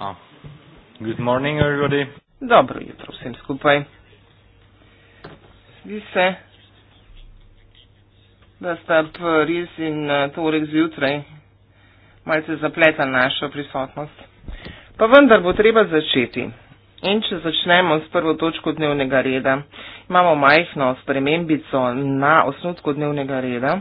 Ah. Good morning, everybody. Dobro jutro vsem skupaj. Zdi se, da sta Pariz in eh, Torek zjutraj malce zapleta našo prisotnost. Pa vendar bo treba začeti. In če začnemo s prvo točko dnevnega reda, imamo majhno spremembico na osnutku dnevnega reda.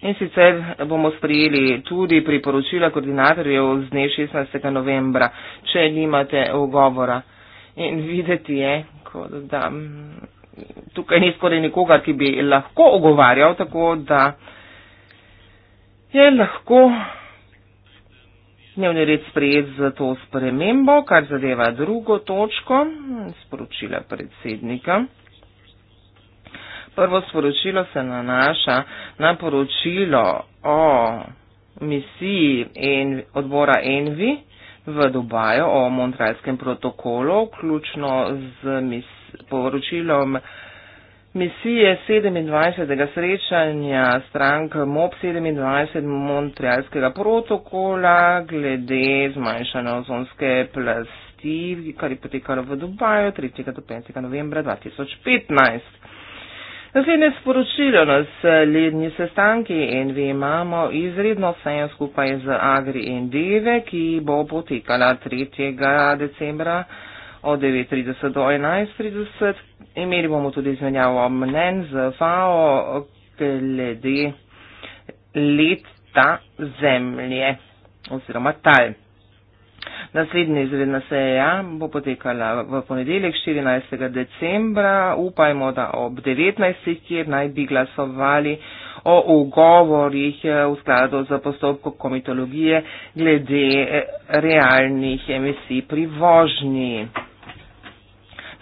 In sicer bomo sprejeli tudi priporočila koordinatorjev z dne 16. novembra, če nimate ogovora. In videti je, da mm, tukaj ni skoraj nikogar, ki bi lahko ogovarjal, tako da je lahko dnevni red sprejet za to spremembo, kar zadeva drugo točko sporočila predsednika. Prvo sporočilo se nanaša na poročilo o misiji en, odbora Envi v Dubaju o Montrealskem protokolu, vključno z mis, poročilom misije 27. srečanja strank MOP 27 Montrealskega protokola glede zmanjšanja ozonske plasti, kar je potekalo v Dubaju 3. do 5. novembra 2015. Naslednje sporočilo nas ledni sestanki in vi imamo izredno sejo skupaj z Agri in Deve, ki bo potekala 3. decembra od 9.30 do 11.30. Imeli bomo tudi izmenjavo mnen z FAO glede leta zemlje oziroma tal. Naslednja izredna seja bo potekala v ponedeljek 14. decembra, upajmo, da ob 19. kjer naj bi glasovali o ugovorih eh, v skladu z postopkom komitologije glede eh, realnih emisij pri vožnji.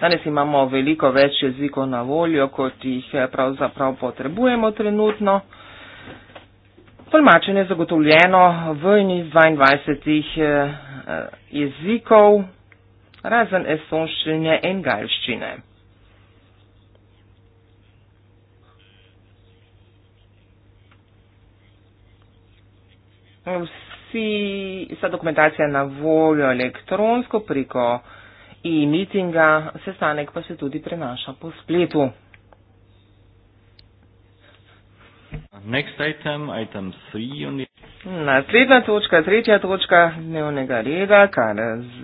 Danes imamo veliko več jezikov na voljo, kot jih eh, pravzaprav potrebujemo trenutno. Tolmačenje je zagotovljeno v 22 uh, jezikov, razen estonščine in galščine. Vsi, vsa dokumentacija je na voljo elektronsko preko e-meetinga, sestanek pa se tudi prenaša po spletu. Next item, item Naslednja točka, tretja točka dnevnega reda, kar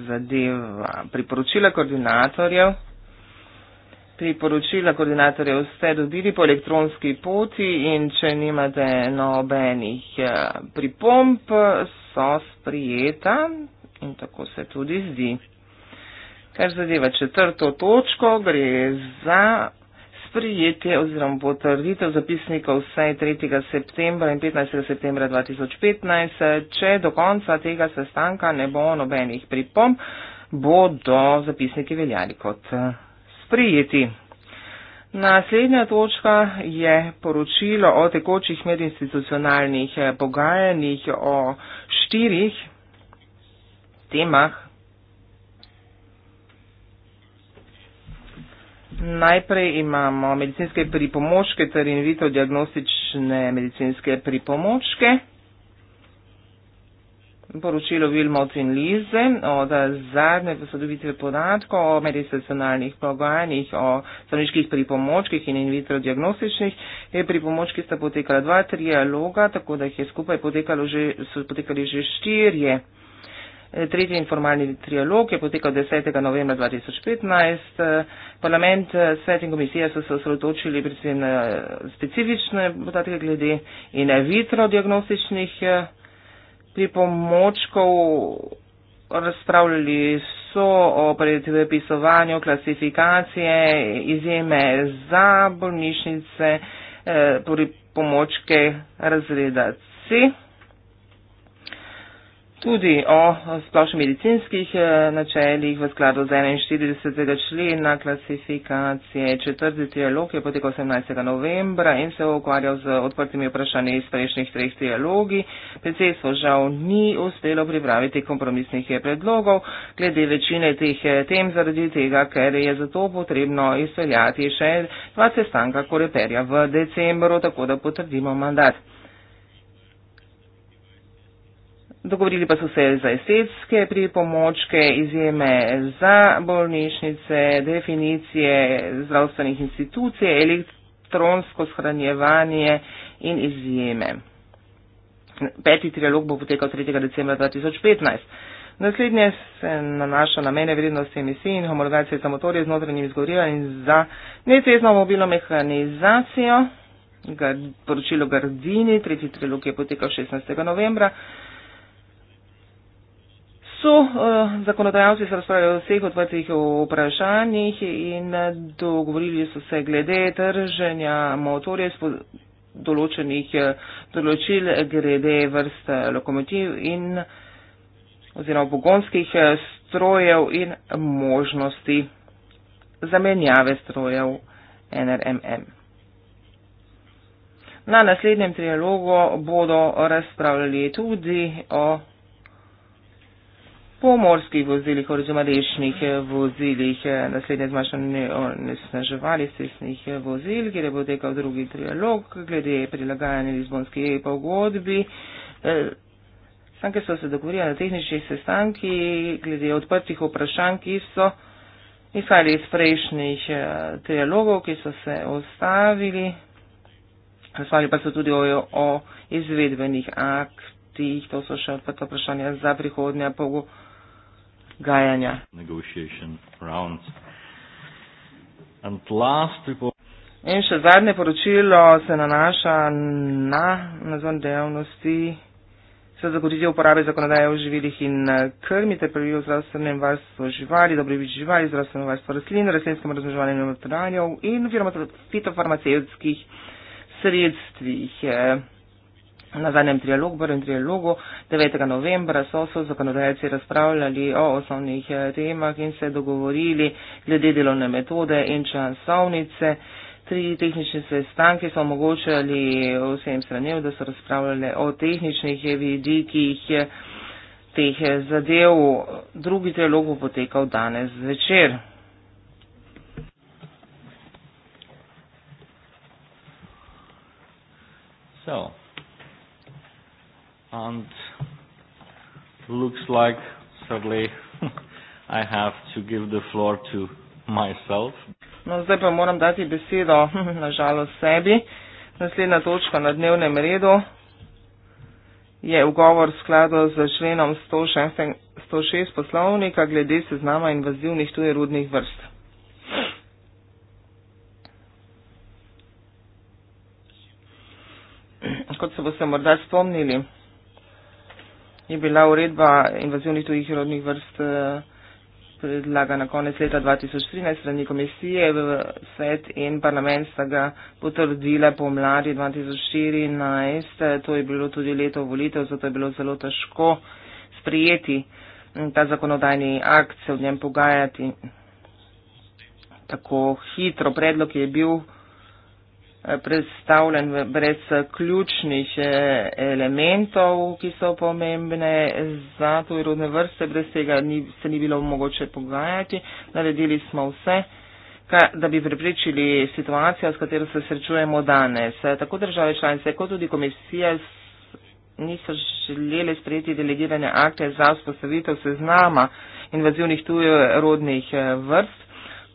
zadeva priporočila koordinatorjev. Priporočila koordinatorjev ste dobili po elektronski poti in če nimate nobenih eh, pripomp, so sprijeta in tako se tudi zdi. Kar zadeva četrto točko, gre za sprijetje oziroma potrditev zapisnikov sej 3. septembra in 15. septembra 2015. Če do konca tega sestanka ne bo nobenih pripomb, bodo zapisniki veljali kot eh, sprijeti. Naslednja točka je poročilo o tekočih medinstitucionalnih eh, pogajanjih o štirih temah Najprej imamo medicinske pripomočke ter in vito diagnostične medicinske pripomočke. Poročilo Wilmot in Lize od zadnje posodobitve podatkov o medicinalnih pogajanjih, o stranjiških pripomočkih in in vitro diagnostičnih. E eh, pripomočki sta potekala dva, tri aloga, tako da jih je skupaj potekalo že, so potekali že štirje. Eh, tretji informalni trialog je potekal 10. novembra 2015. Eh, parlament, eh, svet in komisija so se osredotočili predvsem na specifične podatke glede in vitro diagnostičnih pripomočkov. Razpravljali so o predpisovanju klasifikacije izjeme za bolnišnice, pripomočke razreda C tudi o splošno medicinskih eh, načeljih v skladu z 41. člena klasifikacije četrti trialog je potekal 18. novembra in se ukvarjal z odprtimi vprašanji iz prejšnjih treh trialogi. Predsedstvo žal ni uspelo pripraviti kompromisnih eh, predlogov glede večine teh eh, tem zaradi tega, ker je zato potrebno izpeljati še dva sestanka koreperja v decembru, tako da potrdimo mandat. Dogovorili pa so se za estetske pripomočke, izjeme za bolnišnice, definicije zdravstvenih institucij, elektronsko shranjevanje in izjeme. Peti trialog bo potekal 3. decembra 2015. Naslednje se nanaša na mene vrednosti emisij in homologacije za motorje z notranjim izgorevanjem za necezno mobilno mehanizacijo. Poročilo Gardini, tretji trilog je potekal 16. novembra so uh, zakonodajalci se razpravljali o vseh odvrtih vprašanjih in eh, dogovorili so se glede trženja motorje spod določenih eh, določil glede vrst lokomotiv in oziroma pogonskih strojev in možnosti zamenjave strojev NRMM. Na naslednjem trialogu bodo razpravljali tudi o po morskih vozilih, oziroma rešnih eh, vozilih, eh, naslednje zmanjšanje onesnaževali cestnih eh, vozil, kjer je potekal drugi trialog glede prilagajanja Lizbonski pogodbi. Stanke so se dogovorili na tehničnih sestankih glede odprtih vprašanj, ki so izhajali iz prejšnjih trialogov, ki so se ostavili. Razpravljali pa so tudi o, o izvedbenih aktih, to so še odprta vprašanja za prihodnja pogodba pogajanja. In še zadnje poročilo se nanaša na nadzor dejavnosti, se zagotovitve uporabe zakonodaje o živilih in eh, krmi, ter pravi o zdravstvenem varstvu živali, dobrobit živali, zdravstvenem varstvu rastlin, rastlinskem razmnoževanju in materanju in fitofarmacevskih sredstvih. Eh, Na zadnjem trialogu, prvem trialogu 9. novembra so so zakonodajci razpravljali o osnovnih eh, temah in se dogovorili glede delovne metode in časovnice. Tri tehnične sestanke so omogočali vsem stranjev, da so razpravljali o tehničnih vidikih eh, teh eh, zadev. Drugi trialog bo potekal danes večer. So and looks like sadly I have to give the floor to myself. No, zdaj pa moram dati besedo na žalost sebi. Naslednja točka na dnevnem redu je ugovor skladu z členom 106, 106 poslovnika glede seznama invazivnih tuje rudnih vrst. Kot se boste morda spomnili, je bila uredba invazivnih tujih rodnih vrst eh, predlagana konec leta 2013 strani komisije, svet in parlament sta ga potrdila po mladi 2014, to je bilo tudi leto volitev, zato je bilo zelo težko sprijeti mm, ta zakonodajni akt, se v njem pogajati tako hitro. Predlog je bil Eh, predstavljen brez ključnih eh, elementov, ki so pomembne za tuj rodne vrste, brez tega ni, se ni bilo mogoče pogajati. Naredili smo vse, kaj, da bi preprečili situacijo, s katero se srečujemo danes. Eh, tako države članice, kot tudi komisije niso želeli sprejeti delegirane akte za vzpostavitev seznama invazivnih tujih rodnih vrst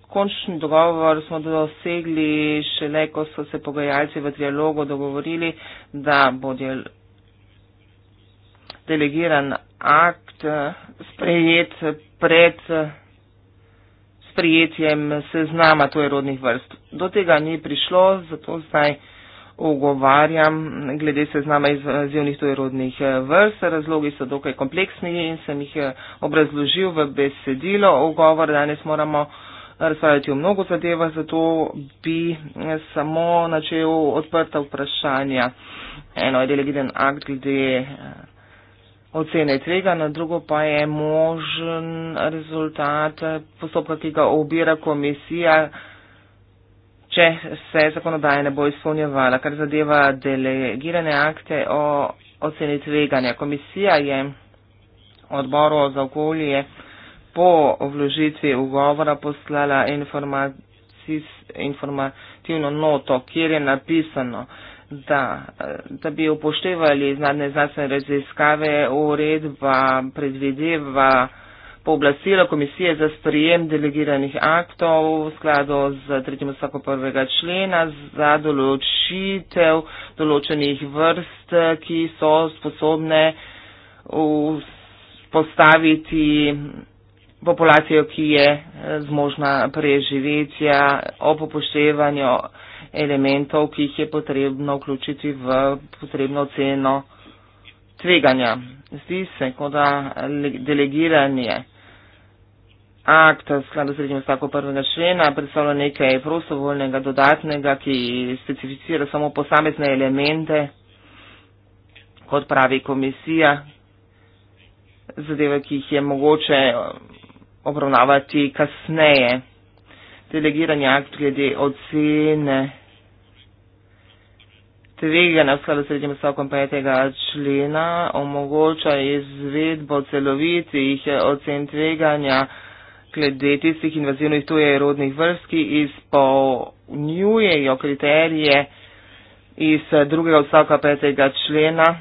končen dogovor smo dosegli šele, ko so se pogajalci v dialogu dogovorili, da bo del, delegiran akt eh, sprejet pred eh, sprijetjem seznama tuje rodnih vrst. Do tega ni prišlo, zato zdaj ogovarjam glede seznama izzivnih tuje rodnih eh, vrst. Razlogi so dokaj kompleksni in sem jih obrazložil v besedilo. Ogovor danes moramo razsvajati o mnogo zadevah, zato bi samo načel odprta vprašanja. Eno je delegiden akt glede eh, ocene tvega, na drugo pa je možen rezultat postopka, ki ga obira komisija, če se zakonodaje ne bo izpolnjevala, kar zadeva delegirane akte o oceni tveganja. Komisija je odboru za okolje po vložitvi ugovora poslala informativno noto, kjer je napisano, da, da bi upoštevali zadnje znanstvene raziskave, uredba predvideva pooblastilo komisije za sprijem delegiranih aktov v skladu z tretjim odstavkom prvega člena za določitev določenih vrst, ki so sposobne postaviti populacijo, ki je eh, zmožna preživetja ob upoštevanju elementov, ki jih je potrebno vključiti v potrebno ceno tveganja. Zdi se, kot da delegiranje akta v skladu s srednjim stavkom prvega člena predstavlja nekaj prostovoljnega, dodatnega, ki specificira samo posamezne elemente, kot pravi komisija, zadeve, ki jih je mogoče obravnavati kasneje. Delegirani akt glede ocene tvega na skladu s srednjim stavkom 5. člena omogoča izvedbo celovitih ocen tveganja glede tistih invazivnih tuje rodnih vrst, ki izpolnjujejo kriterije iz drugega odstavka 5. člena.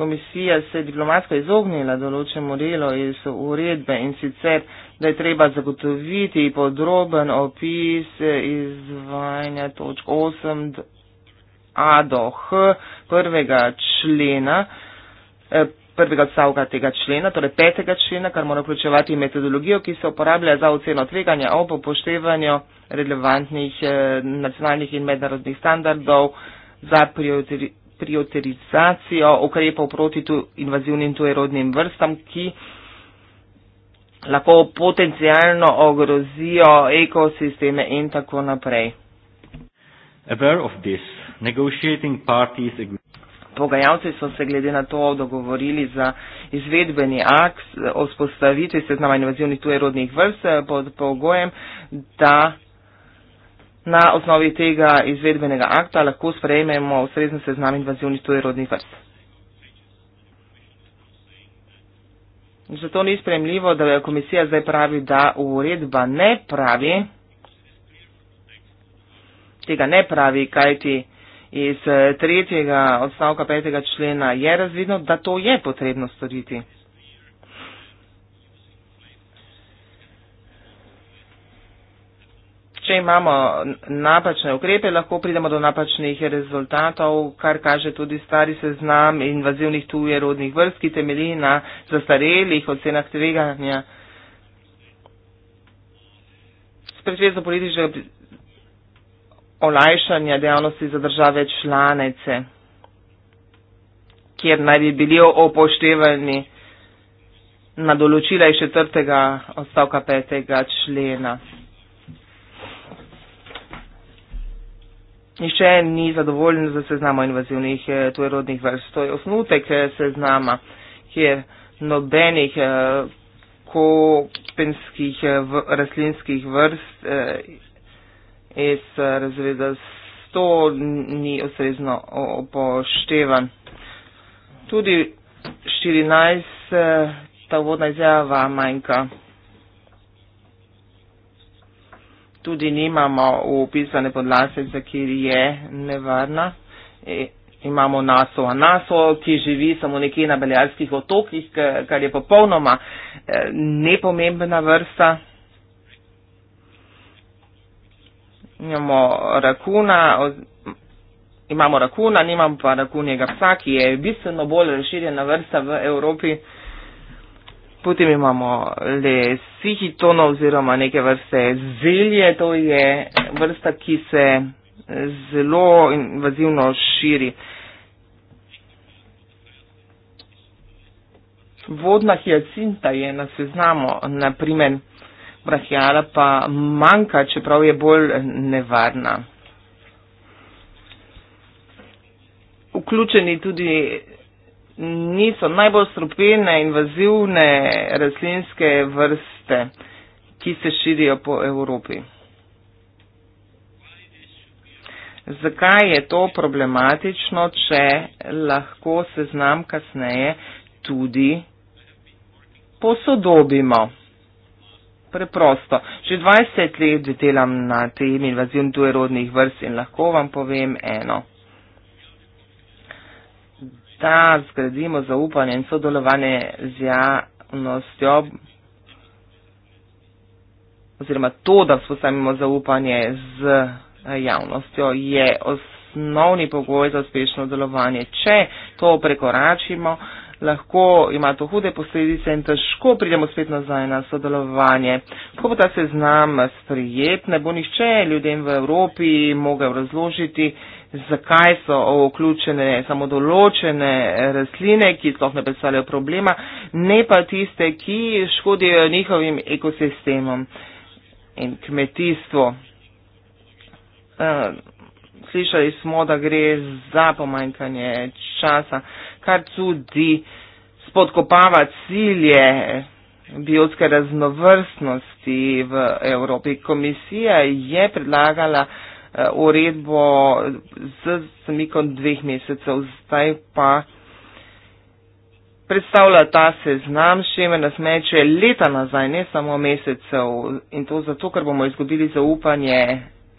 komisija se je diplomatsko izognila določenemu delu iz uredbe in sicer, da je treba zagotoviti podroben opis izvajanja točk 8a do h prvega člena. Eh, prvega odstavka tega člena, torej petega člena, kar mora vključevati metodologijo, ki se uporablja za oceno tveganja ob upoštevanju relevantnih eh, nacionalnih in mednarodnih standardov za prioritet trioterizacijo ukrepov proti tu invazivnim tujerodnim vrstam, ki lahko potencijalno ogrozijo ekosisteme in tako naprej. This, Pogajalci so se glede na to dogovorili za izvedbeni akt o spostavitvi seznama invazivnih tujerodnih vrst eh, pod pogojem, da Na osnovi tega izvedbenega akta lahko sprejmemo ustrezni seznam invazivnih tujerodnih vrst. Zato ni sprejemljivo, da komisija zdaj pravi, da uredba ne pravi, tega ne pravi, kajti iz tretjega odstavka petega člena je razvidno, da to je potrebno storiti. če imamo napačne ukrepe, lahko pridemo do napačnih rezultatov, kar kaže tudi stari seznam invazivnih tujerodnih vrst, ki temelji na zastarelih ocenah tveganja. S predvezo političnega olajšanja dejavnosti za države članice, kjer naj bi bili opoštevani na določila iz četrtega odstavka petega člena. Nihče ni zadovoljen z seznamo invazivnih eh, tujerodnih vrst. To je osnutek eh, seznama, kjer nobenih eh, kopenskih v, rastlinskih vrst iz razreda 100 ni ustrezno upoštevan. Tudi 14 ta vodna izjava manjka. tudi nimamo upisane podlase, za kjer je nevarna. E, imamo naso, a naso, ki živi samo nekje na Beljarskih otokih, kar je popolnoma e, nepomembna vrsta. Imamo rakuna, imamo rakuna, nimam pa rakunjega psa, ki je bistveno bolj razširjena vrsta v Evropi. E, Potem imamo le sihitono oziroma neke vrste zelje, to je vrsta, ki se zelo invazivno širi. Vodna hiacinta je na seznamu, naprimer brahijala pa manjka, čeprav je bolj nevarna. Vključeni tudi niso najbolj strupene, invazivne rastlinske vrste, ki se širijo po Evropi. Zakaj je to problematično, če lahko se znam kasneje tudi posodobimo? Preprosto. Že 20 let delam na tem invazivnem tujerodnih vrst in lahko vam povem eno da zgradimo zaupanje in sodelovanje z javnostjo, oziroma to, da vzpostavimo zaupanje z javnostjo, je osnovni pogoj za uspešno delovanje. Če to prekoračimo, lahko ima to hude posledice in težko pridemo spet nazaj na sodelovanje. Ko bo ta seznam sprijet, ne bo nihče ljudem v Evropi mogel razložiti, zakaj so vključene samo določene rastline, ki sploh ne predstavljajo problema, ne pa tiste, ki škodijo njihovim ekosistemom in kmetijstvu. Eh, slišali smo, da gre za pomanjkanje časa, kar tudi spodkopava cilje biotske raznovrstnosti v Evropi. Komisija je predlagala Eh, uredbo z zamikom dveh mesecev. Zdaj pa predstavlja ta seznam, še me nasmečuje leta nazaj, ne samo mesecev in to zato, ker bomo izgubili zaupanje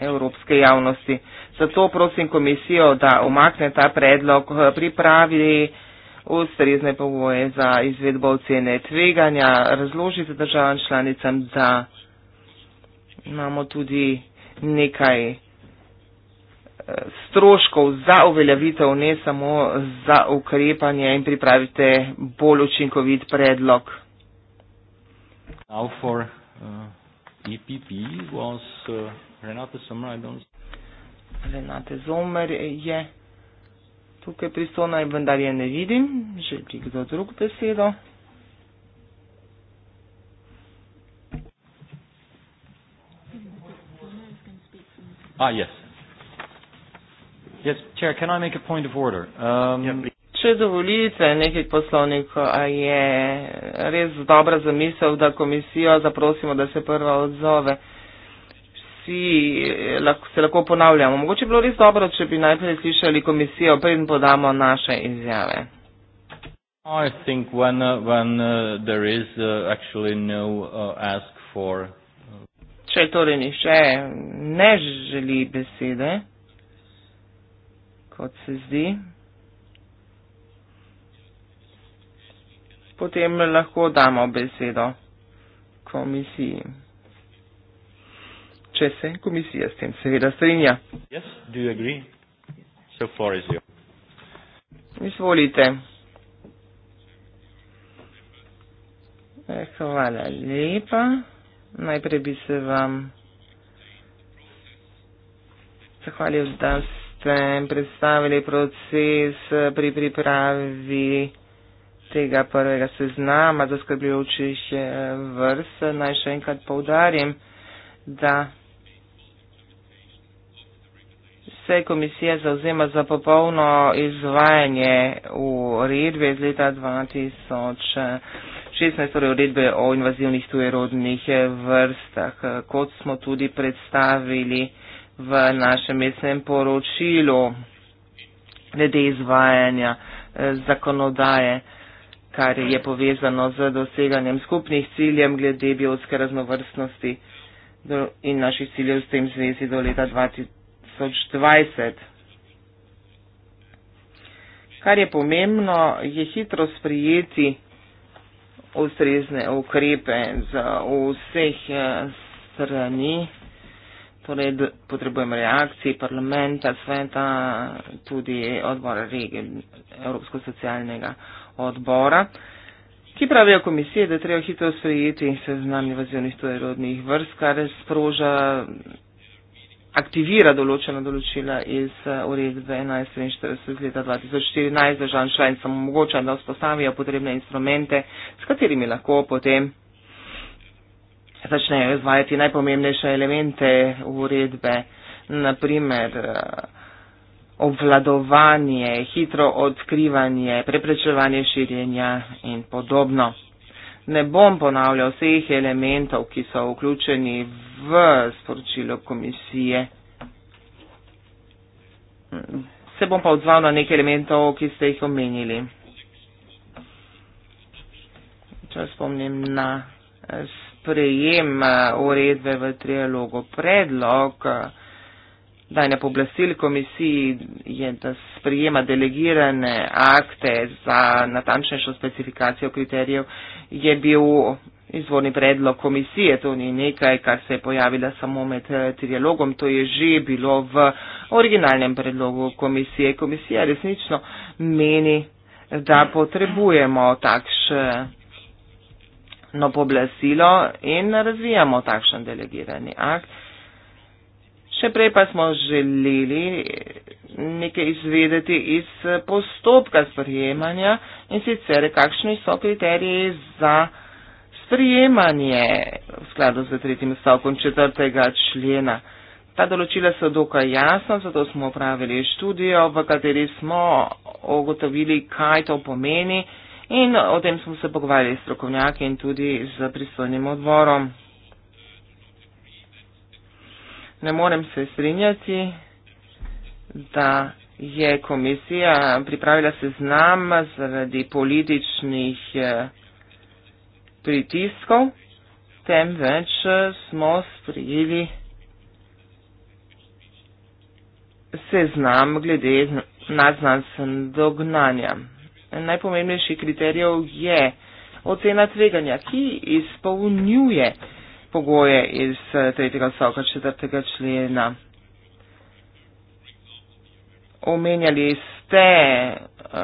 evropske javnosti. Zato prosim komisijo, da omakne ta predlog, eh, pripravi ustrezne pogoje za izvedbo ocene tveganja, razloži za državam članicam, da imamo tudi nekaj stroškov za uveljavitev, ne samo za ukrepanje in pripravite bolj učinkovit predlog. Uh, e uh, Renate Zomer je tukaj pristona in vendar je ne vidim. Želi kdo drug besedo? Ah, yes. Yes, Chair, can I make a point of order? Um, yeah, ja, Če dovolite, nekaj poslovnikov je res dobra zamisel, da komisijo zaprosimo, da se prva odzove. Vsi se lahko ponavljamo. Mogoče bi bilo res dobro, če bi najprej slišali komisijo, preden podamo naše izjave. Če torej nišče ne želi besede kot se zdi. Potem lahko damo besedo komisiji. Če se komisija s tem seveda strinja. Yes, do you agree? So far is you. Izvolite. E, hvala lepa. Najprej bi se vam zahvalil, da ste ste predstavili proces eh, pri pripravi tega prvega seznama za skrbljujočih eh, vrst. Naj še enkrat povdarim, da se komisija zauzema za popolno izvajanje uredbe iz leta 2016, torej uredbe o invazivnih tujerodnih vrstah, kot smo tudi predstavili v našem mesnem poročilu glede izvajanja eh, zakonodaje, kar je povezano z doseganjem skupnih ciljem glede biotske raznovrstnosti in naših ciljev s tem zvezi do leta 2020. Kar je pomembno, je hitro sprijeti ustrezne ukrepe za vseh eh, strani raspored potrebujemo reakcije parlamenta, sveta, tudi odbora regije, Evropsko-socialnega odbora, ki pravijo komisije, da treba hitro sprejeti seznam invazivnih tujerodnih vrst, kar sproža, aktivira določena določila iz uredbe 1143 leta 2014, da žal članicam omogoča, da vzpostavijo potrebne instrumente, s katerimi lahko potem začnejo izvajati najpomembnejše elemente uredbe, naprimer eh, obvladovanje, hitro odkrivanje, preprečevanje širjenja in podobno. Ne bom ponavljal vseh elementov, ki so vključeni v sporočilo komisije. Se bom pa odzval na nekaj elementov, ki ste jih omenili. Če spomnim na sprejem eh, uredbe v trialogu. Predlog eh, dajne poblastil komisiji je, da sprejema delegirane akte za natančnejšo specifikacijo kriterijev, je bil izvorni predlog komisije. To ni nekaj, kar se je pojavilo samo med eh, trialogom, to je že bilo v originalnem predlogu komisije. Komisija resnično meni, da potrebujemo takšne no poblasilo in razvijamo takšen delegirani akt. Še prej pa smo želeli nekaj izvedeti iz postopka sprejemanja in sicer kakšni so kriteriji za sprejemanje v skladu z tretjim stavkom četrtega člena. Ta določila so dokaj jasna, zato smo upravili študijo, v kateri smo ugotovili, kaj to pomeni. In o tem smo se pogovarjali s strokovnjaki in tudi z pristojnim odborom. Ne morem se strinjati, da je komisija pripravila seznam zaradi političnih eh, pritiskov, temveč eh, smo sprijeli seznam glede nadznanstvenega dognanja najpomembnejših kriterijev je ocena tveganja, ki izpolnjuje pogoje iz eh, tretjega stavka četrtega člena. Omenjali ste uh,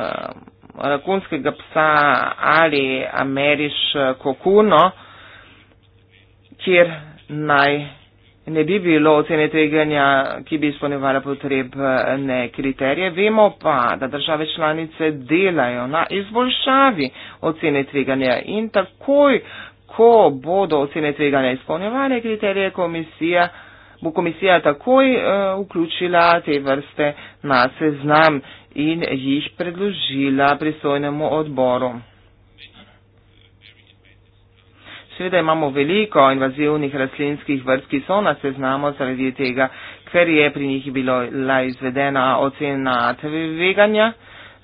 rakunskega psa ali ameriško kokuno, kjer naj ne bi bilo ocene tveganja, ki bi izpolnjevala potrebne kriterije. Vemo pa, da države članice delajo na izboljšavi ocene tveganja in takoj, ko bodo ocene tveganja izpolnjevale kriterije komisija, bo komisija takoj uh, vključila te vrste na seznam in jih predložila pristojnemu odboru. Seveda imamo veliko invazivnih rastlinskih vrst, ki so na seznamu zaradi tega, ker je pri njih bila izvedena ocena tveganja,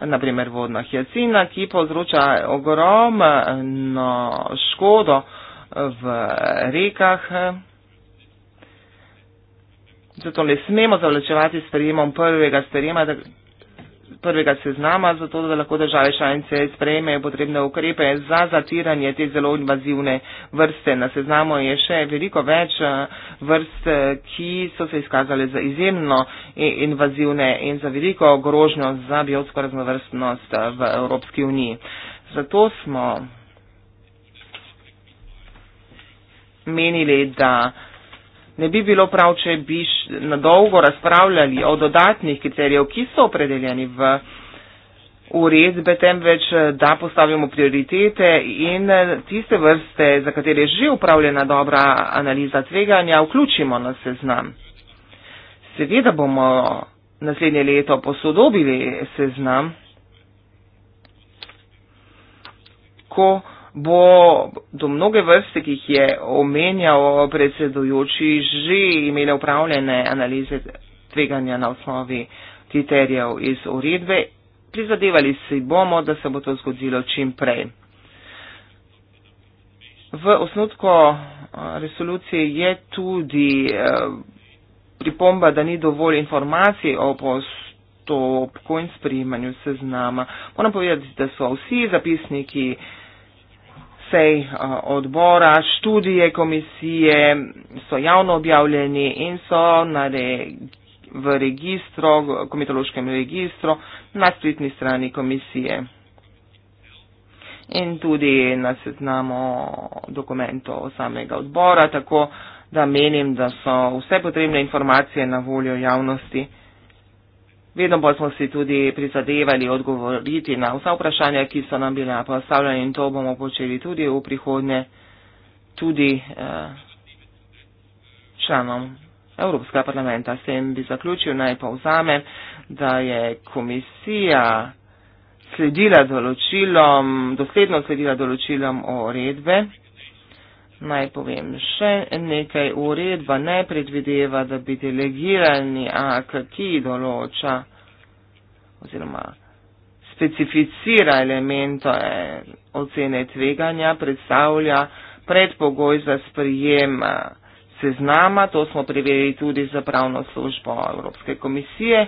naprimer vodna hjacina, ki povzroča ogromno škodo v rekah. Zato ne smemo zavlačevati s prijemom prvega starima, prvega seznama, zato da lahko države članice sprejmejo potrebne ukrepe za zatiranje te zelo invazivne vrste. Na seznamu je še veliko več eh, vrst, eh, ki so se izkazale za izjemno eh, invazivne in za veliko grožnjo za biotsko raznovrstnost v Evropski uniji. Zato smo menili, da Ne bi bilo prav, če bi na dolgo razpravljali o dodatnih kriterijev, ki so opredeljeni v uredbe, temveč eh, da postavimo prioritete in eh, tiste vrste, za katere je že upravljena dobra analiza tveganja, vključimo na seznam. Seveda bomo naslednje leto posodobili seznam, ko bo do mnoge vrste, ki jih je omenjal predsedujoči, že imela upravljene analize tveganja na osnovi kriterijev iz uredbe. Prizadevali si bomo, da se bo to zgodilo čim prej. V osnutku eh, resolucije je tudi eh, pripomba, da ni dovolj informacij o postopku in sprejemanju seznama. Moram povedati, da so vsi zapisniki eh, sej eh, odbora, študije komisije so javno objavljeni in so v registru, komitološkem registru na spletni strani komisije. In tudi nasetnamo dokumentov samega odbora, tako da menim, da so vse potrebne informacije na voljo javnosti. Vedno bolj smo si tudi prizadevali odgovoriti na vsa vprašanja, ki so nam bila postavljena in to bomo počeli tudi v prihodnje, tudi eh, članom Evropskega parlamenta. S tem bi zaključil naj povzame, da je komisija sledila določilom, dosledno sledila določilom o redbe. Naj povem še nekaj, uredba ne predvideva, da bi delegirani akt, ki določa oziroma specificira elemento ocene tveganja, predstavlja predpogoj za sprijem eh, seznama, to smo preverili tudi za pravno službo Evropske komisije,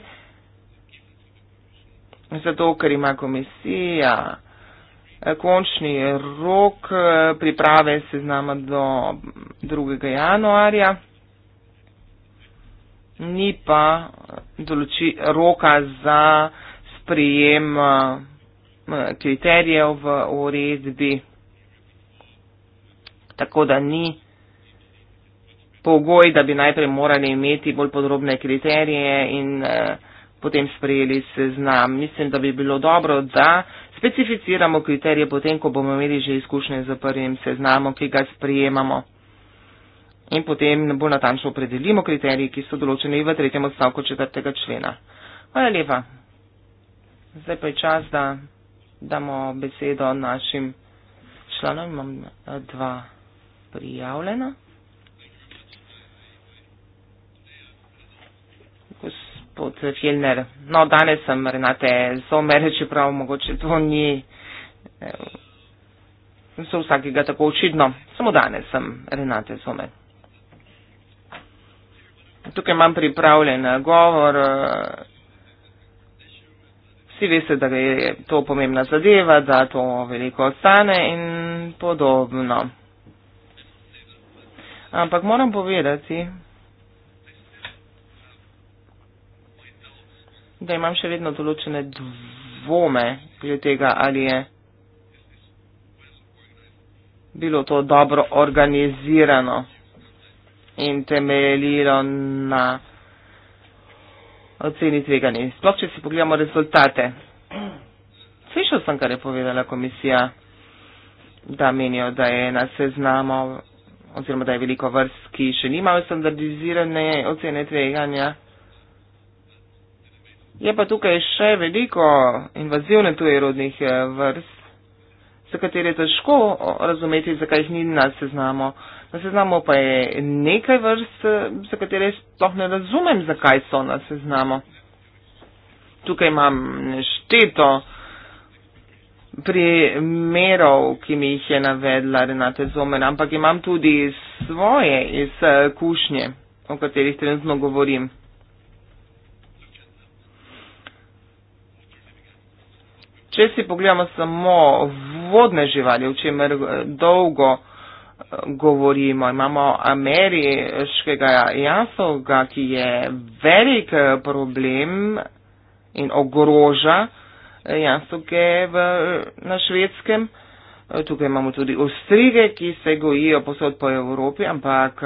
zato ker ima komisija. Eh, končni rok eh, priprave seznama do 2. januarja. Ni pa eh, določi, roka za sprijem kriterijev v uredbi. Tako da ni pogoj, da bi najprej morali imeti bolj podrobne kriterije in eh, potem sprejeli seznam. Mislim, da bi bilo dobro, da eh, specificiramo kriterije potem, ko bomo imeli že izkušnje z prvim seznamom, ki ga sprejemamo. In potem bolj natančno opredelimo kriterije, ki so določeni v tretjem odstavku četrtega člena. Hvala lepa. Zdaj pa je čas, da damo besedo našim članom. Imam eh, dva prijavljena. gospod Filner. No, danes sem Renate Zomere, čeprav mogoče to ni za eh, vsakega tako očitno. Samo danes sem Renate Zomere. Tukaj imam pripravljen eh, govor. Eh, vsi veste, da je to pomembna zadeva, da to veliko ostane in podobno. Ampak moram povedati, da imam še vedno določene dvome glede tega, ali je bilo to dobro organizirano in temeljilo na oceni tveganja. Sploh, če si pogledamo rezultate. Slišal sem, kar je povedala komisija, da menijo, da je na seznamu oziroma da je veliko vrst, ki še nimajo standardizirane ocene tveganja. Je pa tukaj še veliko invazivne tujerodnih eh, vrst, za katere je težko razumeti, zakaj jih ni na seznamu. Na seznamu pa je nekaj vrst, eh, za katere sploh ne razumem, zakaj so na seznamu. Tukaj imam nešteto primerov, ki mi jih je navedla Renate Zomer, ampak imam tudi svoje izkušnje, eh, o katerih trenutno govorim. Če si pogledamo samo vodne živali, o čemer eh, dolgo eh, govorimo, imamo ameriškega jasovga, ki je velik eh, problem in ogroža jasoge na švedskem. Tukaj imamo tudi ostrige, ki se gojijo posod po Evropi, ampak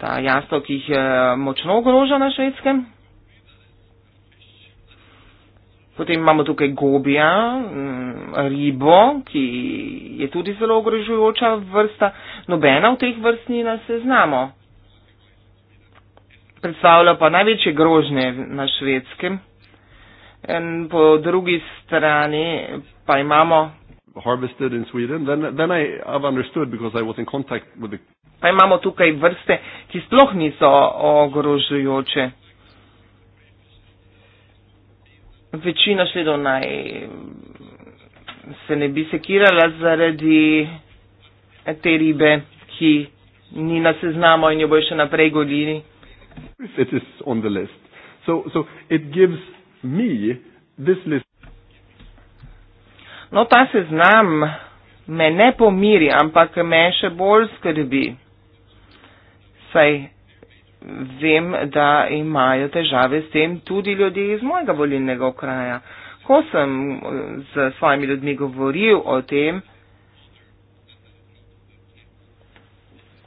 ta jasov, ki jih močno ogroža na švedskem, Potem imamo tukaj gobija, mm, ribo, ki je tudi zelo ogrožujoča vrsta. Nobena v teh vrstni nas se znamo. Predstavlja pa največje grožnje na švedskem. In po drugi strani pa imamo. Pa imamo tukaj vrste, ki sploh niso ogrožujoče. večina šledov naj se ne bi sekirala zaradi te ribe, ki ni na seznamu in jo bo še naprej godili. So, so no, ta seznam me ne pomiri, ampak me še bolj skrbi. Saj vem, da imajo težave s tem tudi ljudje iz mojega volilnega okraja. Ko sem z eh, svojimi ljudmi govoril o tem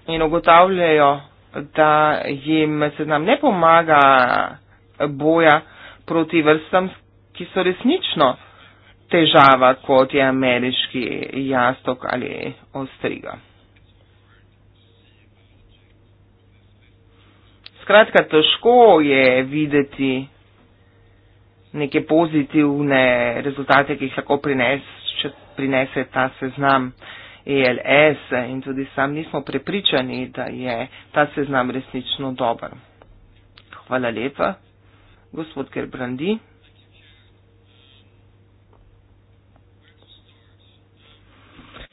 in ugotavljajo, da jim se nam ne pomaga boja proti vrstam, ki so resnično težava, kot je ameriški jastok ali ostriga. skratka, težko je videti neke pozitivne rezultate, ki jih lahko prinese, prinese ta seznam ELS in tudi sam nismo prepričani, da je ta seznam resnično dober. Hvala lepa, gospod Gerbrandi.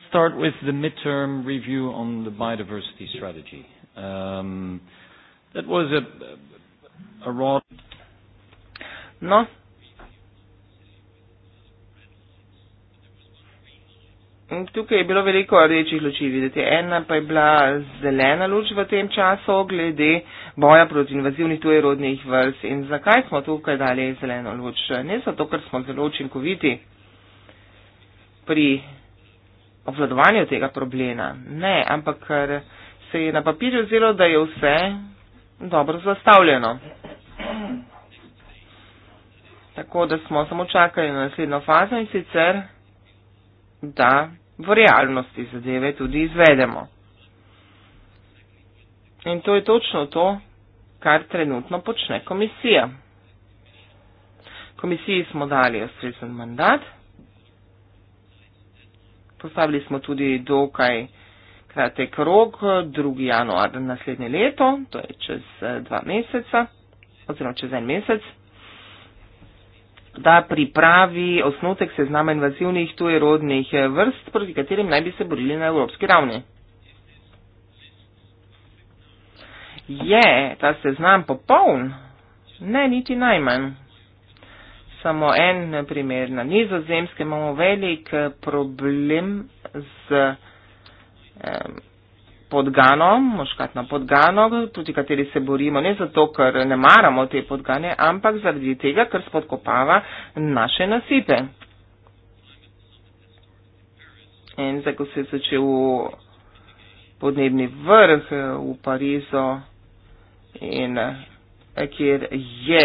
Start with the midterm review on the biodiversity strategy. Um, That was a a rod. No. Tukaj je bilo veliko rdečih luči videti. Ena pa je bila zelena luč v tem času, glede boja proti invazivnih tuje rodnih vrst. In zakaj smo tukaj dali zeleno luč? Ne zato, ker smo zelo učinkoviti pri obvladovanju tega problema. Ne, ampak ker se je na papirju zelo, da je vse dobro zastavljeno. Tako da smo samo čakali na naslednjo fazo in sicer, da v realnosti zadeve tudi izvedemo. In to je točno to, kar trenutno počne komisija. Komisiji smo dali ustrezen mandat, postavili smo tudi dokaj kratek rok, 2. januar naslednje leto, to je čez eh, dva meseca, oziroma čez en mesec da pripravi osnotek seznama invazivnih tujerodnih eh, vrst, proti katerim naj bi se borili na evropski ravni. Je ta seznam popoln? Ne, niti najmanj. Samo en primer na nizozemskem imamo velik eh, problem z podgano, moškatno podgano, proti kateri se borimo, ne zato, ker ne maramo te podgane, ampak zaradi tega, ker spodkopava naše nasipe. In zdaj, ko se je začel podnebni vrh v Parizu in eh, kjer je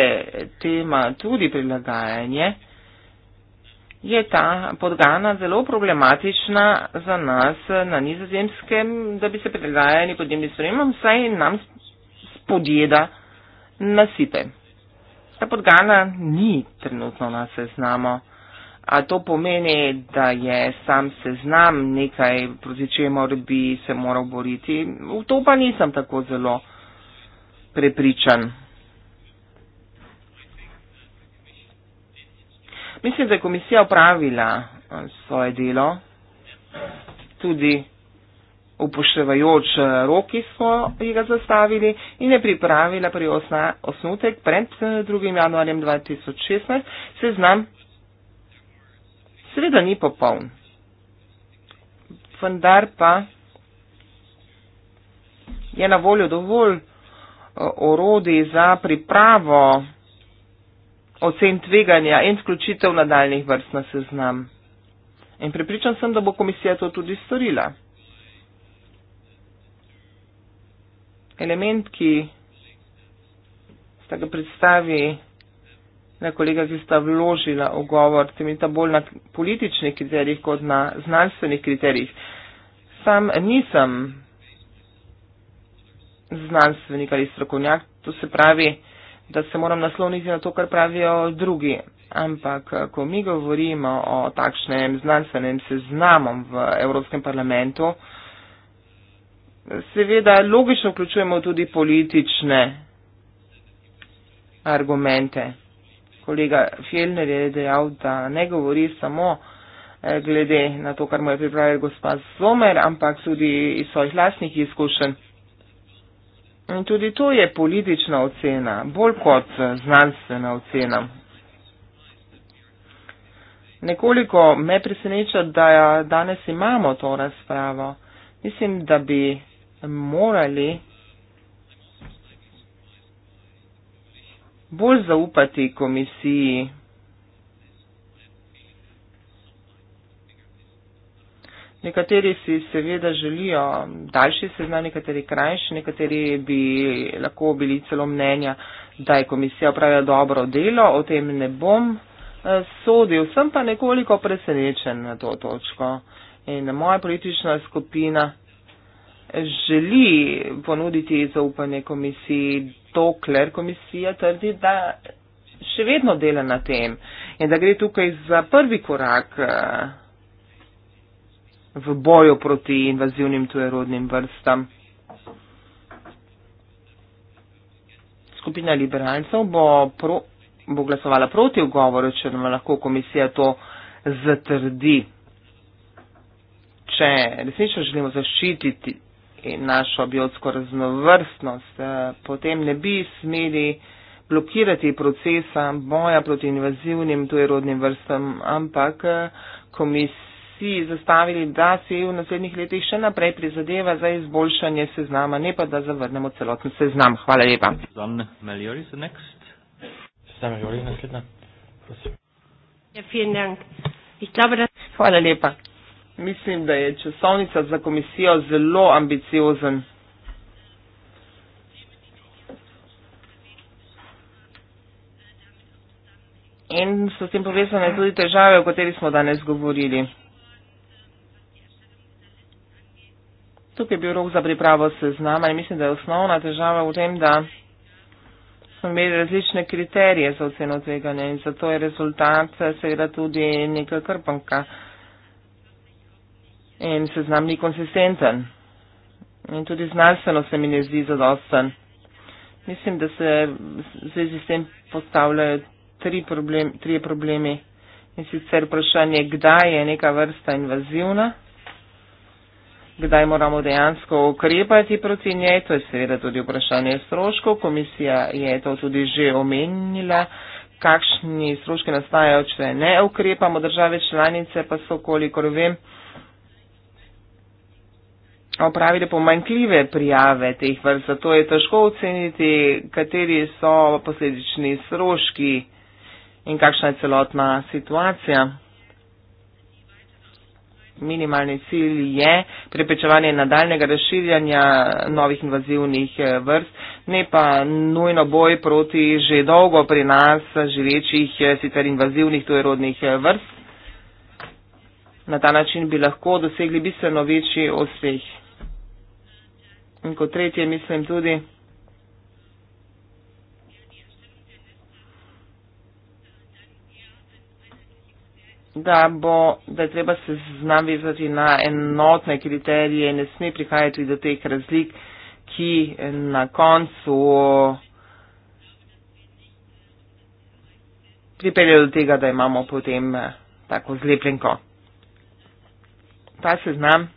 tema tudi prilagajanje, je ta podgana zelo problematična za nas na nizozemskem, da bi se prilagajali podnebnim spremembam, saj nam spodjeda nasipe. Ta podgana ni trenutno na seznamu, a to pomeni, da je sam seznam nekaj, proti čemor bi se moral boriti. V to pa nisem tako zelo prepričan. Mislim, da je komisija upravila eh, svoje delo, tudi upoštevajoč eh, roki so jih zastavili in je pripravila pri osna, osnutek pred 2. Eh, januarjem 2016. Seznam seveda ni popoln, vendar pa je na voljo dovolj orodi za pripravo ocen tveganja in vključitev nadaljnih vrst na seznam. In pripričan sem, da bo komisija to tudi storila. Element, ki sta ga predstavi na kolega, ki sta vložila ogovor, temeljita bolj na političnih kriterijih kot na znanstvenih kriterijih. Sam nisem znanstvenik ali strokovnjak, to se pravi, da se moram nasloniti na to, kar pravijo drugi. Ampak, ko mi govorimo o takšnem znanstvenem seznamu v Evropskem parlamentu, seveda logično vključujemo tudi politične argumente. Kolega Fjellner je dejal, da ne govori samo eh, glede na to, kar mu je pripravil gospod Zomer, ampak tudi iz svojih lasnih izkušenj. In tudi to je politična ocena, bolj kot eh, znanstvena ocena. Nekoliko me preseneča, da danes imamo to razpravo. Mislim, da bi morali bolj zaupati komisiji Nekateri si seveda želijo daljši seznam, nekateri krajši, nekateri bi lahko bili celo mnenja, da je komisija opravila dobro delo, o tem ne bom eh, sodil, sem pa nekoliko presenečen na to točko. In moja politična skupina želi ponuditi zaupanje komisiji, dokler komisija trdi, da še vedno dela na tem in da gre tukaj za prvi korak. Uh, v boju proti invazivnim tujerodnim vrstam. Skupina liberalcev bo, pro, bo glasovala proti ugovoru, če nam lahko komisija to zatrdi. Če resnično želimo zaščititi našo biotsko raznovrstnost, eh, potem ne bi smeli blokirati procesa boja proti invazivnim tujerodnim vrstam, ampak eh, komisija si zastavili, da se v naslednjih letih še naprej prizadeva za izboljšanje seznama, ne pa da zavrnemo celoten seznam. Hvala lepa. Ja, Hvala lepa. Mislim, da je časovnica za komisijo zelo ambiciozen. In so s tem povezane tudi težave, o kateri smo danes govorili. tukaj bil rok za pripravo seznama in mislim, da je osnovna težava v tem, da smo imeli različne kriterije za oceno tveganja in zato je rezultat eh, seveda tudi neka krpanka in seznam ni konsistenten. In tudi znanstveno se mi ne zdi zadosten. Mislim, da se v zvezi s tem postavljajo tri problem, trije problemi. In sicer vprašanje, kdaj je neka vrsta invazivna, kdaj moramo dejansko ukrepati proti njej, to je seveda tudi vprašanje stroškov. Komisija je to tudi že omenila, kakšni stroški nastajajo, če ne ukrepamo. Države članice pa so, kolikor vem, opravili pomankljive prijave teh vrst, zato je težko oceniti, kateri so posledični stroški in kakšna je celotna situacija minimalni cilj je preprečevanje nadaljnega razširjanja novih invazivnih eh, vrst, ne pa nujno boj proti že dolgo pri nas živečih eh, sicer invazivnih tujerodnih eh, vrst. Na ta način bi lahko dosegli bistveno večji uspeh. In kot tretje mislim tudi, da, bo, da je treba se znam vezati na enotne kriterije in ne sme prihajati do teh razlik, ki na koncu pripeljajo do tega, da imamo potem eh, tako zlepljenko. Ta seznam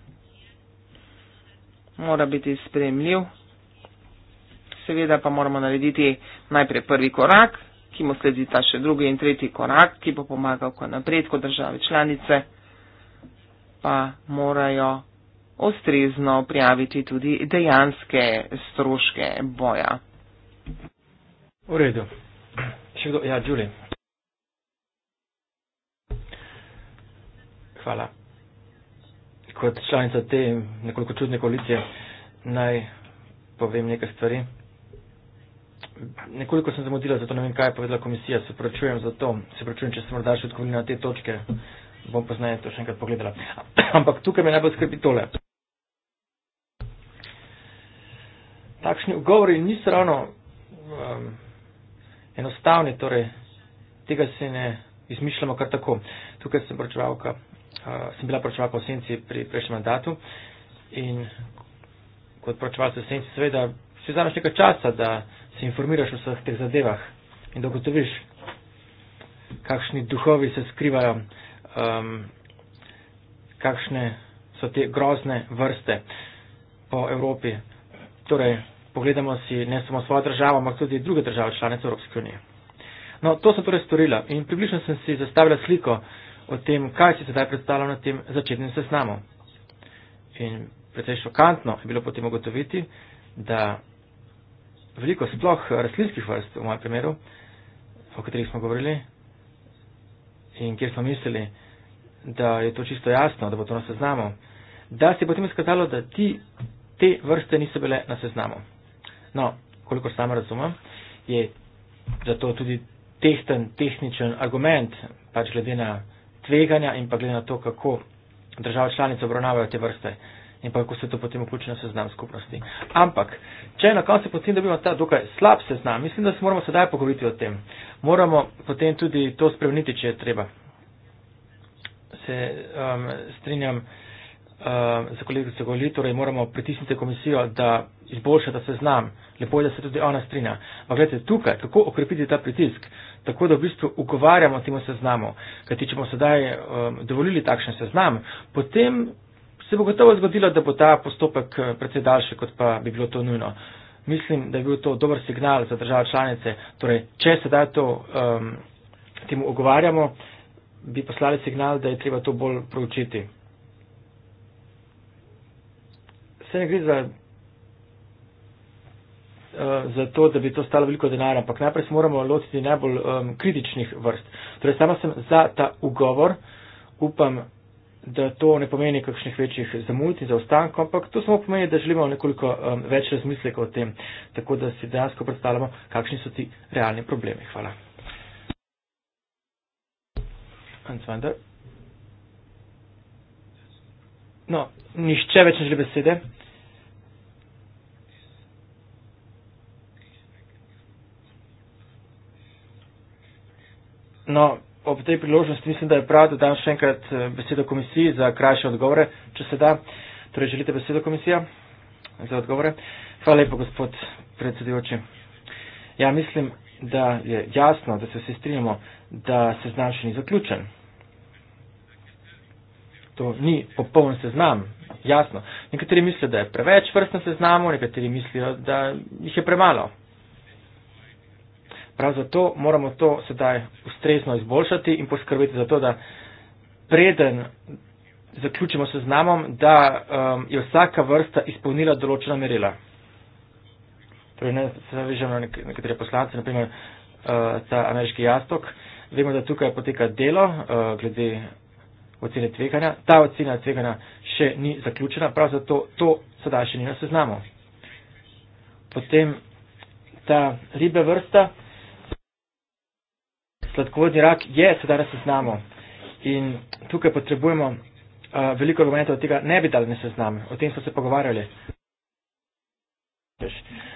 mora biti spremljiv. Seveda pa moramo narediti najprej prvi korak, ki mu sledi ta še drugi in tretji korak, ki bo pomagal k napredku države članice, pa morajo ostrezno prijaviti tudi dejanske stroške boja. V redu. Še kdo? Ja, Julie. Hvala. Kot članica te nekoliko čudne koalicije naj povem nekaj stvari nekoliko sem zamudila, zato ne vem, kaj je povedala komisija. Se pravčujem za to, se pravčujem, če sem morda še odkovnila na te točke, bom poznaje to še enkrat pogledala. Ampak tukaj me najbolj skrbi tole. Takšni ugovori niso ravno um, enostavni, torej tega se ne izmišljamo kar tako. Tukaj sem, uh, sem bila pročevalka v senci pri prejšnjem mandatu in kot pročevalka v senci seveda si vzameš nekaj časa, da se informiraš o vseh teh zadevah in da ugotoviš, kakšni duhovi se skrivajo, um, kakšne so te grozne vrste po Evropi. Torej, pogledamo si ne samo svojo državo, ampak tudi druge države članice Evropske unije. No, to sem torej storila in približno sem si zastavila sliko o tem, kaj si sedaj predstavljam na tem začetnem seznamu. In precej šokantno je bilo potem ugotoviti, da veliko sploh eh, rastlinskih vrst v mojem primeru, o katerih smo govorili in kjer smo mislili, da je to čisto jasno, da bo to na seznamu, da se je potem izkazalo, da ti, te vrste niso bile na seznamu. No, koliko sam razumem, je zato tudi tehten, tehničen argument, pač glede na tveganja in pa glede na to, kako država članica obravnavajo te vrste in pa kako se to potem vključi na seznam skupnosti. Ampak, če na koncu potem dobimo ta dokaj slab seznam, mislim, da se moramo sedaj pogovoriti o tem. Moramo potem tudi to spremeniti, če je treba. Se um, strinjam um, za kolegico Goli, torej moramo pritisniti komisijo, da izboljša ta seznam. Lepo je, da se tudi ona strinja. Ampak gledajte, tukaj, kako okrepiti ta pritisk, tako da v bistvu ugovarjamo temu seznamu. Kajti, če bomo sedaj um, dovolili takšen seznam, potem se bo gotovo zgodilo, da bo ta postopek eh, precej daljši, kot pa bi bilo to nujno. Mislim, da je bil to dober signal za države članice. Torej, če se da to um, temu ogovarjamo, bi poslali signal, da je treba to bolj proučiti. Se ne gre za, uh, za to, da bi to stalo veliko denarja, ampak najprej se moramo lotiti najbolj um, kritičnih vrst. Torej, sama sem za ta ugovor, upam, da to ne pomeni kakšnih večjih zamud in zaostankov, ampak to samo pomeni, da želimo nekoliko um, več razmisleka o tem, tako da si dejansko predstavljamo, kakšni so ti realni problemi. Hvala. Ansvander. No, nišče več ne želi besede. No, ob tej priložnosti mislim, da je prav, da dam še enkrat eh, besedo komisiji za krajše odgovore, če se da. Torej, želite besedo komisija za odgovore? Hvala lepo, gospod predsedujoči. Ja, mislim, da je jasno, da se vsi strinjamo, da seznam še ni zaključen. To ni popoln seznam, jasno. Nekateri mislijo, da je preveč vrst na seznamu, nekateri mislijo, da jih je premalo. Prav zato moramo to sedaj ustrezno izboljšati in poskrbeti za to, da preden zaključimo seznamom, da um, je vsaka vrsta izpolnila določena merila. Torej, ne, se zavežem na nek nekatere poslance, naprimer uh, ta ameriški jastok. Vemo, da tukaj poteka delo uh, glede ocene tveganja. Ta ocena tveganja še ni zaključena, prav zato to sedaj še ni na seznamu. Potem ta ribe vrsta sladkovodni rak je sedaj na seznamu in tukaj potrebujemo uh, veliko argumentov, tega ne bi dali na seznam, o tem smo se pogovarjali.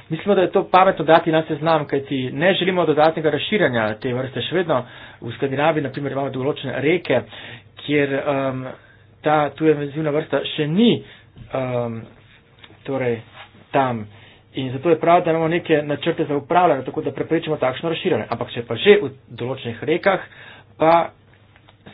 Mislimo, da je to pametno dati na seznam, kajti ne želimo dodatnega razširanja te vrste. Še vedno v Skandinaviji, na primer, imamo določene reke, kjer um, ta tuja invazivna vrsta še ni um, torej, tam. In zato je prav, da imamo neke načrte za upravljanje, tako da preprečimo takšno razširjanje. Ampak če pa že v določenih rekah, pa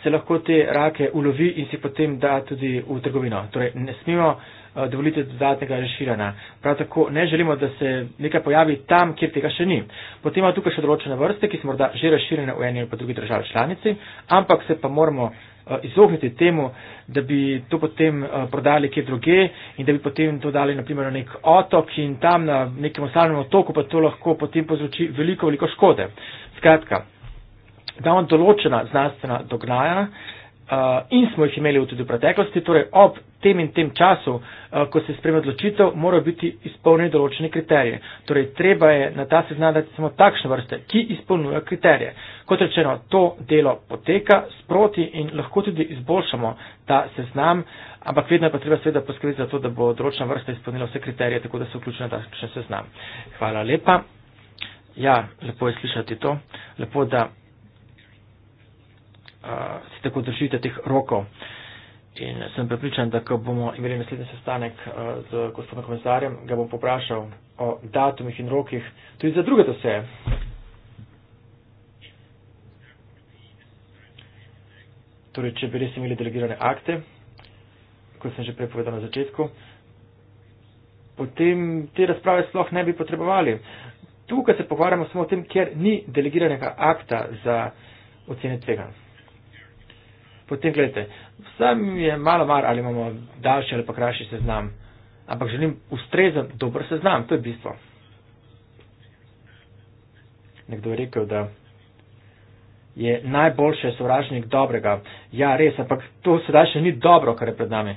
se lahko te rake ulovi in si potem da tudi v trgovino. Torej, ne smemo uh, dovoliti dodatnega razširjanja. Prav tako ne želimo, da se nekaj pojavi tam, kjer tega še ni. Potem imamo tukaj še določene vrste, ki so morda že razširjene v eni ali pa drugi državi članici, ampak se pa moramo. Eh, izognete temu, da bi to potem eh, prodali kje druge in da bi potem to dali naprimer, na nek otok in tam na nekem ostalem otoku, pa to lahko potem povzroči veliko, veliko škode. Skratka, damo določena znanstvena dognaja uh, eh, in smo jih imeli tudi v preteklosti, torej ob tem in tem času, eh, ko se sprejme odločitev, morajo biti izpolnjeni določene kriterije. Torej, treba je na ta seznam dati samo takšne vrste, ki izpolnjujejo kriterije. Kot rečeno, to delo poteka sproti in lahko tudi izboljšamo ta seznam, ampak vedno je pa treba seveda poskrbeti za to, da bo določena vrsta izpolnila vse kriterije, tako da se vključi na takšen seznam. Hvala lepa. Ja, lepo je slišati to. Lepo, da uh, se tako držite teh rokov. Uh, In sem prepričan, da ko bomo imeli naslednji sestanek uh, z gospodom komisarjem, ga bom poprašal o datumih in rokih tudi za druge doseje. Torej, če bi res imeli delegirane akte, kot sem že prepovedal na začetku, potem te razprave sploh ne bi potrebovali. Tukaj se pogovarjamo samo o tem, ker ni delegiranega akta za ocene tveganja potem gledajte, vsem je malo mar, ali imamo daljši ali pa krajši seznam, ampak želim ustrezen, dober seznam, to je bistvo. Nekdo je rekel, da je najboljše sovražnik dobrega. Ja, res, ampak to sedaj še ni dobro, kar je pred nami.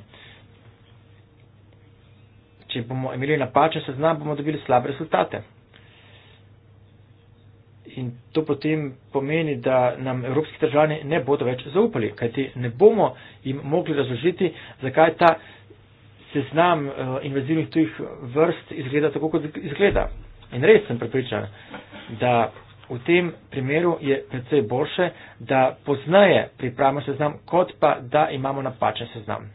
Če bomo imeli napačen seznam, bomo dobili slabe rezultate in to potem pomeni, da nam evropski državljani ne bodo več zaupali, kajti ne bomo jim mogli razložiti, zakaj ta seznam eh, invazivnih tujih vrst izgleda tako, kot izgleda. In res sem pripričan, da v tem primeru je predvsej boljše, da poznaje pripravimo seznam, kot pa da imamo napačen seznam.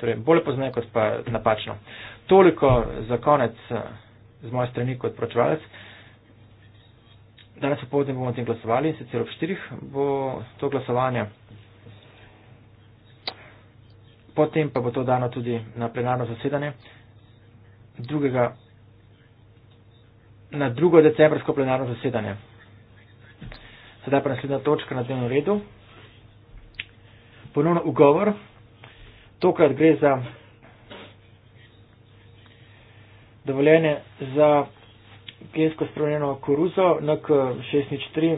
Torej, bolje poznaje, kot pa napačno. Toliko za konec eh, z moje strani kot pročevalec. Danes popovdne bomo o tem glasovali in sicer ob 4 bo to glasovanje. Potem pa bo to dano tudi na plenarno zasedanje. Drugega, na 2. decembrsko plenarno zasedanje. Sedaj pa naslednja točka na dnevnem redu. Ponovno ugovor. Tokrat gre za dovoljenje za gensko spremenjeno koruzo NK 63 eh,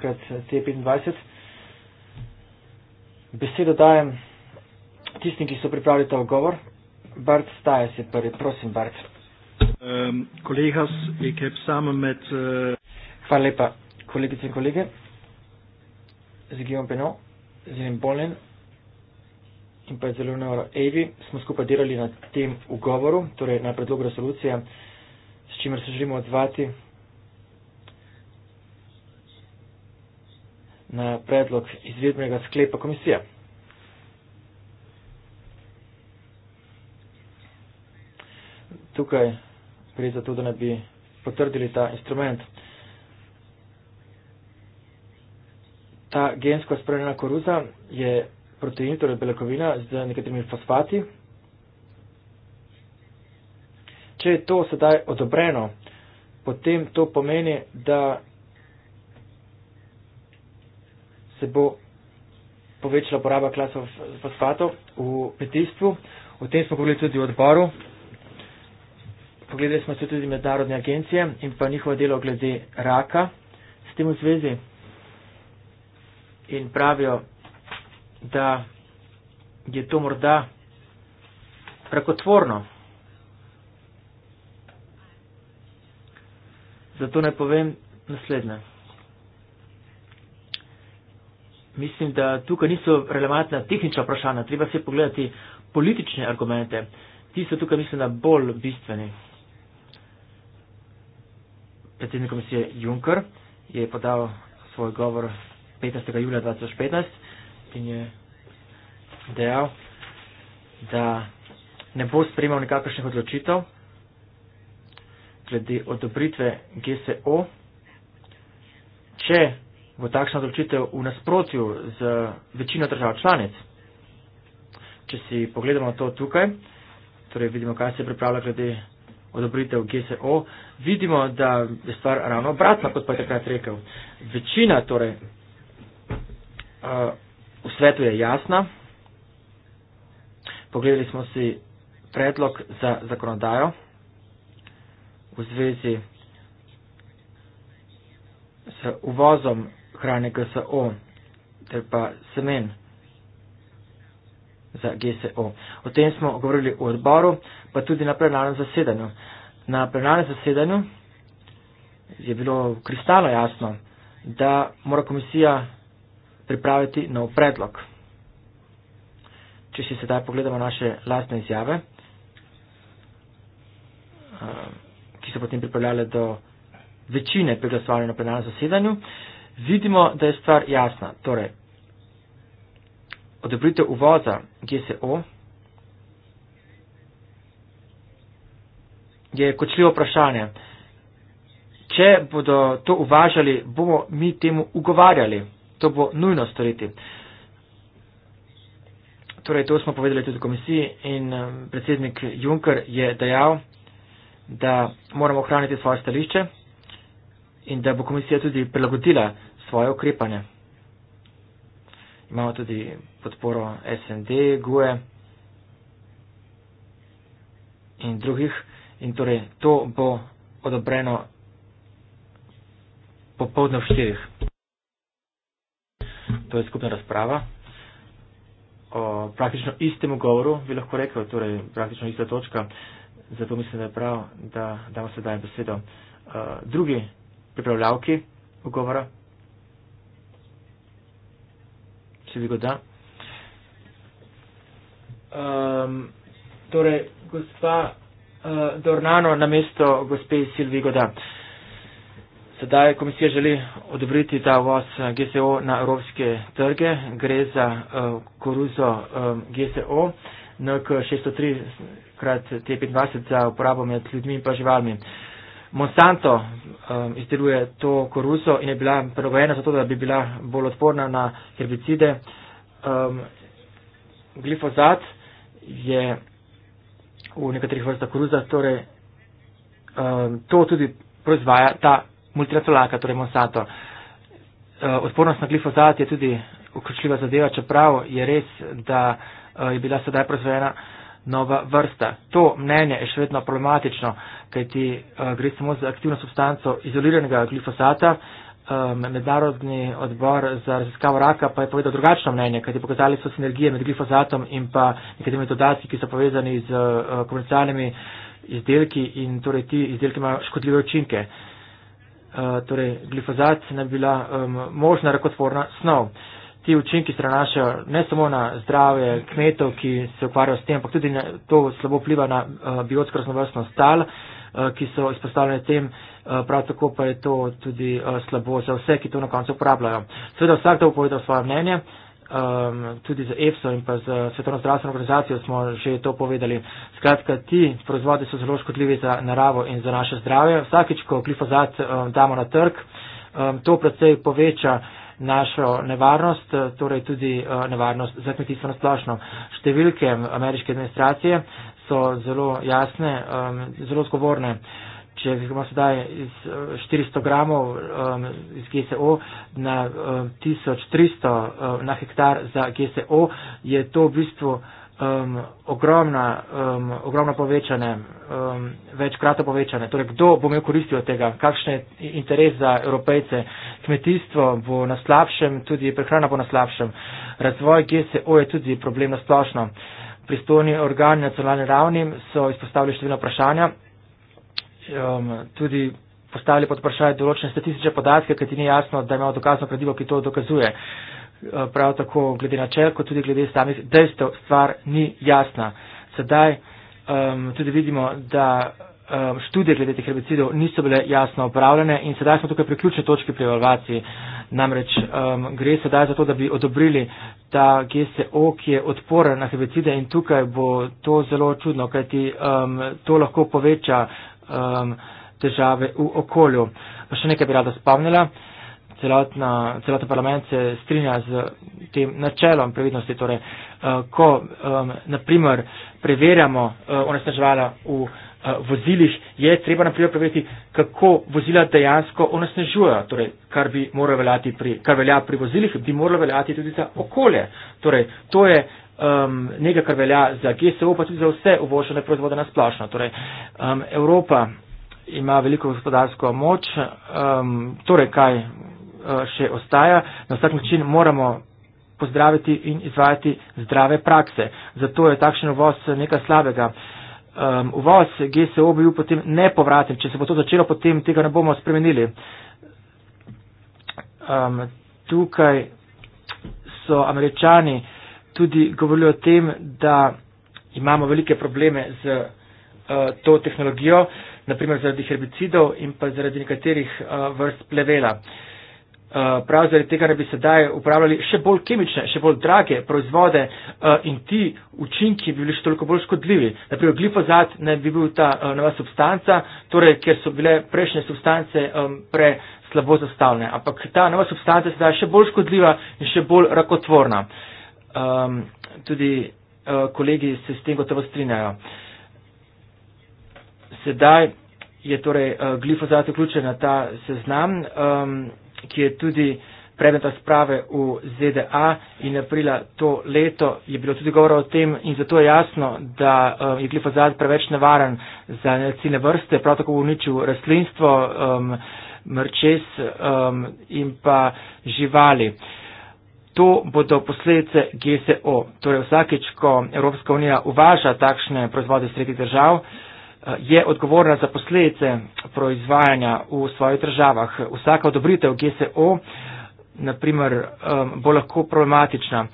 krat T25. Besedo dajem tistim, ki so pripravili ta govor. Bart staje se prvi, prosim Bart. Um, med, uh... Hvala lepa, kolegice in kolege. Z Gijom Beno, z enim Bolen in pa zelo neuro Evi smo skupaj delali na tem ugovoru, torej na predlog resolucije čimer se želimo odzvati na predlog izvedbenega sklepa komisije. Tukaj gre za to, da ne bi potrdili ta instrument. Ta gensko spremenjena koruza je protein, torej beljakovina z nekaterimi fosfati Če je to sedaj odobreno, potem to pomeni, da se bo povečala poraba klasov fosfatov v petistvu. O tem smo govorili tudi v odboru. Pogledali smo se tudi mednarodne agencije in pa njihovo delo glede raka s tem v zvezi in pravijo, da je to morda rakotvorno. Zato naj povem naslednje. Mislim, da tukaj niso relevantna tehnična vprašanja, treba se pogledati politične argumente. Ti so tukaj, mislim, da bolj bistveni. Predsednik komisije Juncker je podal svoj govor 15. julija 2015 in je dejal, da ne bo sprejemal nekakršnih odločitev glede odobritve GSO. Če bo takšna odločitev v nasprotju z večino držav članic, če si pogledamo to tukaj, torej vidimo, kaj se pripravlja glede odobritev GSO, vidimo, da je stvar ravno obratna, kot pa je takrat rekel. Večina torej eh, v svetu je jasna. Pogledali smo si predlog za zakonodajo v zvezi s uvozom hrane GSO ter pa semen za GSO. O tem smo govorili v odboru, pa tudi na plenarnem zasedanju. Na plenarnem zasedanju je bilo kristalno jasno, da mora komisija pripraviti nov predlog. Če si sedaj pogledamo naše lastne izjave. Um, ki so potem pripeljale do večine preglasovanja na plenarnem zasedanju, vidimo, da je stvar jasna. Torej, odobritev uvoza GSO je kočljivo vprašanje. Če bodo to uvažali, bomo mi temu ugovarjali. To bo nujno storiti. Torej, to smo povedali tudi komisiji in eh, predsednik Juncker je dejal, da moramo ohraniti svoje stališče in da bo komisija tudi prilagodila svoje ukrepanje. Imamo tudi podporo SND, GUE in drugih in torej to bo odobreno popovdne v štirih. To je skupna razprava. O praktično istemu govoru bi lahko rekel, torej praktično ista točka zato mislim, da je prav, da damo sedaj besedo uh, drugi pripravljavki pogovora. Če bi ga da. Um, torej, gospa uh, Dornano na mesto gospe Silvi Goda. Sedaj komisija želi odobriti ta voz eh, GSO na evropske trge. Gre za uh, koruzo um, GSO. NK603 krat T25 za uporabo med ljudmi in pa živalmi. Monsanto um, izdeluje to koruso in je bila prvojena zato, da bi bila bolj odporna na herbicide. Um, glifozat je v nekaterih vrstah koruza, torej um, to tudi proizvaja ta multinacionalka, torej Monsanto. Uh, odpornost na glifozat je tudi vključljiva zadeva, čeprav je res, da eh, je bila sedaj proizvedena nova vrsta. To mnenje je še vedno problematično, kajti eh, gre samo za aktivno substanco izoliranega glifosata. Eh, mednarodni odbor za raziskavo raka pa je povedal drugačno mnenje, kajti pokazali so sinergije med glifosatom in pa nekaterimi dodatki, ki so povezani z komercialnimi izdelki in torej ti izdelki imajo škodljive učinke. Torej, glifozat ne bi bila um, možna rakotvorna snov. Uh, ti učinki se nanašajo ne samo na zdrave kmetov, ki se ukvarjajo s tem, ampak tudi na, to slabo vpliva na uh, biotsko raznovrstnost tal, uh, ki so izpostavljene tem, uh, prav tako pa je to tudi uh, slabo za vse, ki to na koncu uporabljajo. Seveda vsak to povedal svoje mnenje, um, tudi za EFSO in pa za Svetovno zdravstveno organizacijo smo že to povedali. Skratka, ti proizvodi so zelo škodljivi za naravo in za naše zdravje. Vsakič, ko glifozat um, damo na trg, um, to predvsej poveča našo nevarnost, torej tudi eh, nevarnost za kmetijstvo na splošno. Številke ameriške administracije so zelo jasne, zelo zgovorne. Če imamo sedaj iz 400 eh, gramov um, iz GSO na um, 1300 um, na hektar za GSO, je to v bistvu um, ogromna, um, ogromno povečane, um, večkrat povečane. Torej, kdo bo imel koristi od tega, kakšen je interes za evropejce. Kmetijstvo bo na slabšem, tudi prehrana bo na slabšem. Razvoj GSO je tudi problem na splošno. Pristojni organi nacionalne ravni so izpostavili številne vprašanja, um, tudi postavili pod vprašanje določene statistične podatke, kajti ni jasno, da imamo dokazno predivo, ki to dokazuje. Eh, prav tako glede načel, kot tudi glede samih dejstev, stvar ni jasna. Sedaj um, tudi vidimo, da um, študije glede teh herbicidov niso bile jasno upravljene in sedaj smo tukaj pri ključni točki pri evalvaciji. Namreč um, gre sedaj za to, da bi odobrili ta GSO, ki je odporen na herbicide in tukaj bo to zelo čudno, kajti um, to lahko poveča um, težave v okolju. Pa še nekaj bi rada spomnila. Uh, celotna, celoten parlament se strinja z tem načelom previdnosti. Torej, eh, ko um, naprimer preverjamo uh, onesnaževala v uh, vozilih, je treba naprimer preveriti, kako vozila dejansko onesnažujejo. Torej, kar, bi pri, kar velja pri vozilih, bi moralo veljati tudi za okolje. Torej, to je um, nekaj, kar velja za GSO, pa tudi za vse uvožene proizvode na splošno. Torej, um, Evropa ima veliko gospodarsko moč, um, torej kaj Eh, še ostaja. Na vsak način moramo pozdraviti in izvajati zdrave prakse. Zato je takšen uvoz nekaj slabega. Um, uvoz GSO bi bil potem nepovraten. Če se bo to začelo, potem tega ne bomo spremenili. Um, tukaj so američani tudi govorili o tem, da imamo velike probleme z uh, to tehnologijo, naprimer zaradi herbicidov in pa zaradi nekaterih uh, vrst plevela. Uh, Eh, prav zaradi tega, da bi sedaj upravljali še bolj kemične, še bolj drage proizvode eh, in ti učinki bi bili še toliko bolj škodljivi. Naprimer, glifozat ne bi bil ta eh, nova substanca, torej, ker so bile prejšnje substance pre slabo zastavljene, ampak ta nova substanca sedaj še bolj škodljiva in še bolj rakotvorna. Ehm, tudi kolegi se s tem gotovo strinjajo. Sedaj je torej glifozat vključen na ta seznam. Ehm, ki je tudi predmet razprave v ZDA in aprila to leto je bilo tudi govora o tem in zato je jasno, da um, je glifozat preveč nevaren za necine vrste, prav tako uničil rastlinstvo, um, mrčes um, in pa živali. To bodo posledice GSO. Torej vsakeč, ko Evropska unija uvaža takšne proizvode iz tretjih držav, Eh, je odgovorna za posledice proizvajanja v svojih državah. Vsaka odobritev GSO, naprimer, bo lahko problematična.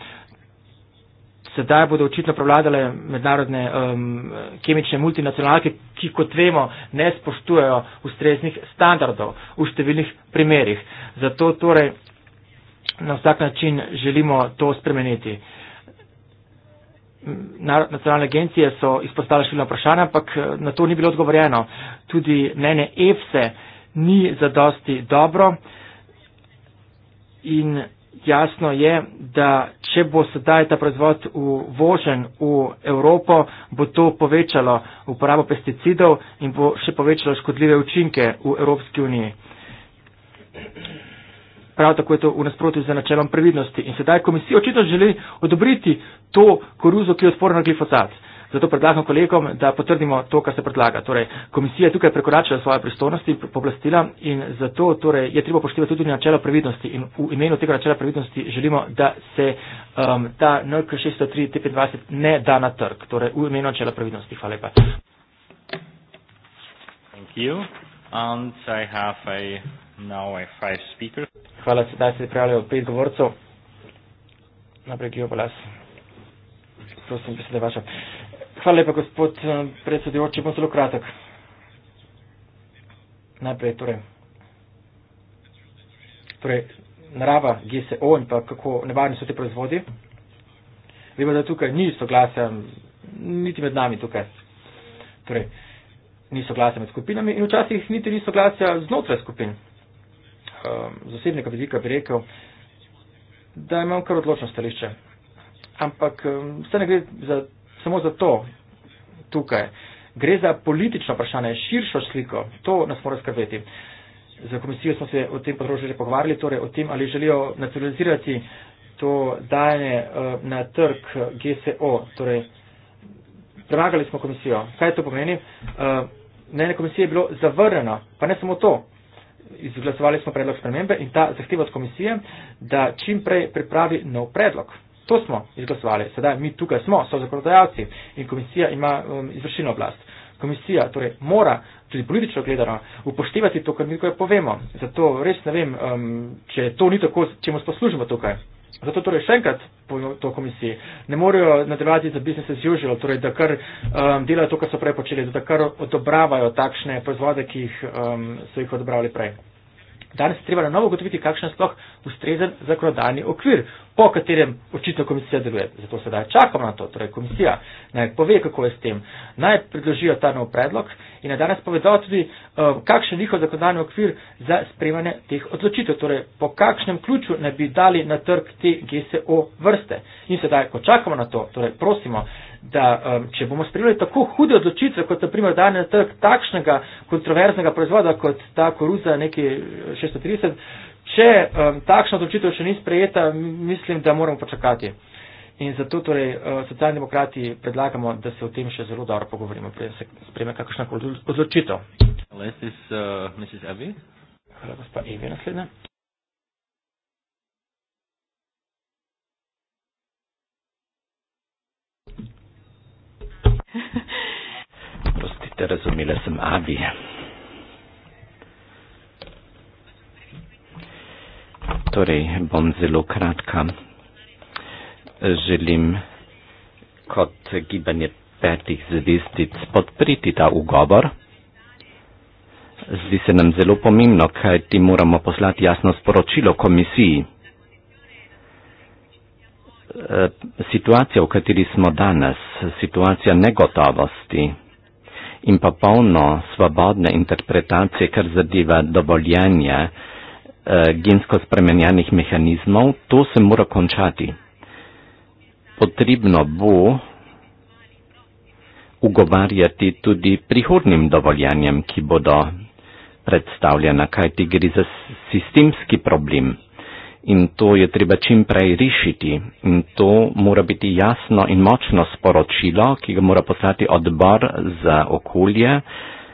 Sedaj bodo očitno prevladale mednarodne um, kemične multinacionalke, ki, kot vemo, ne spoštujejo ustreznih standardov v številnih primerjih. Zato torej na vsak način želimo to spremeniti. Uh, nacionalne agencije so izpostavili številna vprašanja, ampak eh, na to ni bilo odgovorjeno. Tudi mnenje EFSE ni zadosti dobro in jasno je, da če bo sedaj ta proizvod uvožen v Evropo, bo to povečalo uporabo pesticidov in bo še povečalo škodljive učinke v Evropski uniji prav tako je to v nasprotju z načelom previdnosti. In sedaj komisija očitno želi odobriti to koruzo, ki je odporna na glifosat. Zato predlagam kolegom, da potrdimo to, kar se predlaga. Torej, komisija je tukaj prekoračila svoje pristojnosti in poblastila in zato torej, je treba poštivati tudi načelo previdnosti. In v imenu tega načela previdnosti želimo, da se um, ta NLK 603-25 ne da na trg. Torej, v imenu načela previdnosti. Hvala lepa. Thank you. And I have a Hvala, sedaj se prijavljajo pet govorcev. Naprej, ki jo bo las. Prosim, beseda vaša. Hvala lepa, gospod eh, predsedujoči, bom zelo kratek. Najprej, torej. Torej, narava GSO in pa kako nevarni so ti proizvodi. Vemo, da tukaj ni soglasja, niti med nami tukaj. Torej, ni soglasja med skupinami in včasih niti ni soglasja znotraj skupin. Um, zasebnega vidika bi rekel, da imam kar odločno stališče. Ampak vse um, ne gre za, samo za to tukaj. Gre za politično vprašanje, širšo sliko. To nas mora skrbeti. Za komisijo smo se o tem področju že pogovarjali, torej o tem, ali želijo nacionalizirati to dajanje uh, na trg GSO. Torej, premagali smo komisijo. Kaj to pomeni? Uh, mnenje komisije je bilo zavrnjeno, pa ne samo to izglasovali smo predlog spremembe in ta zahteva od komisije, da čim prej pripravi nov predlog. To smo izglasovali, sedaj mi tukaj smo, so zakonodajalci in komisija ima um, izvršilno oblast. Komisija torej mora, tudi politično gledano, upoštevati to, kar mi tukaj povemo. Zato res ne vem, um, če to ni tako, čemu sploh služimo tukaj. Zato torej še enkrat povem to komisiji, ne morejo nadaljevati za business as usual, torej da kar um, delajo to, kar so prej počeli, da kar odobravajo takšne proizvode, ki jih, um, so jih odobravali prej. Danes treba na novo ugotoviti, kakšen sploh ustrezen zakonodajni okvir po katerem očitno komisija deluje. Zato sedaj čakamo na to, torej komisija naj pove, kako je s tem, naj predložijo ta nov predlog in naj danes povedal tudi, um, kakšen je njihov zakonodajni okvir za sprejmanje teh odločitev, torej po kakšnem ključu naj bi dali na trg te GSO vrste. In sedaj, ko čakamo na to, torej prosimo, da um, če bomo sprejeli tako hude odločitve, kot na primer dane na trg takšnega kontroverznega proizvoda, kot ta koruza neki 630, Če um, takšna odločitev še ni sprejeta, mislim, da moramo počakati. In zato torej, uh, socialni demokrati predlagamo, da se o tem še zelo dobro pogovorimo, preden se sprejme kakšna odločitev. Uh, Hvala, gospa Evi, naslednja. Prostite, razumela sem Abi. torej bom zelo kratka. Želim kot gibanje petih zvezdic podpriti ta ugovor. Zdi se nam zelo pomembno, kaj ti moramo poslati jasno sporočilo komisiji. E, situacija, v kateri smo danes, situacija negotovosti in pa polno svobodne interpretacije, kar zadeva dovoljenje, uh, gensko spremenjenih mehanizmov, to se mora končati. Potrebno bo ugovarjati tudi prihodnim dovoljanjem, ki bodo predstavljena, kaj ti gre za sistemski problem. In to je treba čim prej rešiti. In to mora biti jasno in močno sporočilo, ki ga mora poslati odbor za okolje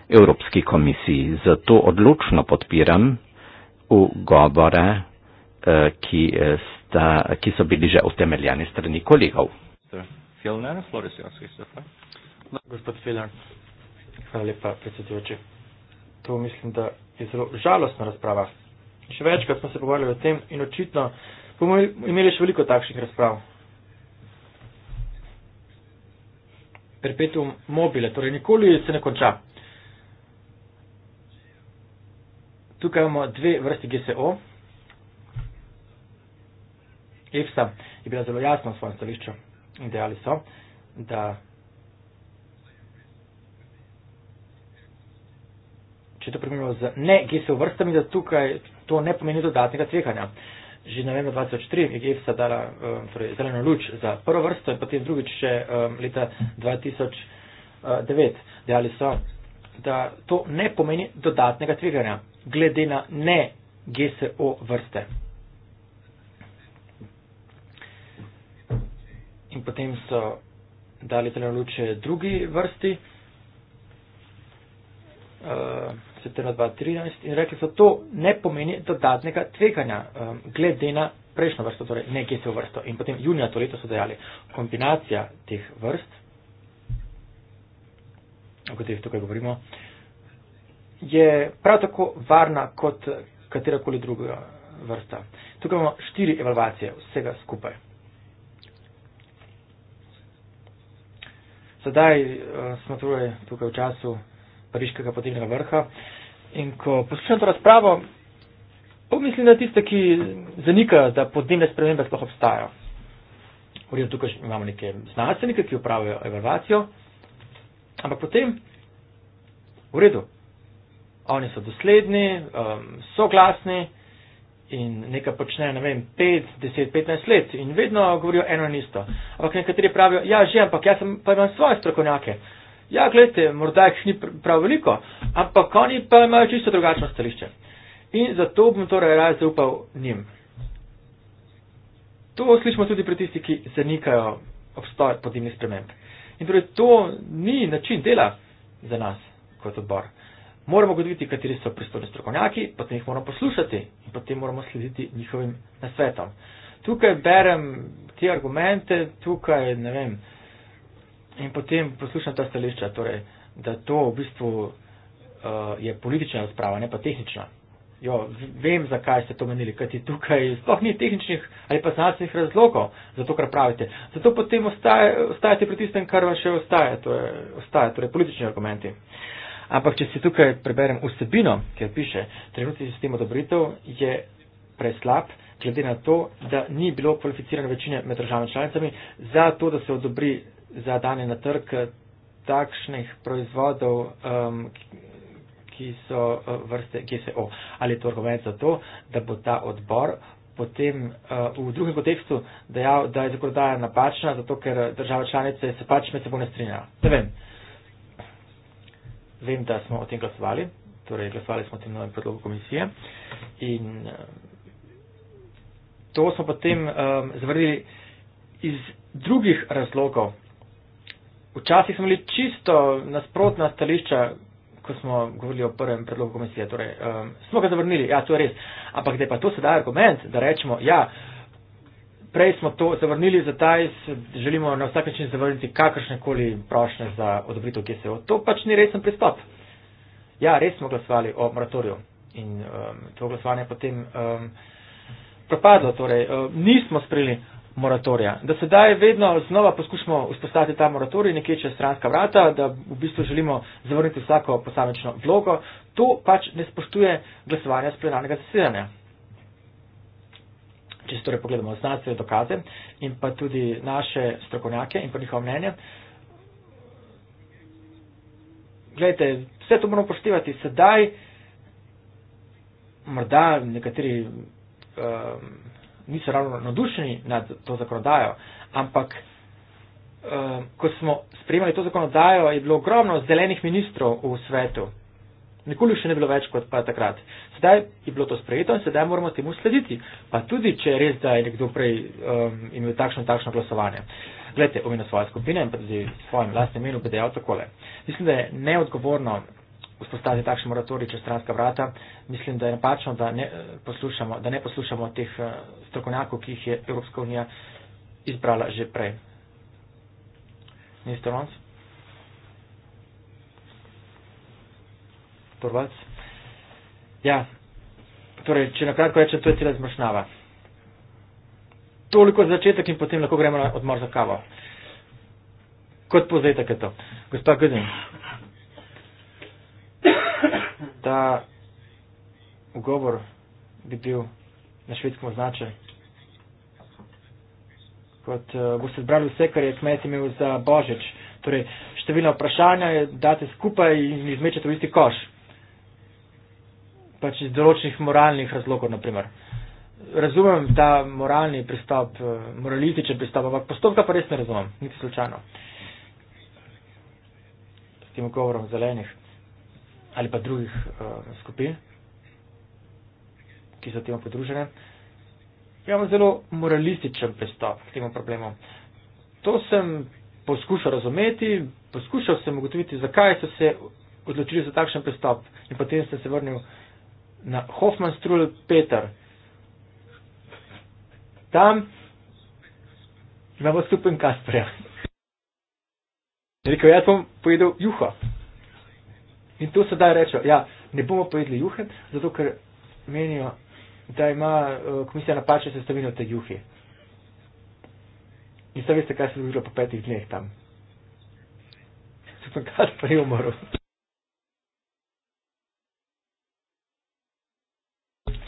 Evropski komisiji. Zato odločno podpiram ugovora, eh, ki, eh, sta, ki so bili že utemeljeni strani kolegov. No, gospod Filner, hvala lepa, predsedujoči. To mislim, da je zelo žalostna razprava. Še večkrat smo se pogovarjali o tem in očitno bomo imeli še veliko takšnih razprav. Perpetuum mobile, torej nikoli se ne konča. tukaj imamo dve vrsti GSO. EFSA je bila zelo jasna v svojem stališču in dejali so, da če to primerjamo z ne GSO vrstami, da tukaj to ne pomeni dodatnega tvekanja. Že novembra 2003 je EFSA dala um, torej, zeleno luč za prvo vrsto in potem drugič še um, leta 2009. Dejali so, da to ne pomeni dodatnega tveganja glede na ne GSO vrste. In potem so dali tele luče drugi vrsti, eh, septembra 2013, in rekli so, to ne pomeni dodatnega tveganja eh, glede na prejšnjo vrsto, torej ne GSO vrsto. In potem junija to leto so dejali kombinacija teh vrst, o katerih tukaj govorimo, uh, je prav tako varna kot katerakoli druga vrsta. Tukaj imamo štiri evalvacije vsega skupaj. Sedaj uh, smo tukaj, torej tukaj v času pariškega podnebnega vrha in ko poslušam to razpravo, pomislim na tiste, ki zanikajo, da podnebne spremembe sploh obstajajo. Vrjem tukaj imamo neke znanstvenike, ki upravljajo evalvacijo, ampak potem v redu, oni so dosledni, um, soglasni in nekaj počne, ne vem, 5, 10, 15 let in vedno govorijo eno in isto. Ampak nekateri pravijo, ja, že, ampak jaz pa imam svoje strokovnjake. Ja, gledajte, morda jih ni prav veliko, ampak oni pa imajo čisto drugačno stališče. In zato bom torej raje zaupal njim. To slišimo tudi pri tistih, ki zanikajo obstoj podnebnih sprememb. In torej to ni način dela za nas kot odbor. Uh, moramo ugotoviti, kateri so pristojni strokovnjaki, potem jih moramo poslušati in potem moramo slediti njihovim nasvetom. Tukaj berem te argumente, tukaj ne vem, in potem poslušam ta stališča, torej, da to v bistvu uh, je politična razprava, ne pa tehnična. Jo, vem, zakaj ste to menili, kajti tukaj sploh ni tehničnih ali pa znanstvenih razlogov za to, kar pravite. Zato potem ostajate pri tistem, kar vam še ostaja, torej, ostaja, torej politični argumenti. Uh, Ampak, če si tukaj preberem vsebino, ker piše, trenutni sistem odobritev je preslab, glede na to, da ni bilo kvalificirane večine med državami članicami za to, da se odobri za dane na trg takšnih proizvodov, um, ki so uh, vrste GSO. Ali je to argument za to, da bo ta odbor potem uh, v drugem kontekstu dejal, da je zakonodaja napačna, zato ker država članice se pač med seboj ne strinja. Ne vem vem, da smo o tem glasovali, torej glasovali smo o tem novem predlogu komisije in eh, to smo potem um, zavrnili iz drugih razlogov. Včasih smo imeli čisto nasprotna stališča, ko smo govorili o prvem predlogu komisije. Torej, um, smo ga zavrnili, ja, to je res. Ampak da je pa to sedaj argument, da rečemo, ja, Prej smo to zavrnili, zdaj želimo na vsak način zavrniti kakršne koli prošlje za odobritev GSO. To pač ni resen pristop. Ja, res smo glasovali o moratoriju in um, to glasovanje je potem um, propadlo. Torej, um, nismo sprejeli moratorija. Da sedaj vedno znova poskušamo vzpostaviti ta moratorij nekje čez stranska vrata, da v bistvu želimo zavrniti vsako posamečno vlogo, to pač ne spoštuje glasovanja splenarnega zasedanja če si torej pogledamo znanstvene dokaze in pa tudi naše strokovnjake in pa njihovo mnenje. Glejte, vse to moramo poštivati sedaj, morda nekateri um, niso ravno nadušeni nad to zakonodajo, ampak um, ko smo sprejemali to zakonodajo, je bilo ogromno zelenih ministrov v svetu. Nikoli še ni bilo več kot pa takrat. Sedaj je bilo to sprejeto in sedaj moramo temu slediti. Pa tudi, če je res, da je nekdo prej um, imel takšno in takšno glasovanje. Glede, omenil svoje skupine in pa tudi svojem lastnem imenu, bi dejal takole. Mislim, da je neodgovorno vzpostaviti takšne moratorije čez stranska vrata. Mislim, da je napačno, da ne eh, poslušamo, da ne poslušamo teh eh, strokovnjakov, ki jih je Evropska unija izbrala že prej. Niste ronci? prvac. Ja, torej, če nakratko rečem, to je cela zmršnava. Toliko za začetek in potem lahko gremo na odmor za kavo. Kot povzetek je to. Gospod Gudin. Ta ugovor bi bil na švedskem označen. Kot uh, boste zbrali vse, kar je kmet imel za božič. Torej, številna vprašanja je, date skupaj in izmečete v isti koš pač iz določenih moralnih razlogov, naprimer. Razumem ta moralni pristop, eh, moralističen pristop, ampak postopka pa res ne razumem, niti slučajno. S tem govorom zelenih ali pa drugih uh, skupin, ki so temu podružene, ja, imamo zelo moralističen pristop k temu problemu. To sem poskušal razumeti, poskušal sem ugotoviti, zakaj so se odločili za takšen pristop in potem sem se vrnil na Hofmanstrul Peter. Tam imamo stupen Kasperja. Rekel, jaz bom pojedel juho. In to sedaj rečejo, ja, ne bomo pojedli juhe, zato ker menijo, da ima eh, komisija napačne sestavine v tej juhi. In zdaj veste, kaj se je zgodilo po petih dneh tam. Stupen Kasper je umrl.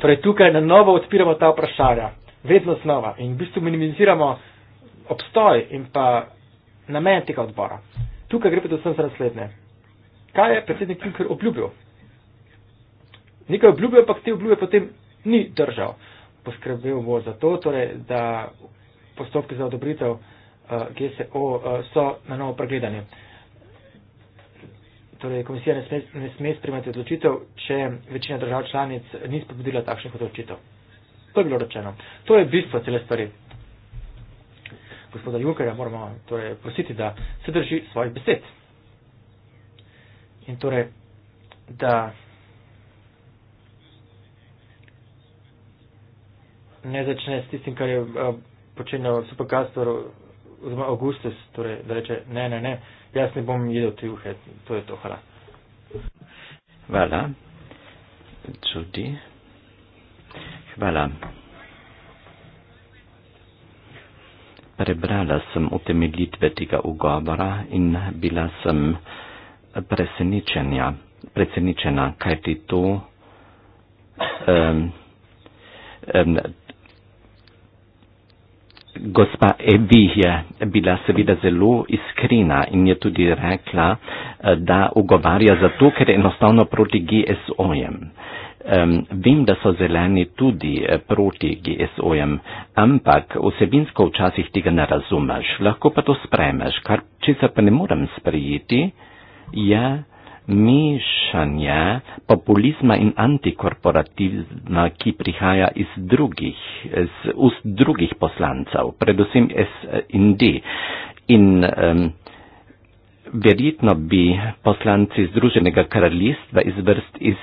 Torej, tukaj na novo odpiramo ta vprašanja, vedno znova in v bistvu minimiziramo obstoj in pa namen tega odbora. Tukaj gre predvsem za naslednje. Kaj je predsednik Juncker obljubil? Nekaj obljubil, ampak te obljube potem ni držal. Poskrbel bo za to, torej, da postopki za odobritev uh, eh, GSO uh, eh, so na novo pregledani. Uh, torej komisija ne sme, ne sme sprejmati odločitev, če večina držav članic ni spodbudila takšnih odločitev. To je bilo rečeno. To je bistvo cele stvari. Gospoda Junkerja moramo torej, prositi, da se drži svojih besed. In torej, da ne začne s tistim, kar je eh, počenjal Supergastor oziroma Augustus, torej, da reče ne, ne, ne jaz ne bom jedel te uhe, to je to hra. Hvala. Čudi. Hvala. Prebrala sem utemeljitve tega ugovora in bila sem presenečenja, presenečena, kaj ti to. Um, um, Gospa Evi je bila seveda zelo iskrena in je tudi rekla, eh, da ugovarja zato, ker je enostavno proti GSO-jem. Um, vem, da so zeleni tudi eh, proti GSO-jem, ampak osebinsko včasih tega ne razumeš, lahko pa to spremeš. Kar, če se pa ne morem sprejeti, je mišanje populizma in antikorporativizma, ki prihaja iz drugih, iz ust drugih poslancev, predvsem SND. In um, verjetno bi poslanci Združenega kraljestva iz vrst iz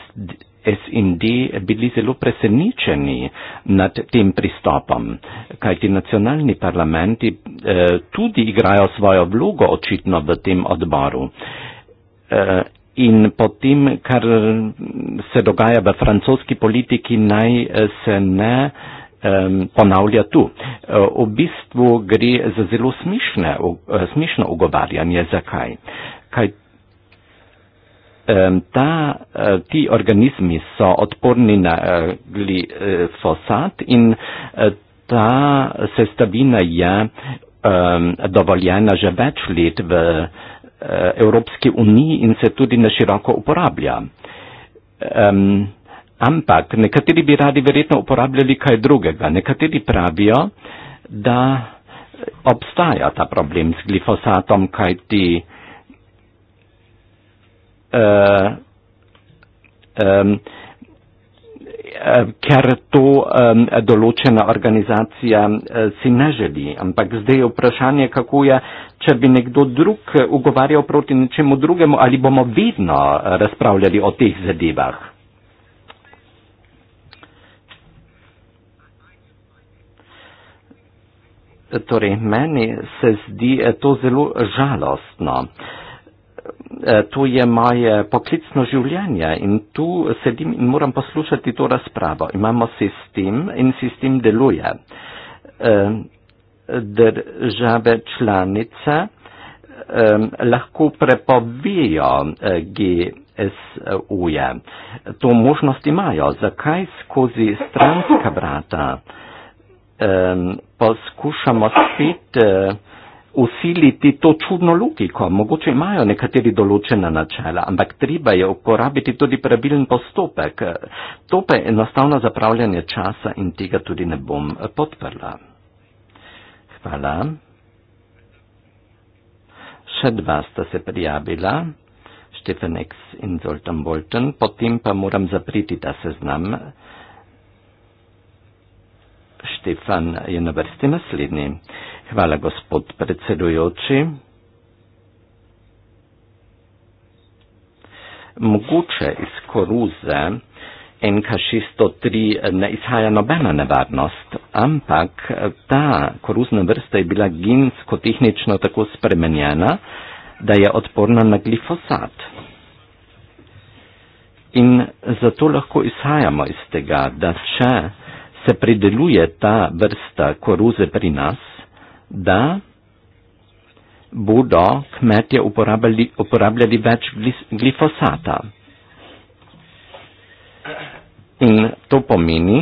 SND bili zelo presenečeni nad tem pristopom, kajti nacionalni parlamenti eh, tudi igrajo svojo vlogo očitno v tem odboru. Eh, in po tem, kar se dogaja v francoski politiki, naj eh, se ne um, ponavlja tu. Eh, v bistvu gre za zelo smišne, eh, smišno ugovarjanje. Zakaj? Kaj Ta, ti organizmi so odporni na glifosat in ta sestavina je um, dovoljena že več let v uh, Eh, Evropski uniji in se tudi na široko uporablja. Um, ampak nekateri bi radi verjetno uporabljali kaj drugega. Nekateri pravijo, da obstaja ta problem s glifosatom, kaj ti uh, eh, um, Eh, ker to um, določena organizacija uh, si ne želi. Ampak zdaj je vprašanje, kako je, če bi nekdo drug ugovarjal proti nečemu drugemu, ali bomo vedno razpravljali o teh zadevah. Torej, meni se zdi eh, to zelo žalostno. Uh, Eh, to je moje poklicno življenje in tu sedim in moram poslušati to razpravo. Imamo sistem in sistem deluje. Eh, države članice eh, lahko prepovijo GSU-je. To možnost imajo. Zakaj skozi stranska brata poskušamo spet usiliti to čudno logiko. Mogoče imajo nekateri določena načela, ampak treba je uporabiti tudi pravilen postopek. To pa je enostavno zapravljanje časa in tega tudi ne bom podprla. Hvala. Še dva sta se prijavila. Stefan X in Zoltan Bolton, potem pa moram zapriti ta seznam. Stefan je na vrsti naslednji. Hvala, gospod predsedujoči. Mogoče iz koruze NK603 ne izhaja nobena nevarnost, ampak ta koruzna vrsta je bila gensko-tehnično tako spremenjena, da je odporna na glifosat. In zato lahko izhajamo iz tega, da če se prideluje ta vrsta koruze pri nas, da bodo kmetje uporabljali, uporabljali več glifosata. In to pomeni,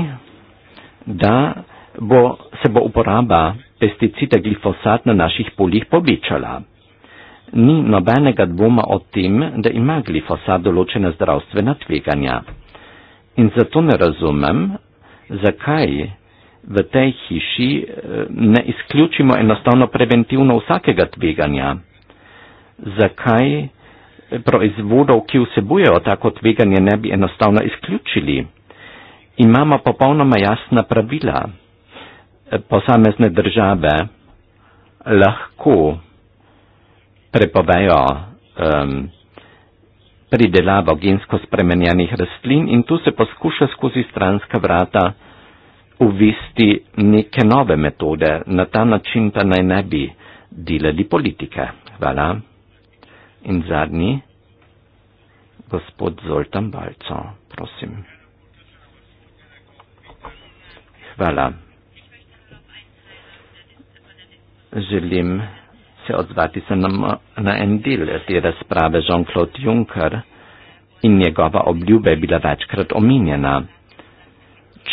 da bo, se bo uporaba pesticida glifosat na naših poljih povečala. Ni nobenega dvoma o tem, da ima glifosat določena zdravstvena tveganja. In zato ne razumem, zakaj v tej hiši eh, ne izključimo enostavno preventivno vsakega tveganja. Zakaj proizvodov, ki vsebujejo tako tveganje, ne bi enostavno izključili? Imamo popolnoma jasna pravila. Eh, posamezne države lahko prepovejo um, pridelavo gensko spremenjenih rastlin in tu se poskuša skozi stranska vrata uvesti neke nove metode, na ta način pa naj ne bi delali politike. Hvala. In zadnji, gospod Zoltan Balco, prosim. Hvala. Želim se odzvati se na, na en del te razprave Jean-Claude Juncker in njegova obljuba je bila večkrat omenjena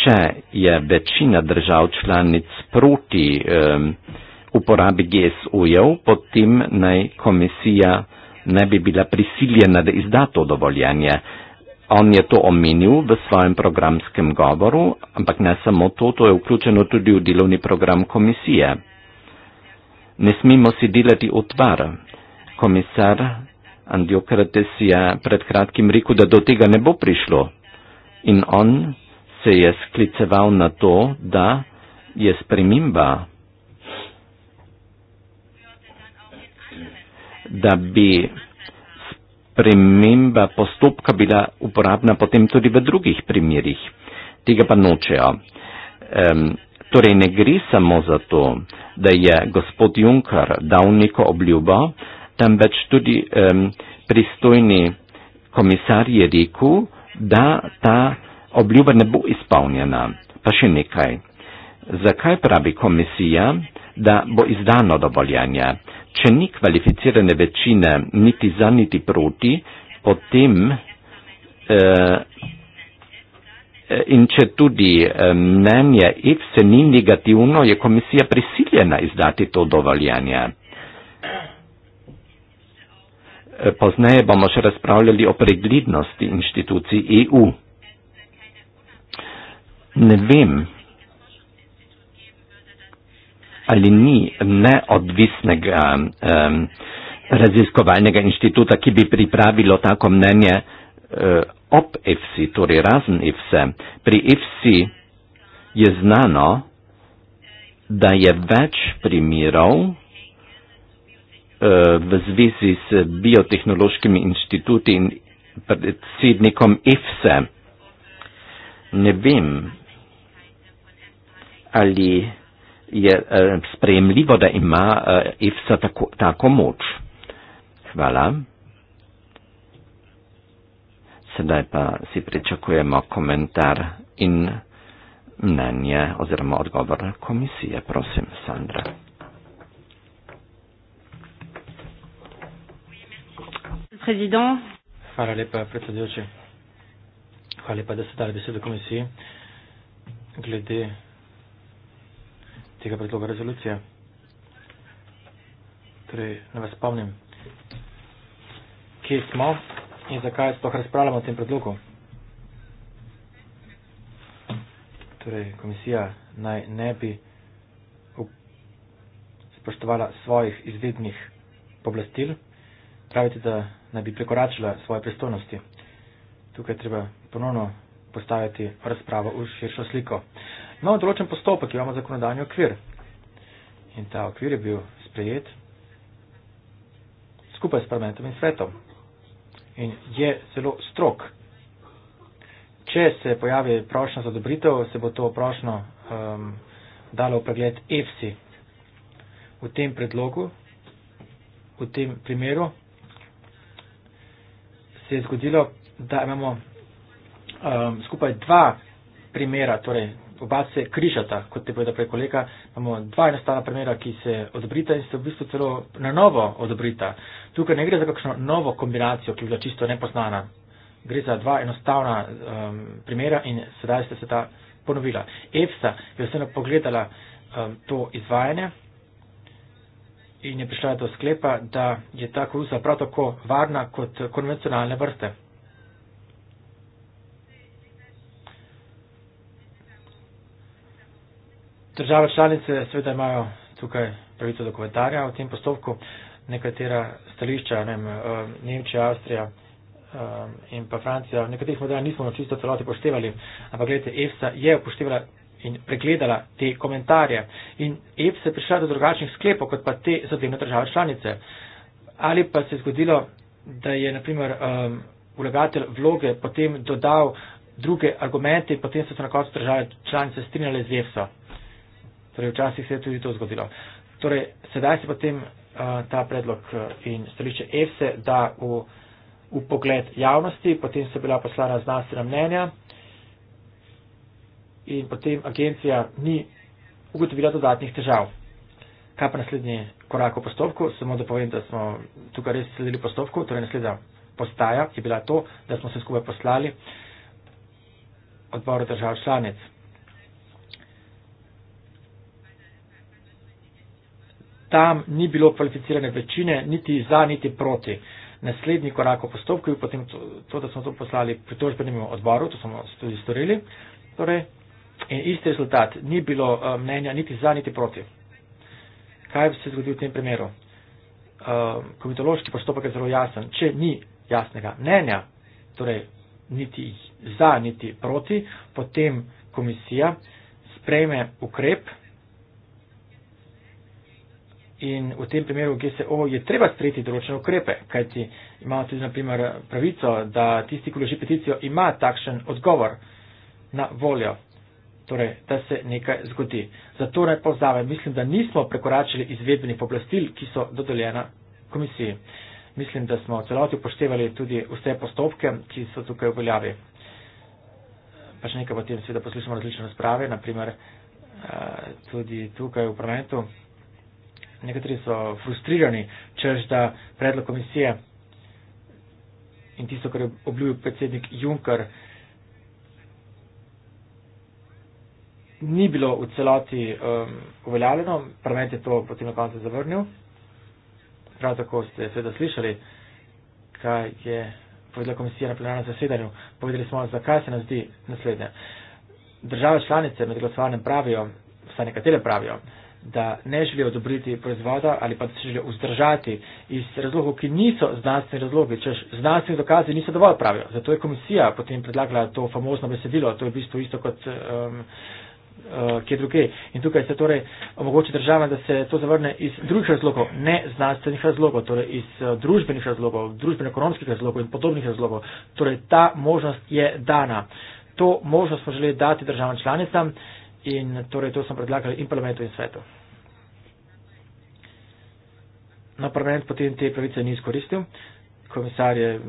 če je večina držav članic proti um, uporabi GSU-jev, potem naj komisija ne bi bila prisiljena, da izda to dovoljenje. On je to omenil v svojem programskem govoru, ampak ne samo to, to je vključeno tudi v delovni program komisije. Ne smemo si delati otvar. Komisar Andiokrates je pred kratkim rekel, da do tega ne bo prišlo. In on se je skliceval na to, da je sprememba, da bi sprememba postopka bila uporabna potem tudi v drugih primerjih. Tega pa nočejo. Um, torej ne gre samo za to, da je gospod Juncker dal neko obljubo, temveč tudi um, pristojni komisar je rekel, da ta obljuba ne bo izpolnjena. Pa še nekaj. Zakaj pravi komisija, da bo izdano dovoljanje? Če ni kvalificirane večine niti za, niti proti, potem eh, in če tudi eh, mnenje IFSE ni negativno, je komisija prisiljena izdati to dovoljanje. Eh, pozneje bomo še razpravljali o preglednosti inštitucij EU ne vem, ali ni neodvisnega um, raziskovalnega inštituta, ki bi pripravilo tako mnenje uh, ob EFSI, torej razen EFSE. Pri EFSI je znano, da je več primerov uh, v zvezi s biotehnološkimi inštituti in predsednikom EFSE. Ne vem, ali je eh, spremljivo, da ima eh, EFSA tako, tako moč. Hvala. Sedaj pa si pričakujemo komentar in mnenje oziroma odgovor komisije. Prosim, Sandra. Prezident. Hvala lepa, predsedujoči. Hvala lepa, da ste dali besedo komisiji. Glede tega predloga rezolucije. Torej, ne vas spomnim, kje smo in zakaj sploh razpravljamo o tem predlogu. Torej, komisija naj ne bi spoštovala svojih izvednih poblastil, pravite, da naj bi prekoračila svoje pristojnosti. Tukaj treba ponovno postaviti razpravo v širšo sliko imamo določen postopek, imamo zakonodajni okvir. In ta okvir je bil sprejet skupaj s parlamentom in svetom. In je zelo strok. Če se pojavi prošnja za odobritev, se bo to prošnjo um, dalo v pregled EFSI. V tem predlogu, v tem primeru, se je zgodilo, da imamo um, skupaj dva primera, torej oba se križata, kot je povedal prej kolega, imamo dva enostavna primera, ki se odobrita in se v bistvu celo na novo odobrita. Tukaj ne gre za kakšno novo kombinacijo, ki je bila čisto nepoznana. Gre za dva enostavna um, primera in sedaj ste se ta ponovila. EFSA je vseeno pogledala um, to izvajanje in je prišla do sklepa, da je ta koruza prav tako varna kot konvencionalne vrste. Države članice sveda imajo tukaj pravico do komentarja v tem postopku, nekatera stališča, ne vem, eh, Nemčija, Avstrija eh, in pa Francija, v nekaterih modelah nismo čisto celoti poštevali, ampak gledajte, EFSA je upoštevala in pregledala te komentarje in EFSA je prišla do drugačnih sklepov, kot pa te zadevne države članice. Ali pa se je zgodilo, da je, na primer, eh, vlagatelj vloge potem dodal druge argumente in potem so se na koncu države članice strinjale z EFSA. Torej, včasih se je tudi to zgodilo. Torej, sedaj se potem uh, ta predlog eh, in stališče EFSE da v, v pogled javnosti, potem so bila poslana znanstvena mnenja in potem agencija ni ugotovila dodatnih težav. Kaj pa naslednji korak v postopku? Samo da povem, da smo tukaj res sledili postopku, torej naslednja postaja je bila to, da smo se skupaj poslali odboru držav članic. tam ni bilo kvalificirane večine, niti za, niti proti. Naslednji korak v postopku je potem to, to da smo to poslali pritožbenemu odboru, to smo tudi storili. Torej, in isti rezultat, ni bilo uh, mnenja niti za, niti proti. Kaj bi se zgodilo v tem primeru? Uh, komitološki postopek je zelo jasen. Če ni jasnega mnenja, torej niti za, niti proti, potem komisija sprejme ukrep, in v tem primeru GSO je treba sprejeti določene ukrepe, kajti imamo tudi na primer pravico, da tisti, ki vloži peticijo, ima takšen odgovor na voljo, torej, da se nekaj zgodi. Zato naj povzamem, mislim, da nismo prekoračili izvedbenih poblastil, ki so dodeljena komisiji. Mislim, da smo v celoti upoštevali tudi vse postopke, ki so tukaj uveljavi. Pa še nekaj potem seveda poslušamo različne razprave, naprimer eh, tudi tukaj v parlamentu nekateri so frustrirani, čež da predlog komisije in tisto, kar je obljubil predsednik Juncker, ni bilo v celoti um, uveljavljeno, parlament je to potem na koncu zavrnil. Prav tako ste seveda slišali, kaj je povedala komisija na plenarnem zasedanju. Povedali smo, zakaj se nam zdi naslednje. Države članice med glasovanjem pravijo, vsaj nekatere pravijo, da ne želijo odobriti proizvoda ali pa da se želijo vzdržati iz razlogov, ki niso znanstveni razlogi, čež znanstveni dokazi niso dovolj pravi. Zato je komisija potem predlagala to famozno besedilo, to je v bistvu isto kot um, uh, kje druge. In tukaj se torej omogoči državam, da se to zavrne iz drugih razlogov, ne znanstvenih razlogov, torej iz uh, družbenih razlogov, družbeno-ekonomskih razlogov in podobnih razlogov. Torej ta možnost je dana. To možnost smo želeli dati državam članicam. Uh, in torej to smo predlagali in parlamentu in svetu. Na no, parlament potem te pravice ni izkoristil, komisar je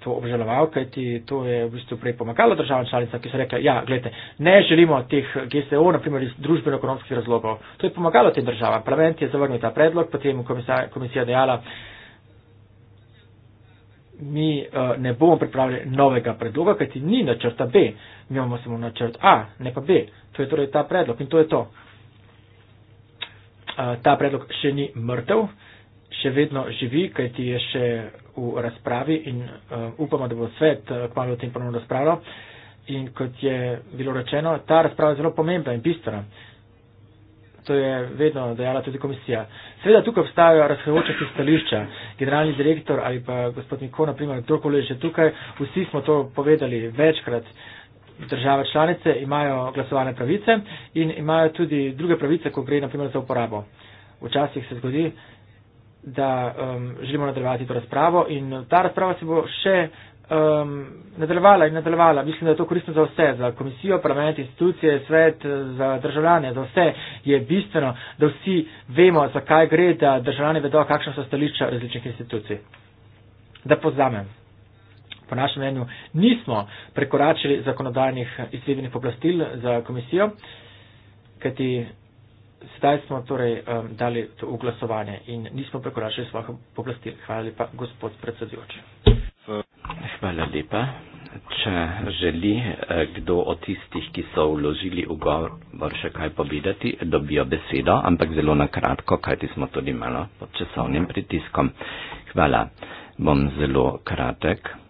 to obžaloval, kajti to je v bistvu prej pomagalo državam članicam, ki so rekli, ja, gledajte, ne želimo teh GSO, naprimer iz družbeno-ekonomskih razlogov. To je pomagalo tem državam. Parlament je zavrnil ta predlog, potem komisar, komisija dejala, mi uh, ne bomo pripravili novega predloga, kajti ni načrta B. Uh, imamo samo načrt A, ne pa B. To je torej ta predlog in to je to. Ta predlog še ni mrtev, še vedno živi, kajti je še v razpravi in upamo, da bo svet kmalo o tem ponovno razpravljal. In kot je bilo rečeno, ta razprava je zelo pomembna in bistvena. To je vedno dejala tudi komisija. Seveda tukaj obstajajo razhajajoče stališča. Generalni direktor ali pa gospod Miko, naprimer, kdorkoli je že tukaj, vsi smo to povedali večkrat. Uh, države članice imajo glasovane pravice in imajo tudi druge pravice, ko gre naprimer za uporabo. Včasih se zgodi, da um, želimo nadaljevati to razpravo in ta razprava se bo še um, nadaljevala in nadaljevala. Mislim, da je to koristno za vse, za komisijo, parlament, institucije, svet, za državljane, za vse je bistveno, da vsi vemo, zakaj gre, da državljani vedo, kakšne so stališča različnih institucij. Da pozamem po našem mnenju nismo prekoračili zakonodajnih izvedenih poblastil za komisijo, kajti sedaj smo torej um, dali to uglasovanje in nismo prekoračili svojih poblastil. Hvala lepa, gospod predsedujoči. Hvala lepa. Če želi eh, kdo od tistih, ki so vložili ugovor, še kaj povedati, dobijo besedo, ampak zelo na kratko, kajti smo tudi malo pod časovnim pritiskom. Hvala. Bom zelo kratek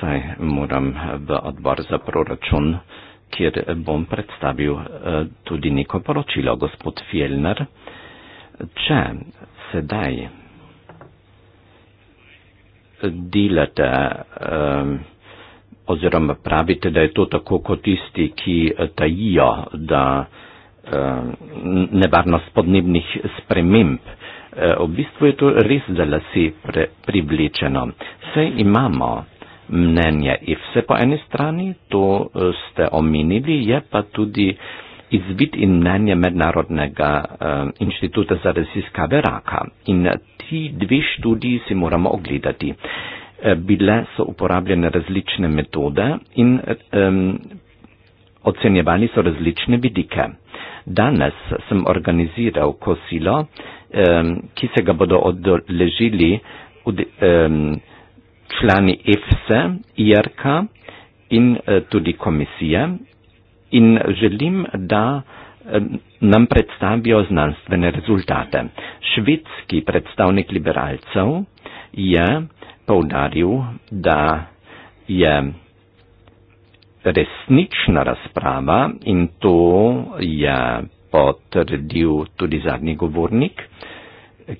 saj moram v odbor za proračun, kjer bom predstavil eh, tudi neko poročilo, gospod Fjellner. Če sedaj delate eh, oziroma pravite, da je to tako kot tisti, ki tajijo, da eh, nevarnost podnebnih sprememb. V bistvu je to res za lasi privlečeno. Vse imamo mnenje. In vse po eni strani, to eh, ste omenili, je pa tudi izvid in mnenje Mednarodnega eh, inštituta za raziskave raka. In ti dve študiji si moramo ogledati. Eh, bile so uporabljene različne metode in eh, ocenjevali so različne vidike. Danes sem organiziral kosilo, eh, ki se ga bodo odležili. Od, eh, člani EFSE, IRK in eh, tudi komisije in želim, da eh, nam predstavijo znanstvene rezultate. Švedski predstavnik liberalcev je poudaril, da je resnična razprava in to je potrdil tudi zadnji govornik,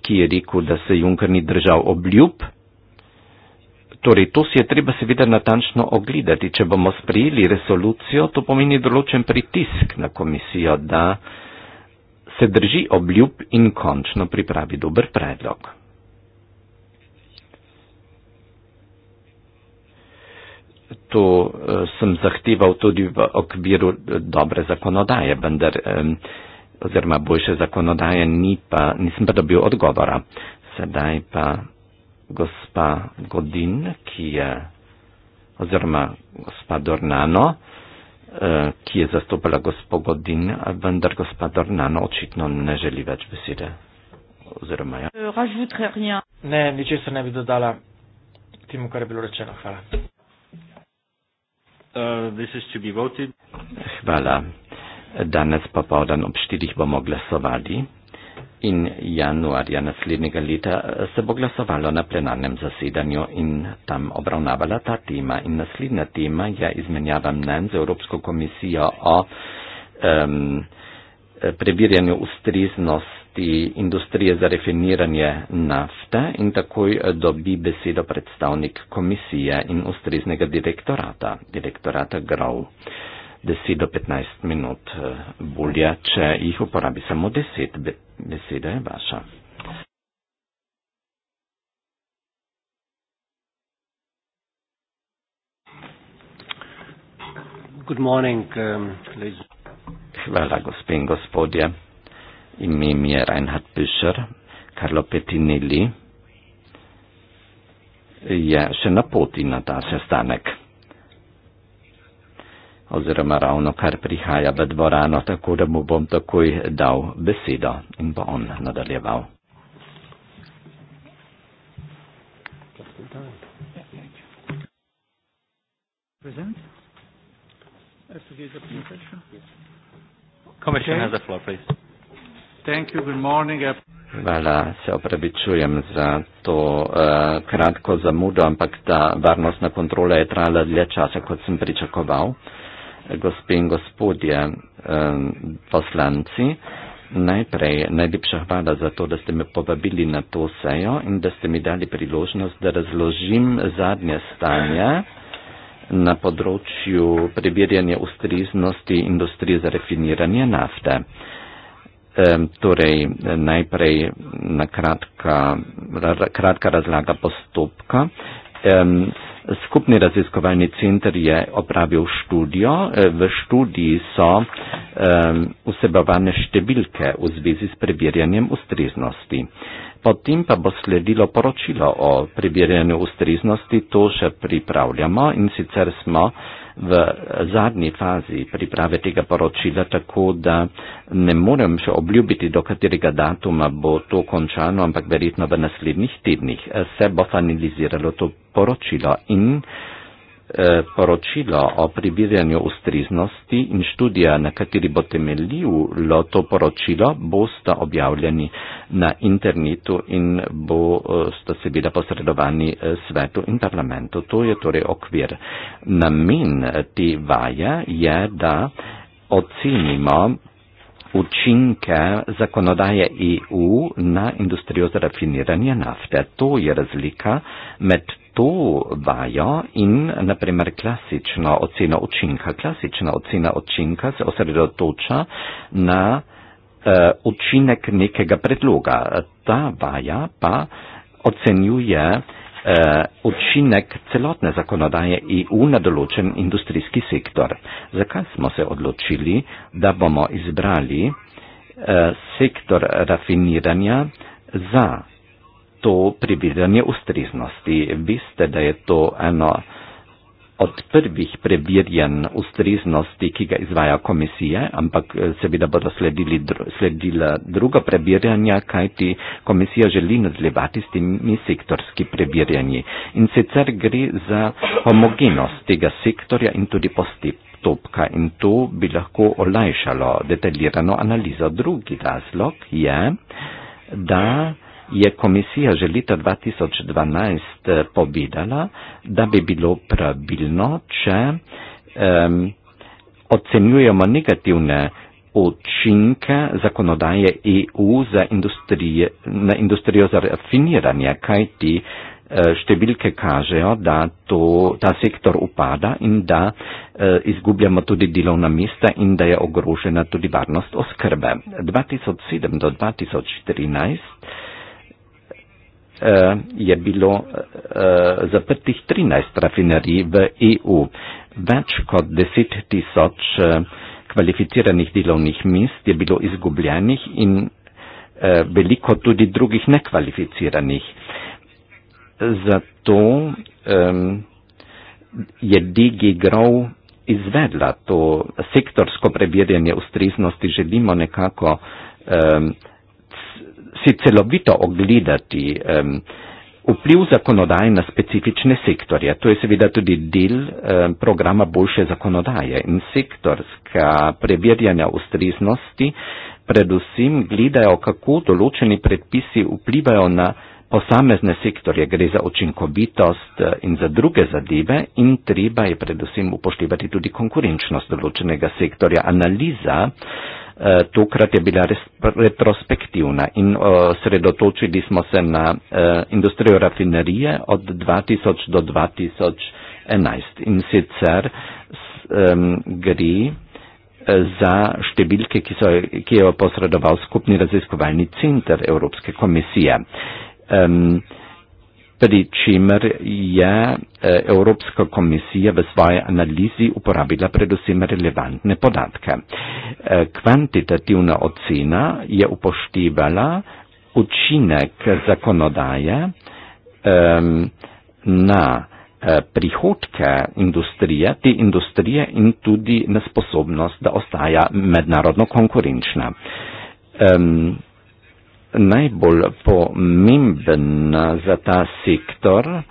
ki je rekel, da se Junker ni držal obljub, Torej, to si je treba seveda natančno ogledati. Če bomo sprijeli resolucijo, to pomeni določen pritisk na komisijo, da se drži obljub in končno pripravi dober predlog. To eh, sem zahteval tudi v okviru eh, dobre zakonodaje, vendar, eh, oziroma boljše zakonodaje, ni pa, nisem pa dobil odgovora. Sedaj pa gospa Godin, ki je, oziroma gospa Dornano, eh, ki je zastopila gospo Godin, vendar gospa Dornano očitno ne želi več besede. Oziroma, ja. Eh, ne, ničesar ne bi dodala temu, kar je bilo rečeno. Hvala. Uh, Hvala. Danes popovdan ob štirih bomo glasovali. In januarja naslednjega leta eh, se bo glasovalo na plenarnem zasedanju in tam obravnavala ta tema. In naslednja tema je izmenjava mnen z Evropsko komisijo o um, prebiranju ustreznosti industrije za refiniranje nafte in takoj eh, dobi besedo predstavnik komisije in ustreznega direktorata, direktorata Grau. 10 do 15 minut eh, bolje, če jih uporabi samo 10, beseda je vaša. Good morning, um, Hvala, gospe in gospodje. Ime mi je Reinhard Büscher. Karlo Petinelli je še na poti na ta sestanek oziroma ravno kar prihaja v dvorano, tako da mu bom takoj dal besedo in bo on nadaljeval. Hvala, se opravičujem za to uh, kratko zamudo, ampak ta varnostna kontrola je trajala dlje časa, kot sem pričakoval. Uh, gospe in gospodje poslanci. Najprej najlepša hvala za to, da ste me povabili na to sejo in da ste mi dali priložnost, da razložim zadnje stanje na področju preverjanja ustriznosti industrije za refiniranje nafte. E, torej, najprej na kratka, kratka razlaga postopka. E, Skupni raziskovalni center je opravil študijo. E, v študiji so e, vsebovane številke v zvezi s preverjanjem ustreznosti. Potem pa bo sledilo poročilo o preverjanju ustreznosti, to še pripravljamo in sicer smo v zadnji fazi priprave tega poročila, tako da uh, ne morem še obljubiti, do katerega datuma bo to končano, ampak verjetno v naslednjih tednih eh, se bo finaliziralo to poročilo in eh, poročilo o priviranju ustriznosti in študija, na kateri bo temeljilo to poročilo, bosta objavljeni na internetu in bosta eh, seveda posredovani svetu in parlamentu. To je torej okvir. Namen te vaje je, da ocenimo učinke zakonodaje EU na industrijo za rafiniranje nafte. To je razlika med to vajo in, na primer, klasično oceno učinka. Klasična ocena učinka se osredotoča na uh, učinek nekega predloga. Ta vaja pa ocenjuje uh, eh, učinek celotne zakonodaje EU na določen industrijski sektor. Zakaj smo se odločili, da bomo izbrali eh, sektor rafiniranja za to prividanje ustreznosti? Veste, da je to eno od prvih preverjen ustreznosti, ki ga izvaja komisija, ampak eh, seveda bodo sledili, sledila druga preverjanja, kajti komisija želi nadaljevati s temi sektorski preverjanji. In sicer gre za homogenost tega sektorja in tudi postep. Topka in to bi lahko olajšalo detaljirano analizo. Drugi razlog je, da je komisija že leta 2012 eh, povedala, da bi bilo pravilno, če um, ocenjujemo negativne učinke zakonodaje EU za industrije, na industrijo za rafiniranje, kaj ti eh, številke kažejo, da to, ta sektor upada in da eh, izgubljamo tudi delovna mesta in da je ogrožena tudi varnost oskrbe. 2007 do 2013 eh, je bilo eh, zaprtih 13 rafinerij v EU. Več kot 10 tisoč eh, kvalificiranih delovnih mest je bilo izgubljenih in eh, veliko tudi drugih nekvalificiranih. Zato eh, je DigiGrow izvedla to sektorsko preverjanje ustreznosti, želimo nekako eh, si celovito ogledati um, vpliv zakonodaje na specifične sektorje. To je seveda tudi del um, programa boljše zakonodaje in sektorska preverjanja ustreznosti predvsem gledajo, kako določeni predpisi vplivajo na posamezne sektorje, gre za učinkovitost eh, in za druge zadeve in treba je predvsem upoštevati tudi konkurenčnost določenega sektorja. Analiza uh, Eh, tokrat je bila res retrospektivna in eh, osredotočili smo se na eh, industrijo rafinerije od 2000 do 2011. In sicer gre za številke, ki, so, ki je posredoval skupni raziskovalni center Evropske komisije. Um, pri čemer je eh, Evropska komisija v svoji analizi uporabila predvsem relevantne podatke. Eh, kvantitativna ocena je upoštevala učinek zakonodaje na eh, prihodke industrije, te industrije in tudi nesposobnost, da ostaja mednarodno konkurenčna najbolj pomemben za ta sektor.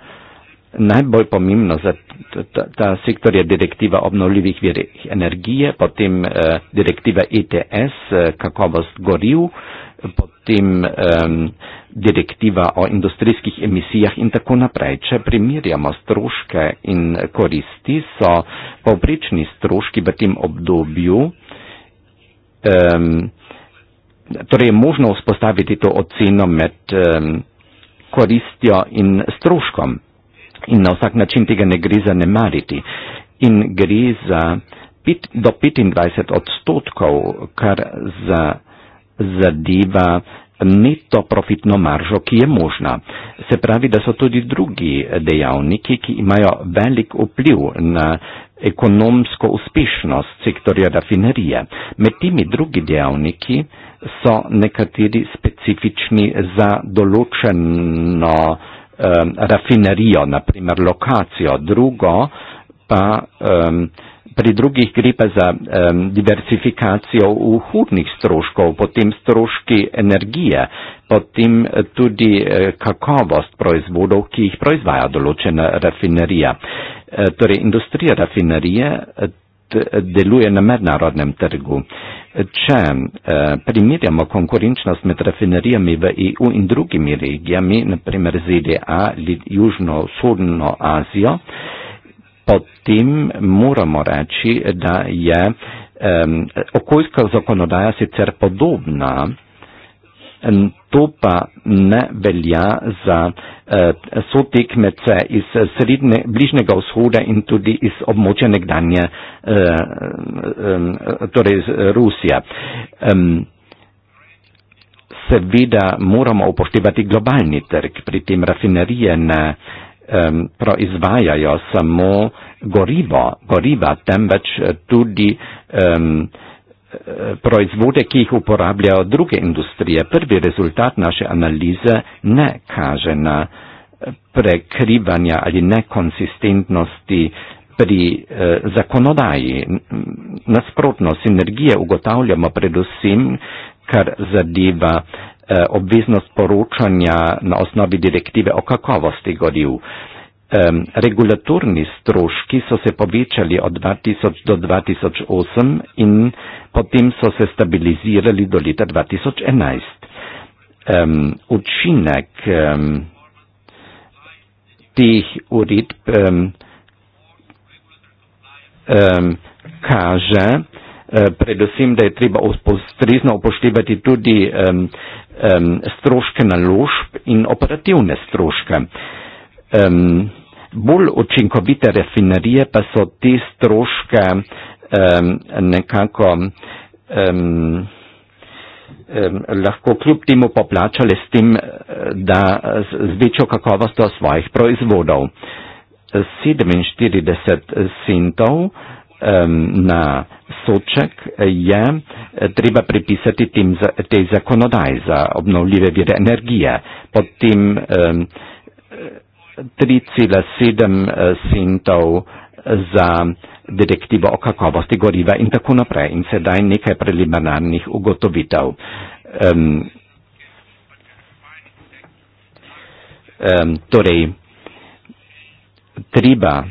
Najbolj pomembno za ta, ta sektor je direktiva obnovljivih virih energije, potem eh, direktiva ETS, eh, kakovost goriv, potem eh, direktiva o industrijskih emisijah in tako naprej. Če primerjamo stroške in koristi, so povprečni stroški v tem obdobju eh, torej je možno vzpostaviti to oceno med um, koristjo in stroškom in na vsak način tega ne gre zanemariti in gre za pet, do 25 odstotkov, kar za, zadeva neto profitno maržo, ki je možna. Se pravi, da so tudi drugi dejavniki, ki imajo velik vpliv na ekonomsko uspešnost sektorja rafinerije. Med temi drugi dejavniki so nekateri specifični za določeno um, rafinerijo, naprimer lokacijo. Drugo pa um, pri drugih gre pa za um, diversifikacijo uhudnih stroškov, potem stroški energije, potem eh, tudi eh, kakovost proizvodov, ki jih proizvaja določena rafinerija. E, torej, industrija rafinerije deluje na mednarodnem trgu. Če eh, primerjamo konkurenčnost med rafinerijami v EU in drugimi regijami, naprimer ZDA ali Južno-Sodno Azijo, potem moramo reči, da je um, okoljska zakonodaja sicer podobna, to pa ne velja za uh, eh, so tekmece iz eh, sredne, bližnjega vzhoda in tudi iz območja nekdanje, uh, uh, torej iz Rusije. Um, seveda moramo upoštevati globalni trg, pri tem rafinerije ne um, proizvajajo samo gorivo, goriva, temveč tudi um, proizvode, ki jih uporabljajo druge industrije. Prvi rezultat naše analize ne kaže na eh, prekrivanja ali nekonsistentnosti pri eh, zakonodaji. Nasprotno, sinergije ugotavljamo predvsem, kar zadeva eh, obveznost poročanja na osnovi direktive o kakovosti goriv. Eh, Um, regulatorni stroški so se povečali od 2000 do 2008 in potem so se stabilizirali do leta 2011. Um, učinek um, teh uredb um, um, kaže uh, predvsem, da je treba ustrezno upoštevati tudi um, um, stroške naložb in operativne stroške. Um, Bolj učinkovite refinerije pa so te stroške um, nekako um, um, lahko kljub temu poplačale s tem, da z, z večjo kakovostjo svojih proizvodov. 47 centov um, na soček je treba pripisati tem, tej zakonodaji za obnovljive vire energije. Potem, um, 3,7 eh, centov za direktivo o kakovosti goriva in tako naprej. In sedaj nekaj preliminarnih ugotovitev. Um, um, torej, treba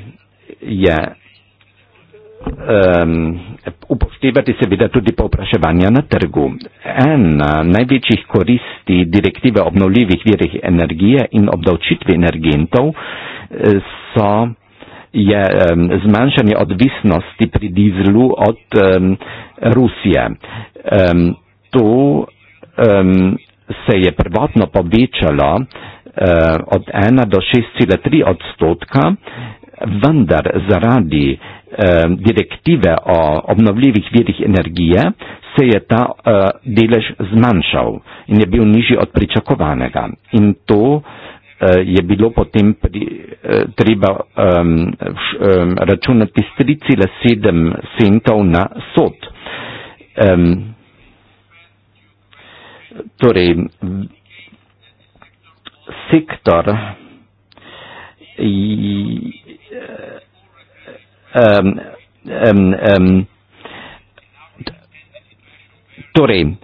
je um, upoštevati seveda tudi povpraševanja na trgu. Ena največjih koristi direktive obnovljivih virih energije in obdavčitve energentov eh, so, je um, zmanjšanje odvisnosti pri dizlu od um, Rusije. Um, to um, se je prvotno povečalo uh, od 1 do 6,3 odstotka vendar zaradi eh, direktive o obnovljivih virih energije se je ta eh, delež zmanjšal in je bil nižji od pričakovanega. In to eh, je bilo potem pri, eh, treba eh, š, eh, računati s 3,7 centov na sod. Um, torej, sektor um, um, um, torej,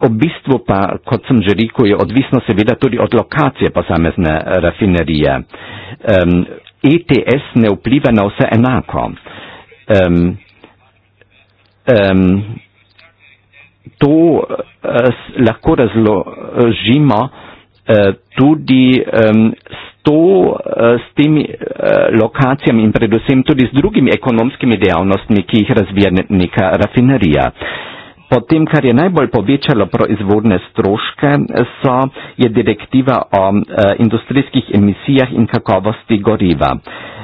v bistvu pa, kot sem že rekel, je odvisno seveda tudi od lokacije posamezne eh, rafinerije. Um, ehm, ETS ne vpliva na vse enako. Um, um, to uh, lahko razložimo uh, tudi um, s to eh, s temi eh, lokacijami in predvsem tudi z drugimi ekonomskimi dejavnostmi, ki jih razvija neka rafinerija. Potem, kar je najbolj povečalo proizvodne stroške, eh, so, je direktiva o e, industrijskih emisijah in kakovosti goriva.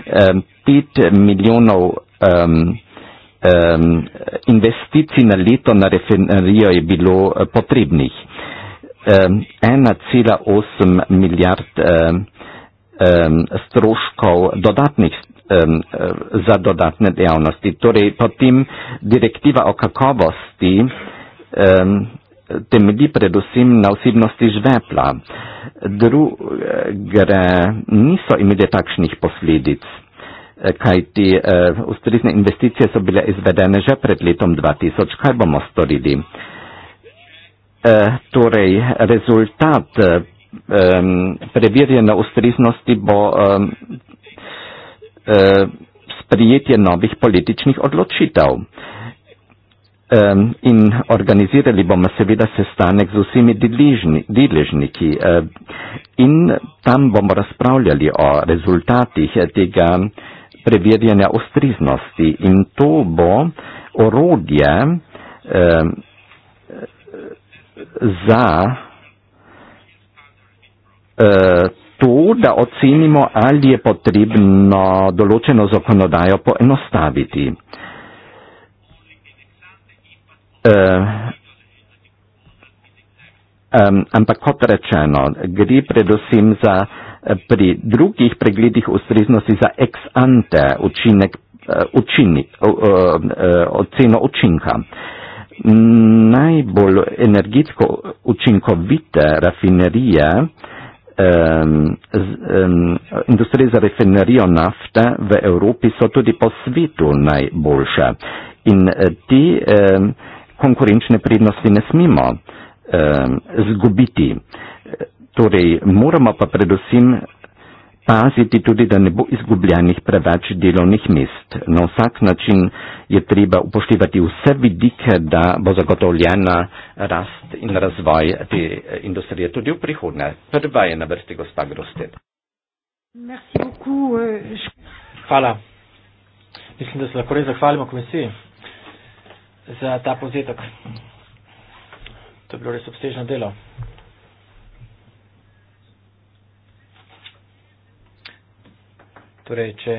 E, pet milijonov e, e, investicij na leto na refinerijo je bilo potrebnih. E, 1,8 milijard. E, stroškov dodatnih za dodatne dejavnosti. Torej, potem direktiva o kakovosti temelji predvsem na osebnosti žvepla. Druge niso imeli takšnih posledic, kajti eh, ustrezne investicije so bile izvedene že pred letom 2000. Kaj bomo storili? Eh, torej, rezultat um, preverje na ustreznosti, bo um, um, sprijetje novih političnih odločitev. Um, in organizirali bomo seveda sestanek z vsemi deležniki um, in tam bomo razpravljali o rezultatih tega preverjanja ustreznosti in to bo orodje um, za Eh, tu, da ocenimo, ali je potrebno določeno zakonodajo poenostaviti. E, um, ampak kot rečeno, gre predvsem za eh, pri drugih pregledih ustreznosti za ex ante učinek, učinek, oceno učinka. Najbolj energetsko učinkovite rafinerije Ehm, ehm, industrie za refinerijo nafte v Evropi so tudi po svetu najboljše. In eh, te ehm, konkurenčne prednosti ne smemo zgubiti. Torej, moramo pa predvsem paziti tudi, da ne bo izgubljenih preveč delovnih mest. Na vsak način je treba upoštevati vse vidike, da bo zagotovljena rast in razvoj te eh, industrije tudi v prihodnje. Prva je na vrsti gospa Grosted. Euh, Hvala. Mislim, da se lahko res zahvalimo komisiji za ta povzetek. To je bilo res obsežno delo. torej, če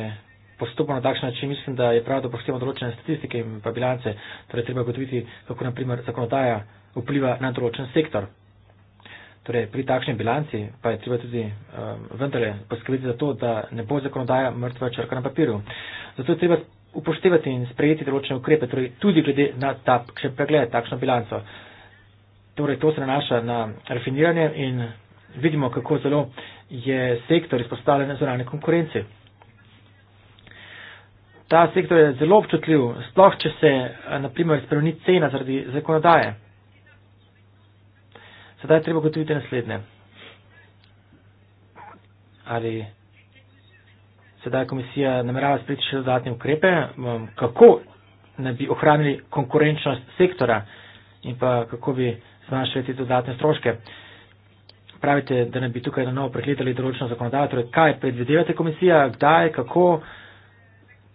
postopamo na takšen način, mislim, da je prav, da upoštevamo določene statistike in pa bilance, torej treba gotoviti, kako naprimer zakonodaja vpliva na določen sektor. Torej, pri takšni bilanci pa je treba tudi um, vendarle poskrbeti za to, da ne bo zakonodaja mrtva črka na papirju. Zato je treba upoštevati in sprejeti določene ukrepe, torej tudi glede na ta, če pregled, takšno bilanco. Torej, to se nanaša na refiniranje in vidimo, kako zelo je sektor izpostavljen zunanje konkurenci. Ta sektor je zelo občutljiv, sploh če se, eh, naprimer, spremeni cena zaradi zakonodaje. Sedaj treba gotoviti naslednje. Ali sedaj komisija namerava spriti še dodatne ukrepe, ehm, kako ne bi ohranili konkurenčnost sektora in pa kako bi zmanjšali te dodatne stroške. Pravite, da ne bi tukaj na novo prehledali določeno zakonodajo, torej kaj predvidevate komisija, kdaj, kako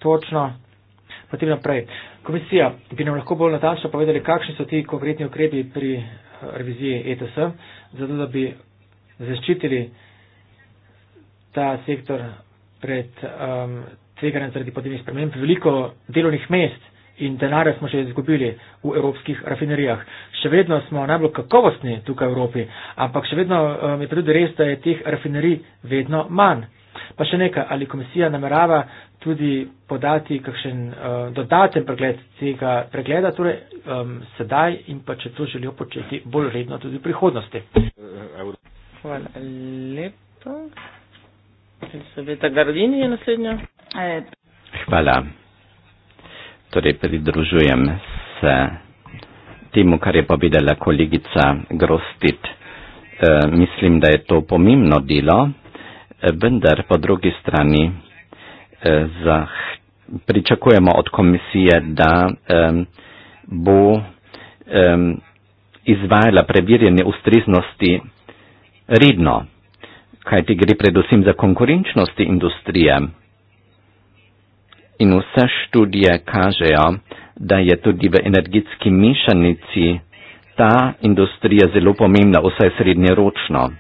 točno. Potem naprej. Komisija, bi nam lahko bolj natančno povedali, kakšni so ti konkretni ukrepi pri eh, reviziji ETS, zato da bi zaščitili ta sektor pred um, tveganjem zaradi podnebnih sprememb. Veliko delovnih mest in denarja smo že izgubili v evropskih rafinerijah. Še vedno smo najbolj kakovostni tukaj v Evropi, ampak še vedno um, je tudi res, da je teh rafinerij vedno manj. Pa še nekaj, ali komisija namerava tudi podati kakšen uh, dodaten pregled tega pregleda, torej um, sedaj in pa če to želijo početi bolj redno tudi v prihodnosti. Hvala lepa. Sveta Gardini je naslednja. Hvala. Torej pridružujem se temu, kar je povedala kolegica Grostit. E, mislim, da je to pomembno delo, eh, vendar po drugi strani. Eh, zah, pričakujemo od komisije, da um, bo um, izvajala preverjanje ustreznosti redno, kajti gre predvsem za konkurenčnosti industrije. In vse študije kažejo, da je tudi v energetski mešanici ta industrija zelo pomembna, vsaj srednjeročno.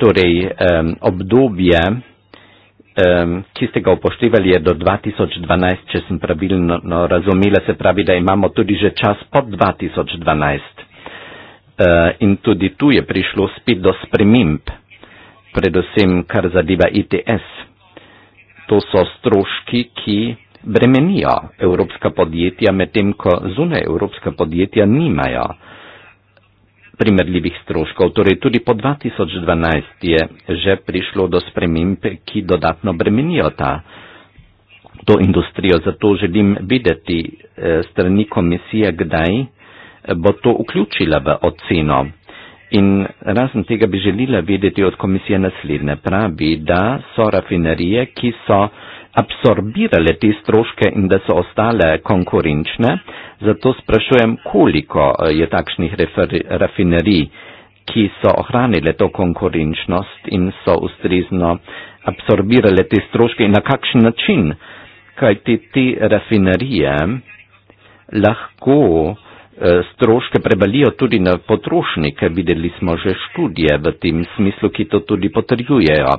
torej um, obdobje, um, ki ste ga upoštevali, je do 2012, če sem pravilno no, razumela, se pravi, da imamo tudi že čas po 2012. Uh, eh, in tudi tu je prišlo spet do sprememb, predvsem kar zadeva ITS. To so stroški, ki bremenijo evropska podjetja, medtem ko zunaj evropska podjetja nimajo primerljivih stroškov. Torej, tudi po 2012 je že prišlo do sprememb, ki dodatno bremenijo ta, to industrijo. Zato želim videti eh, strani komisije, kdaj eh, bo to vključila v oceno. In razen tega bi želila vedeti od komisije naslednje. Pravi, da so rafinerije, ki so absorbirale te stroške in da so ostale konkurenčne. Zato sprašujem, koliko eh, je takšnih rafinerij, ki so ohranile to konkurenčnost in so ustrezno absorbirale te stroške in na kakšen način, kajti te rafinerije lahko eh, stroške prebalijo tudi na potrošnike. Videli smo že študije v tem smislu, ki to tudi potrjujejo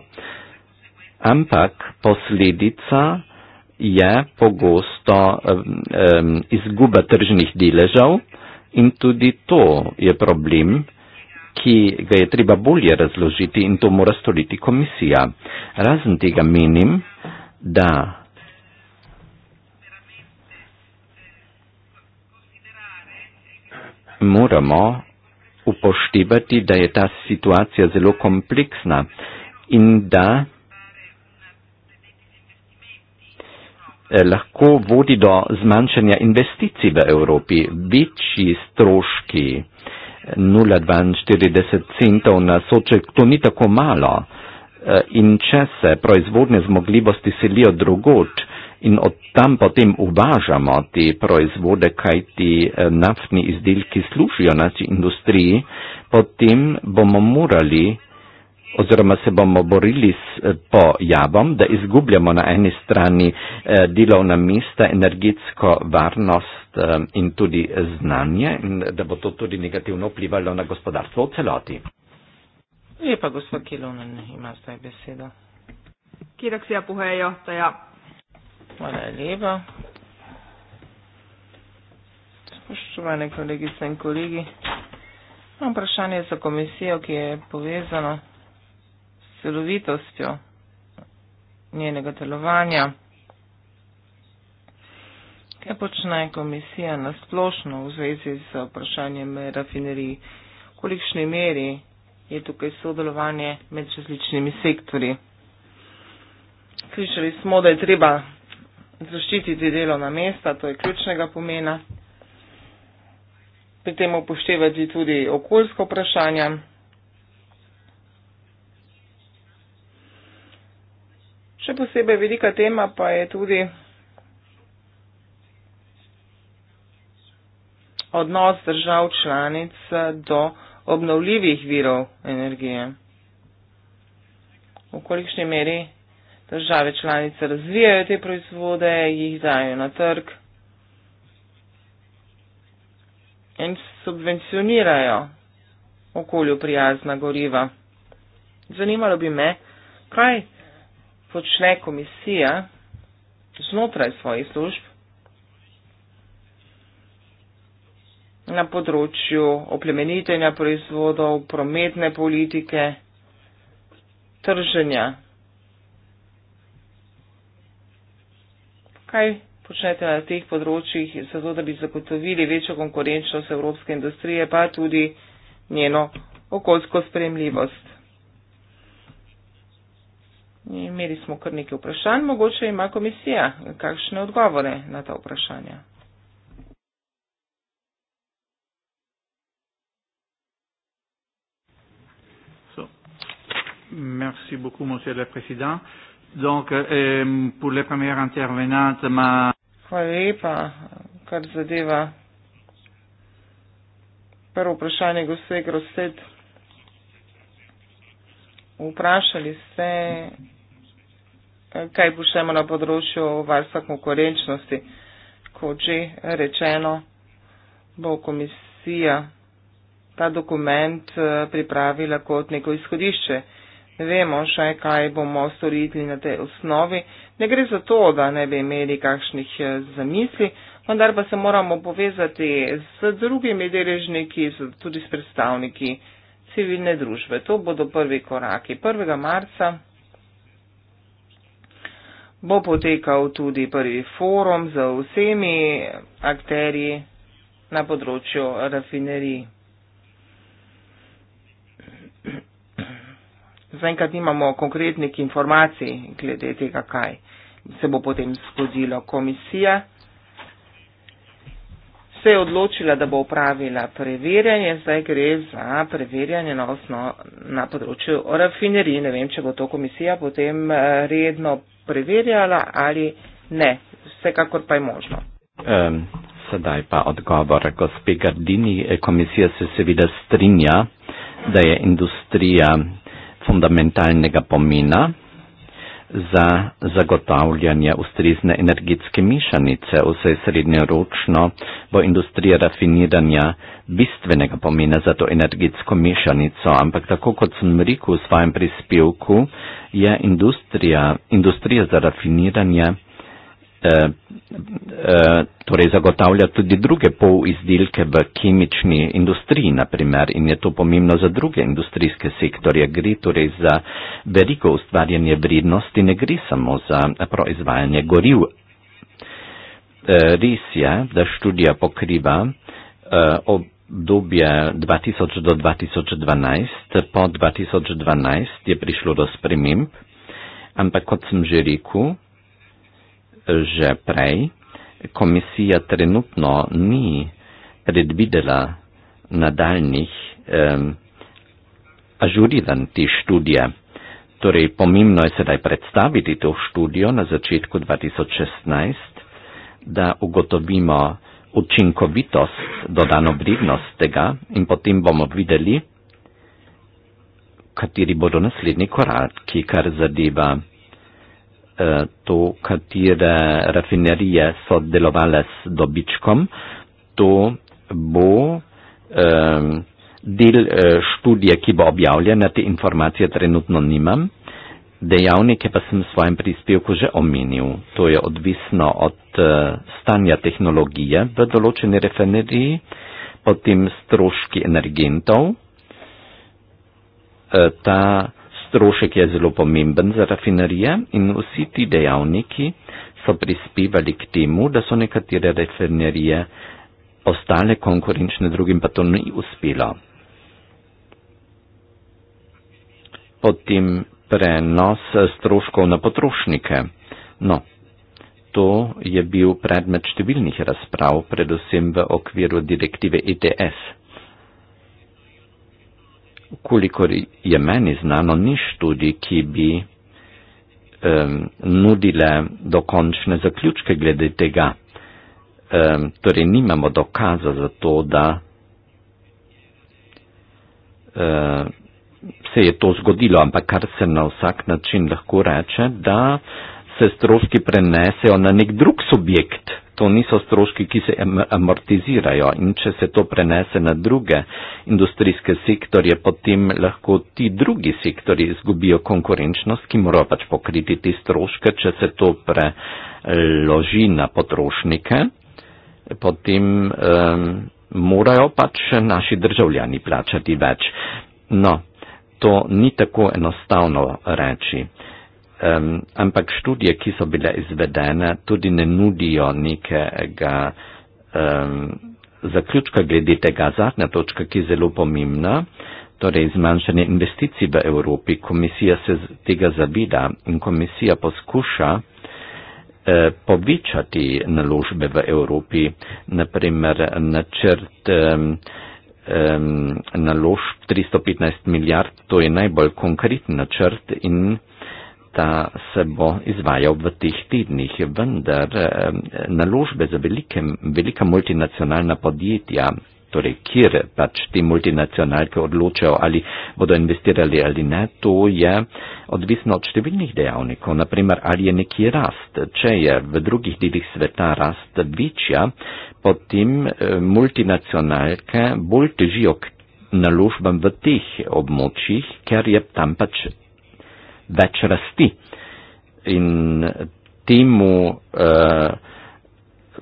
ampak posledica je pogosto um, um, izguba tržnih deležev in tudi to je problem, ki ga je treba bolje razložiti in to mora storiti komisija. Razen tega menim, da moramo upoštevati, da je ta situacija zelo kompleksna in da Eh, lahko vodi do zmanjšanja investicij v Evropi, večji stroški 0,42 eh, centov na soček, to ni tako malo. Eh, in če se proizvodne zmogljivosti selijo drugot in od tam potem uvažamo te proizvode, kaj ti naftni izdelki služijo naši industriji, potem bomo morali oziroma se bomo borili s eh, pojavom, da izgubljamo na eni strani eh, delovna mesta, energetsko varnost eh, in tudi znanje, in da bo to tudi negativno vplivalo na gospodarstvo v celoti. Lepa, gospa Kilonen, ima zdaj besedo. Kirak si ja puhejo, to ja. Hvala lepa. Spoštovane kolegice in kolegi, imam vprašanje za komisijo, ki je povezano celovitostjo njenega delovanja. Kaj počne komisija na splošno v zvezi z vprašanjem rafinerij? V kolikšni meri je tukaj sodelovanje med različnimi sektori? Slišali smo, da je treba zaščititi delovna mesta, to je ključnega pomena. Pri tem upoštevati tudi okoljsko vprašanje. Še posebej velika tema pa je tudi odnos držav članic do obnovljivih virov energije. V kolikšni meri države članice razvijajo te proizvode, jih dajo na trg in subvencionirajo okolju prijazna goriva. Zanimalo bi me, kaj počne komisija znotraj svojih služb na področju oplemenitenja proizvodov, prometne politike, trženja. Kaj počnete na teh področjih, zato da bi zagotovili večjo konkurenčnost evropske industrije, pa tudi njeno okoljsko spremljivost? Imeli smo kar nekaj vprašanj, mogoče ima komisija kakšne odgovore na ta vprašanja. Merci beaucoup, monsieur le président. Donc, euh, pour les premières intervenantes, ma... Lepa, kar zadeva prvo vprašanje, gospod Grosset. Vprašali ste, kaj bo še na področju varstva konkurenčnosti. Kot že rečeno, bo komisija ta dokument eh, pripravila kot neko izhodišče. Ne vemo še, kaj bomo storili na tej osnovi. Ne gre za to, da ne bi imeli kakšnih eh, zamisli, vendar pa se moramo povezati z drugimi deležniki, tudi s predstavniki civilne družbe. To bodo prvi koraki. 1. marca bo potekal tudi prvi forum z vsemi akterji na področju rafinerij. Zaenkrat nimamo konkretnih informacij glede tega, kaj se bo potem zgodilo komisija se je odločila, da bo upravila preverjanje, zdaj gre za preverjanje na, osno, na področju rafinerij. Ne vem, če bo to komisija potem eh, redno preverjala ali ne. Vsekakor pa je možno. Um, sedaj pa odgovor gospe Gardini. Eh, komisija se seveda strinja, da je industrija fundamentalnega pomena za zagotavljanje ustrezne energetske mišanice vse srednjeročno bo industrija rafiniranja bistvenega pomena za to energetsko mišanico, ampak tako kot sem rekel v svojem prispevku, je industrija, industrija za rafiniranje Eh, eh, torej zagotavlja tudi druge pol izdelke v kemični industriji, naprimer, in je to pomembno za druge industrijske sektorje. Gre torej za veliko ustvarjanje vrednosti, ne gre samo za proizvajanje goriv. Eh, res je, da študija pokriva obdobje 2000 do 2012. Po 2012 je prišlo do sprememb, ampak kot sem že rekel, že prej, komisija trenutno ni predvidela nadaljnih eh, ažuriran te študije. Torej, pomembno je sedaj predstaviti to študijo na začetku 2016, da ugotovimo učinkovitost, dodano vrednost tega in potem bomo videli, kateri bodo naslednji koraki, kar zadeva Eh, to, katere rafinerije so delovale s dobičkom, to bo eh, del eh, študije, ki bo objavljena, te informacije trenutno nimam. Dejavnike pa sem v svojem prispevku že omenil. To je odvisno od stanja tehnologije v določeni refineriji, potem stroški energentov. Ta strošek je zelo pomemben za rafinerije in vsi ti dejavniki so prispevali k temu, da so nekatere rafinerije ostale konkurenčne drugim, pa to ni uspelo. Potem prenos eh, stroškov na potrošnike. No, to je bil predmet številnih razprav, predvsem v okviru direktive ETS kolikor je meni znano, ni študij, ki bi um, nudile dokončne zaključke glede tega. Um, torej, nimamo dokaza za to, da um, se je to zgodilo, ampak kar se na vsak način lahko reče, da se stroški prenesejo na nek drug subjekt. To niso stroški, ki se amortizirajo in če se to prenese na druge industrijske sektorje, potem lahko ti drugi sektori izgubijo konkurenčnost, ki morajo pač pokriti te stroške, če se to preloži na potrošnike, potem um, morajo pač naši državljani plačati več. No, to ni tako enostavno reči. Um, ampak študije, ki so bile izvedene, tudi ne nudijo nekega um, zaključka glede tega zadnja točka, ki je zelo pomembna, torej zmanjšanje investicij v Evropi. Komisija se tega zavida in komisija poskuša eh, povečati naložbe v Evropi, naprimer načrt. Eh, Um, Naložb 315 milijard, to je najbolj konkreten načrt in ta se bo izvajal v teh tednih, vendar naložbe za velike, velika multinacionalna podjetja, torej kjer pač te multinacionalke odločajo, ali bodo investirali ali ne, to je odvisno od številnih dejavnikov. Naprimer, ali je neki rast, če je v drugih delih sveta rast večja, potem multinacionalke bolj težijo k naložbam v teh območjih, ker je tam pač več rasti. In temu eh,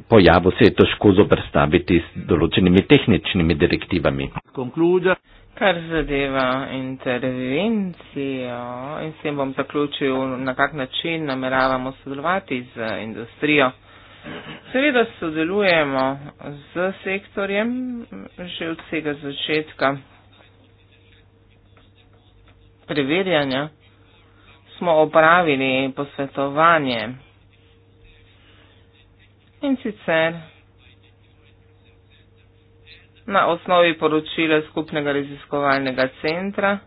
pojavu se je težko zoprstaviti z določenimi tehničnimi direktivami. Konkluža. Kar zadeva intervencijo in s tem bom zaključil, na kak način nameravamo sodelovati z industrijo. Seveda sodelujemo z sektorjem že od vsega začetka preverjanja smo opravili posvetovanje. In sicer na osnovi poročila skupnega raziskovalnega centra,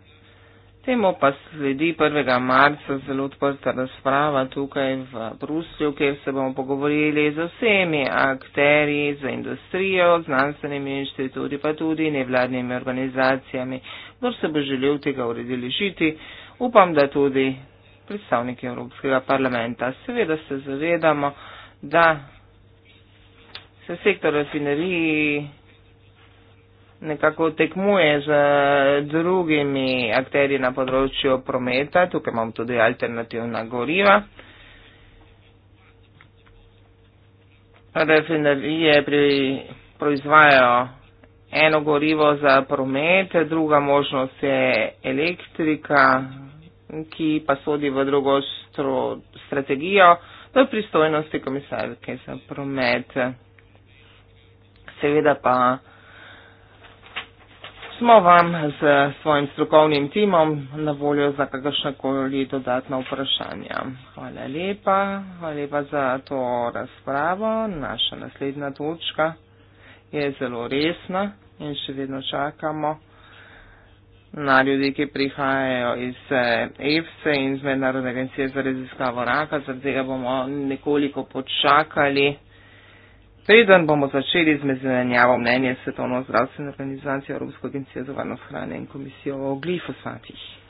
temu pa sledi 1. marca zelo odprta razprava tukaj v Bruslju, kjer se bomo pogovorili z vsemi akterji, z industrijo, znanstvenimi inštituti, pa tudi nevladnimi organizacijami, kdo se bo želel tega uredili žiti. Upam, da tudi predstavniki Evropskega parlamenta. Seveda se zavedamo, da se sektor rafinerij nekako tekmuje z drugimi akterji na področju prometa. Tukaj imamo tudi alternativna goriva. Rafinerije pri, proizvajajo eno gorivo za promet, druga možnost je elektrika, ki pa sodi v drugo stro, strategijo, v pristojnosti komisarke za promet. Seveda pa smo vam z svojim strokovnim timom na voljo za kakršnakoli dodatna vprašanja. Hvala lepa, hvala lepa za to razpravo. Naša naslednja točka je zelo resna in še vedno čakamo na ljudi, ki prihajajo iz EFSE eh, in iz Mednarodne agencije za raziskavo raka, zaradi tega bomo nekoliko počakali. Preden bomo začeli z mezenjavo mnenje Svetovno zdravstveno organizacijo Evropsko agencijo za varnost hrane in komisijo o glifosatih.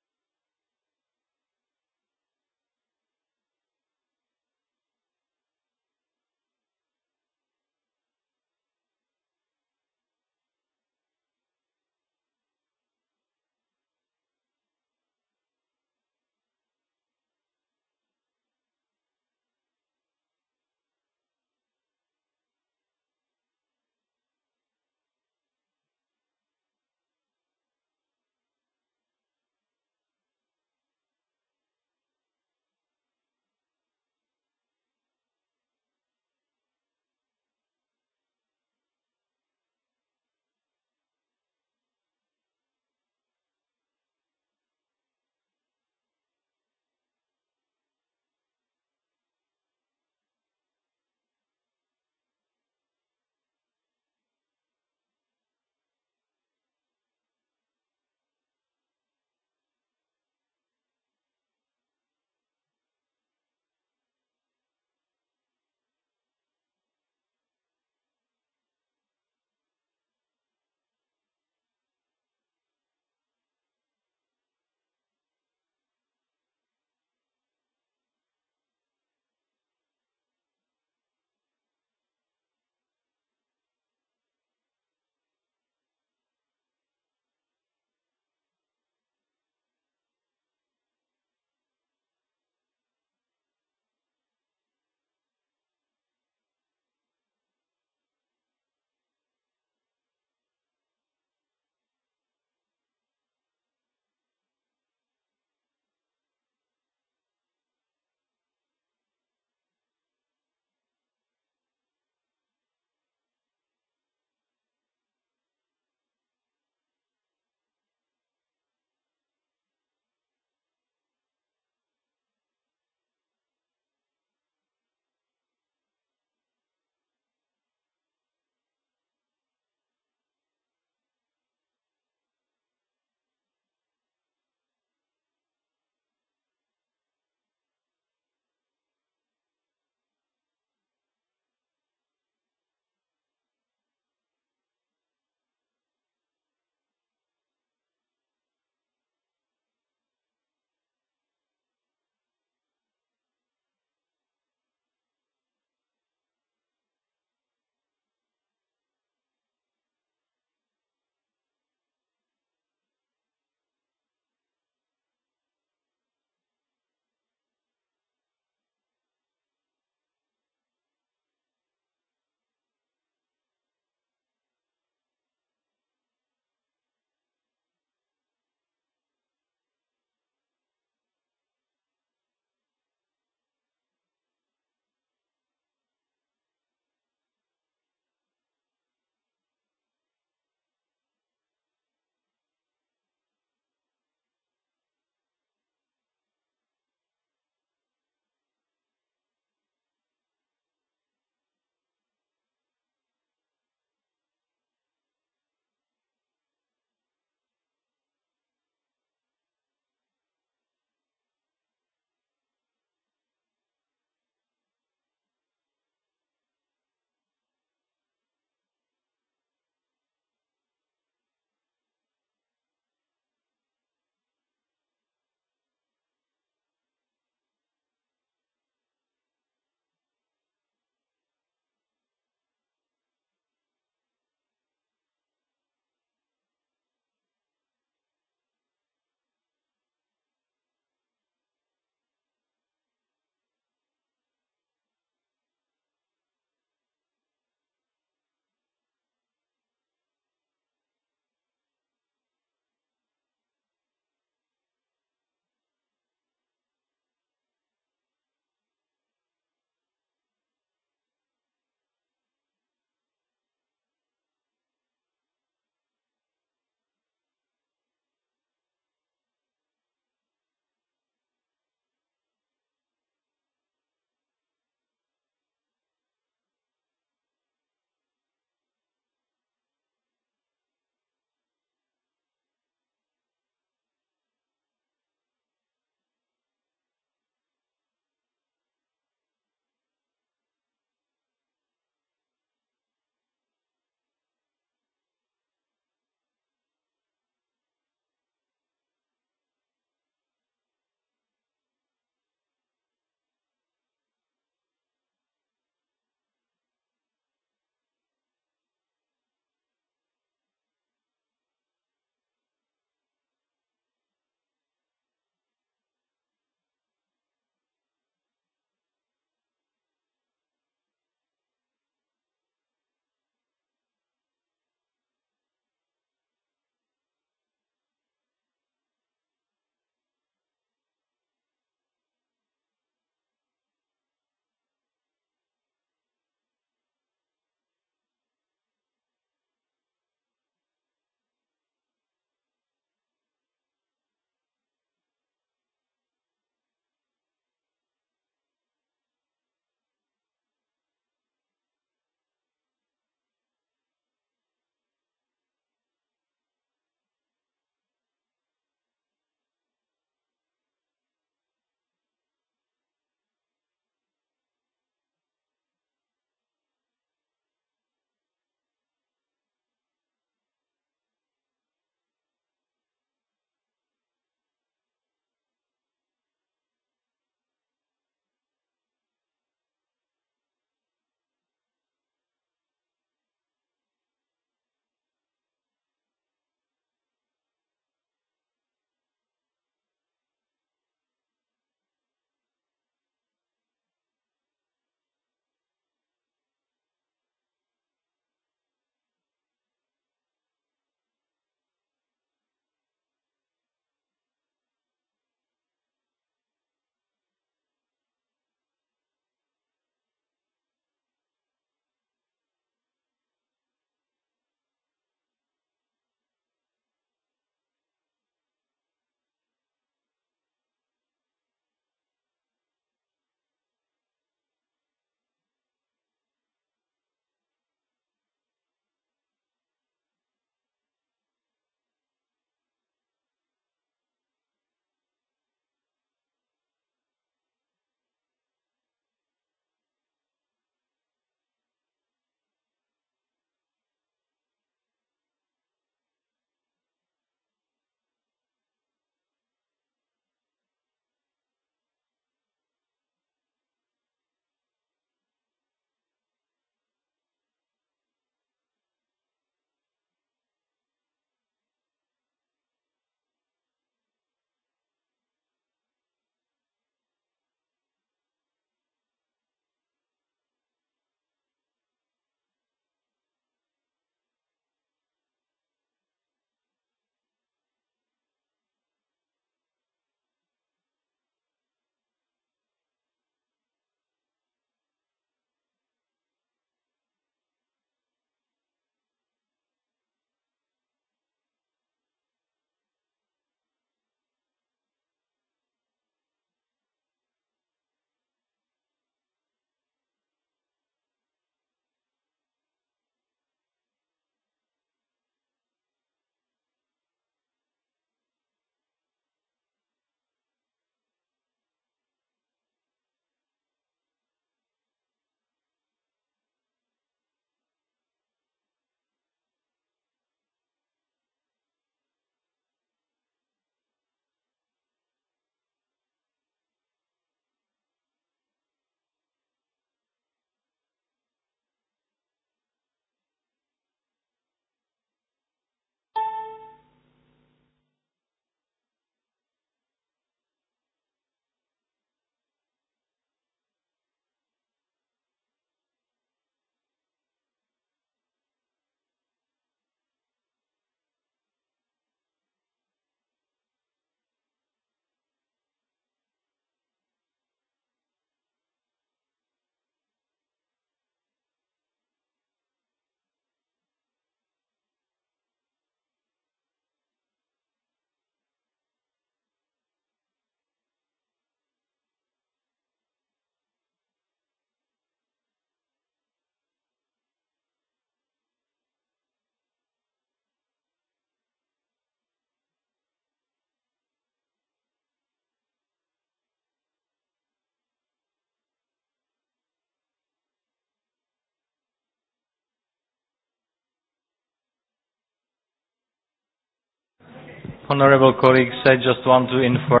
honorable colleagues, I just want to inform.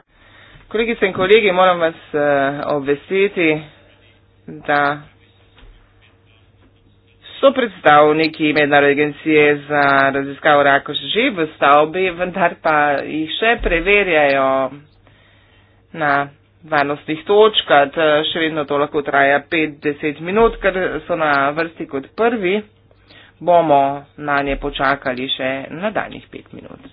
Kolegice in kolegi, moram vas uh, obvestiti, da so predstavniki Mednarodne agencije za raziskavo rakoš že v stavbi, vendar pa jih še preverjajo na varnostnih točkah. Še vedno to lahko traja 5-10 minut, ker so na vrsti kot prvi. Bomo na nje počakali še nadaljnih 5 minut.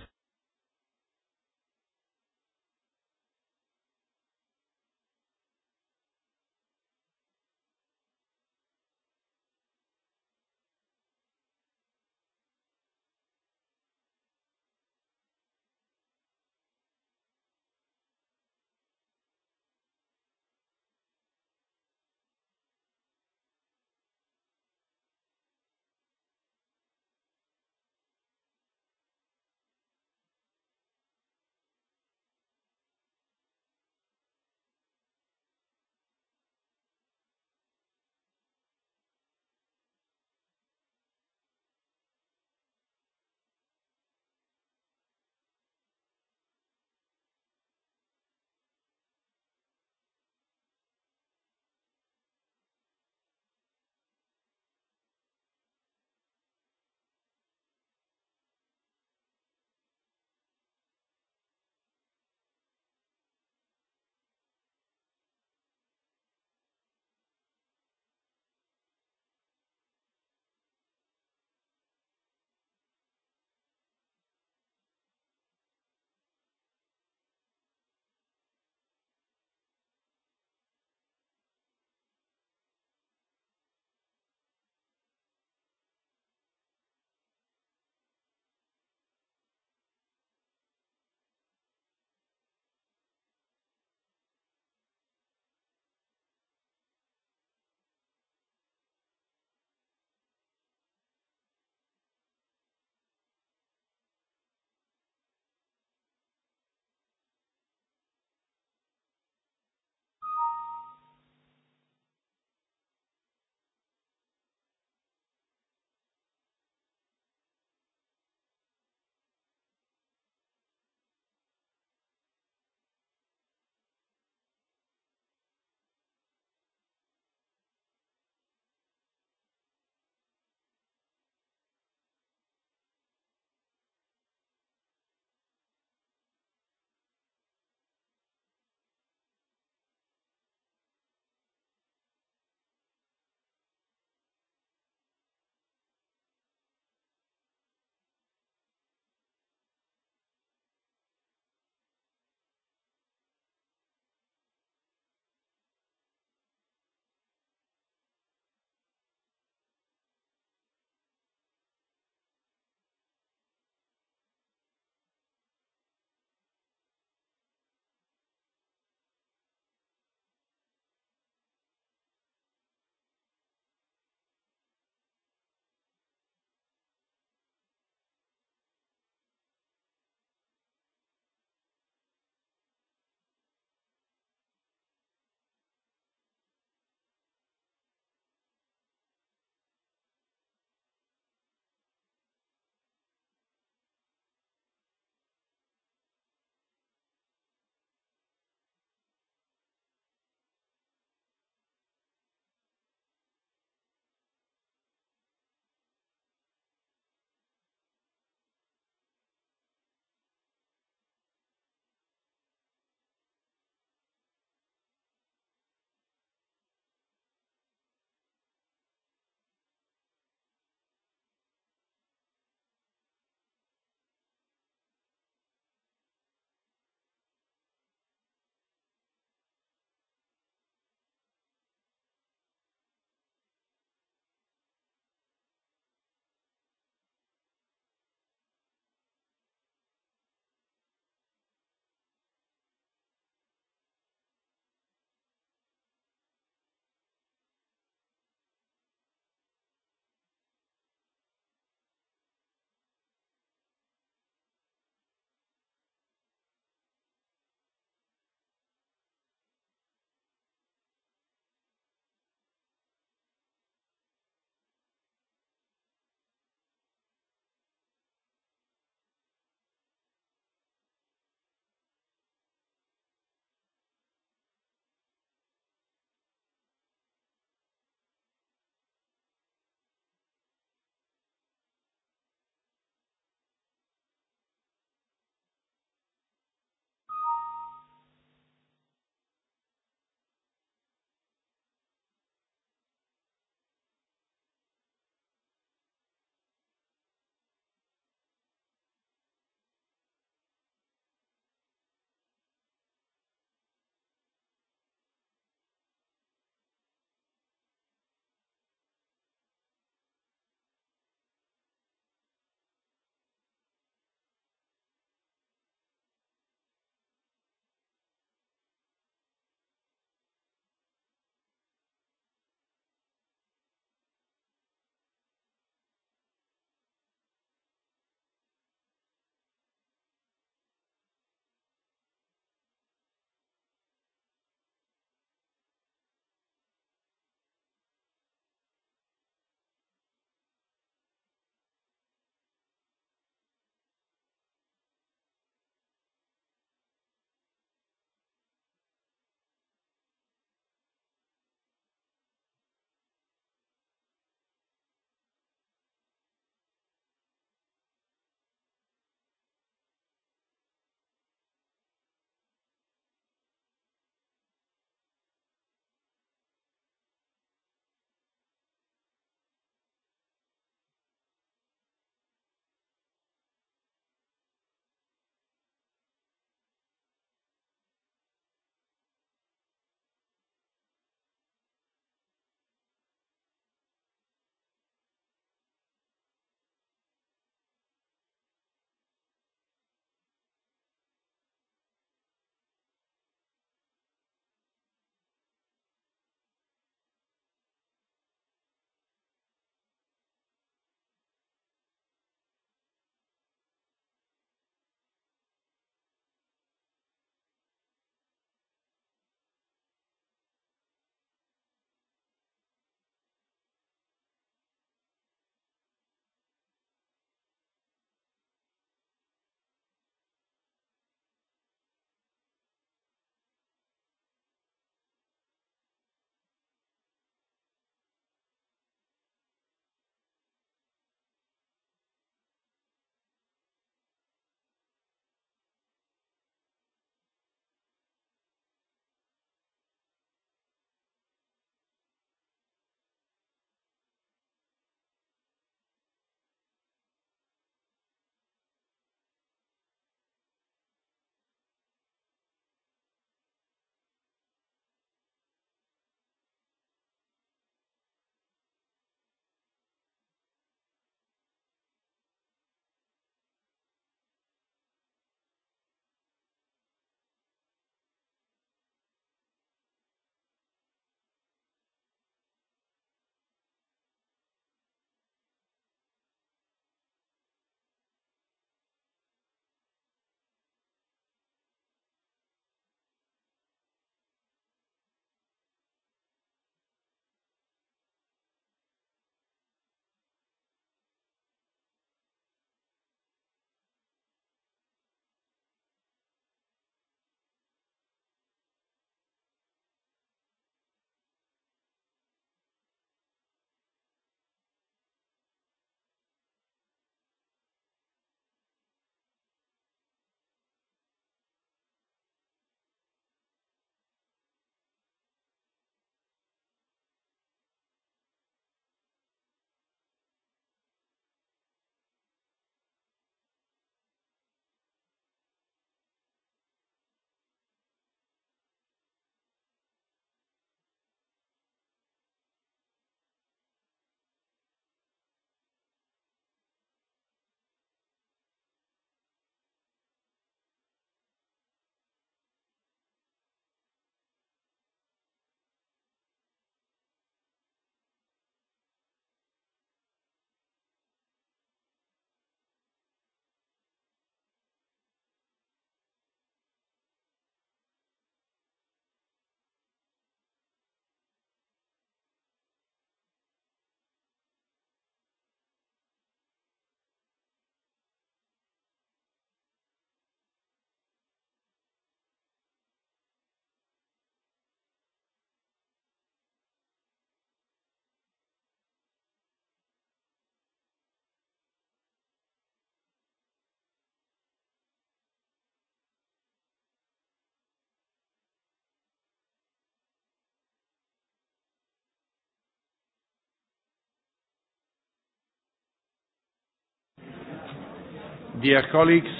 Dear colleagues,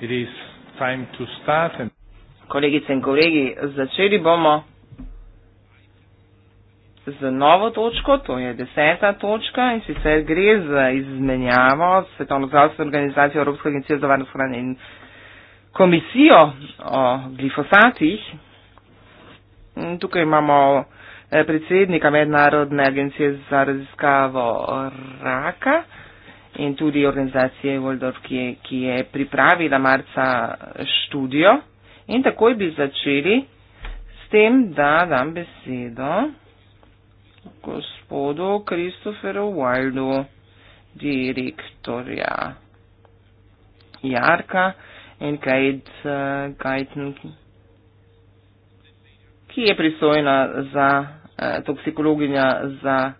it is time to start. And Kolegice in kolegi, začeli bomo z novo točko, to je deseta točka in sicer gre za izmenjavo Svetovno zdravstveno organizacijo Evropske agencije za varnost hrane in komisijo o glifosatih. Tukaj imamo eh, predsednika Mednarodne agencije za raziskavo raka in tudi organizacije Voldorf, ki, ki je pripravila marca študijo. In takoj bi začeli s tem, da dam besedo gospodu Kristoferu Wildu, direktorja Jarka in Kate uh, Gajten, ki je pristojna za uh, toksikologinja za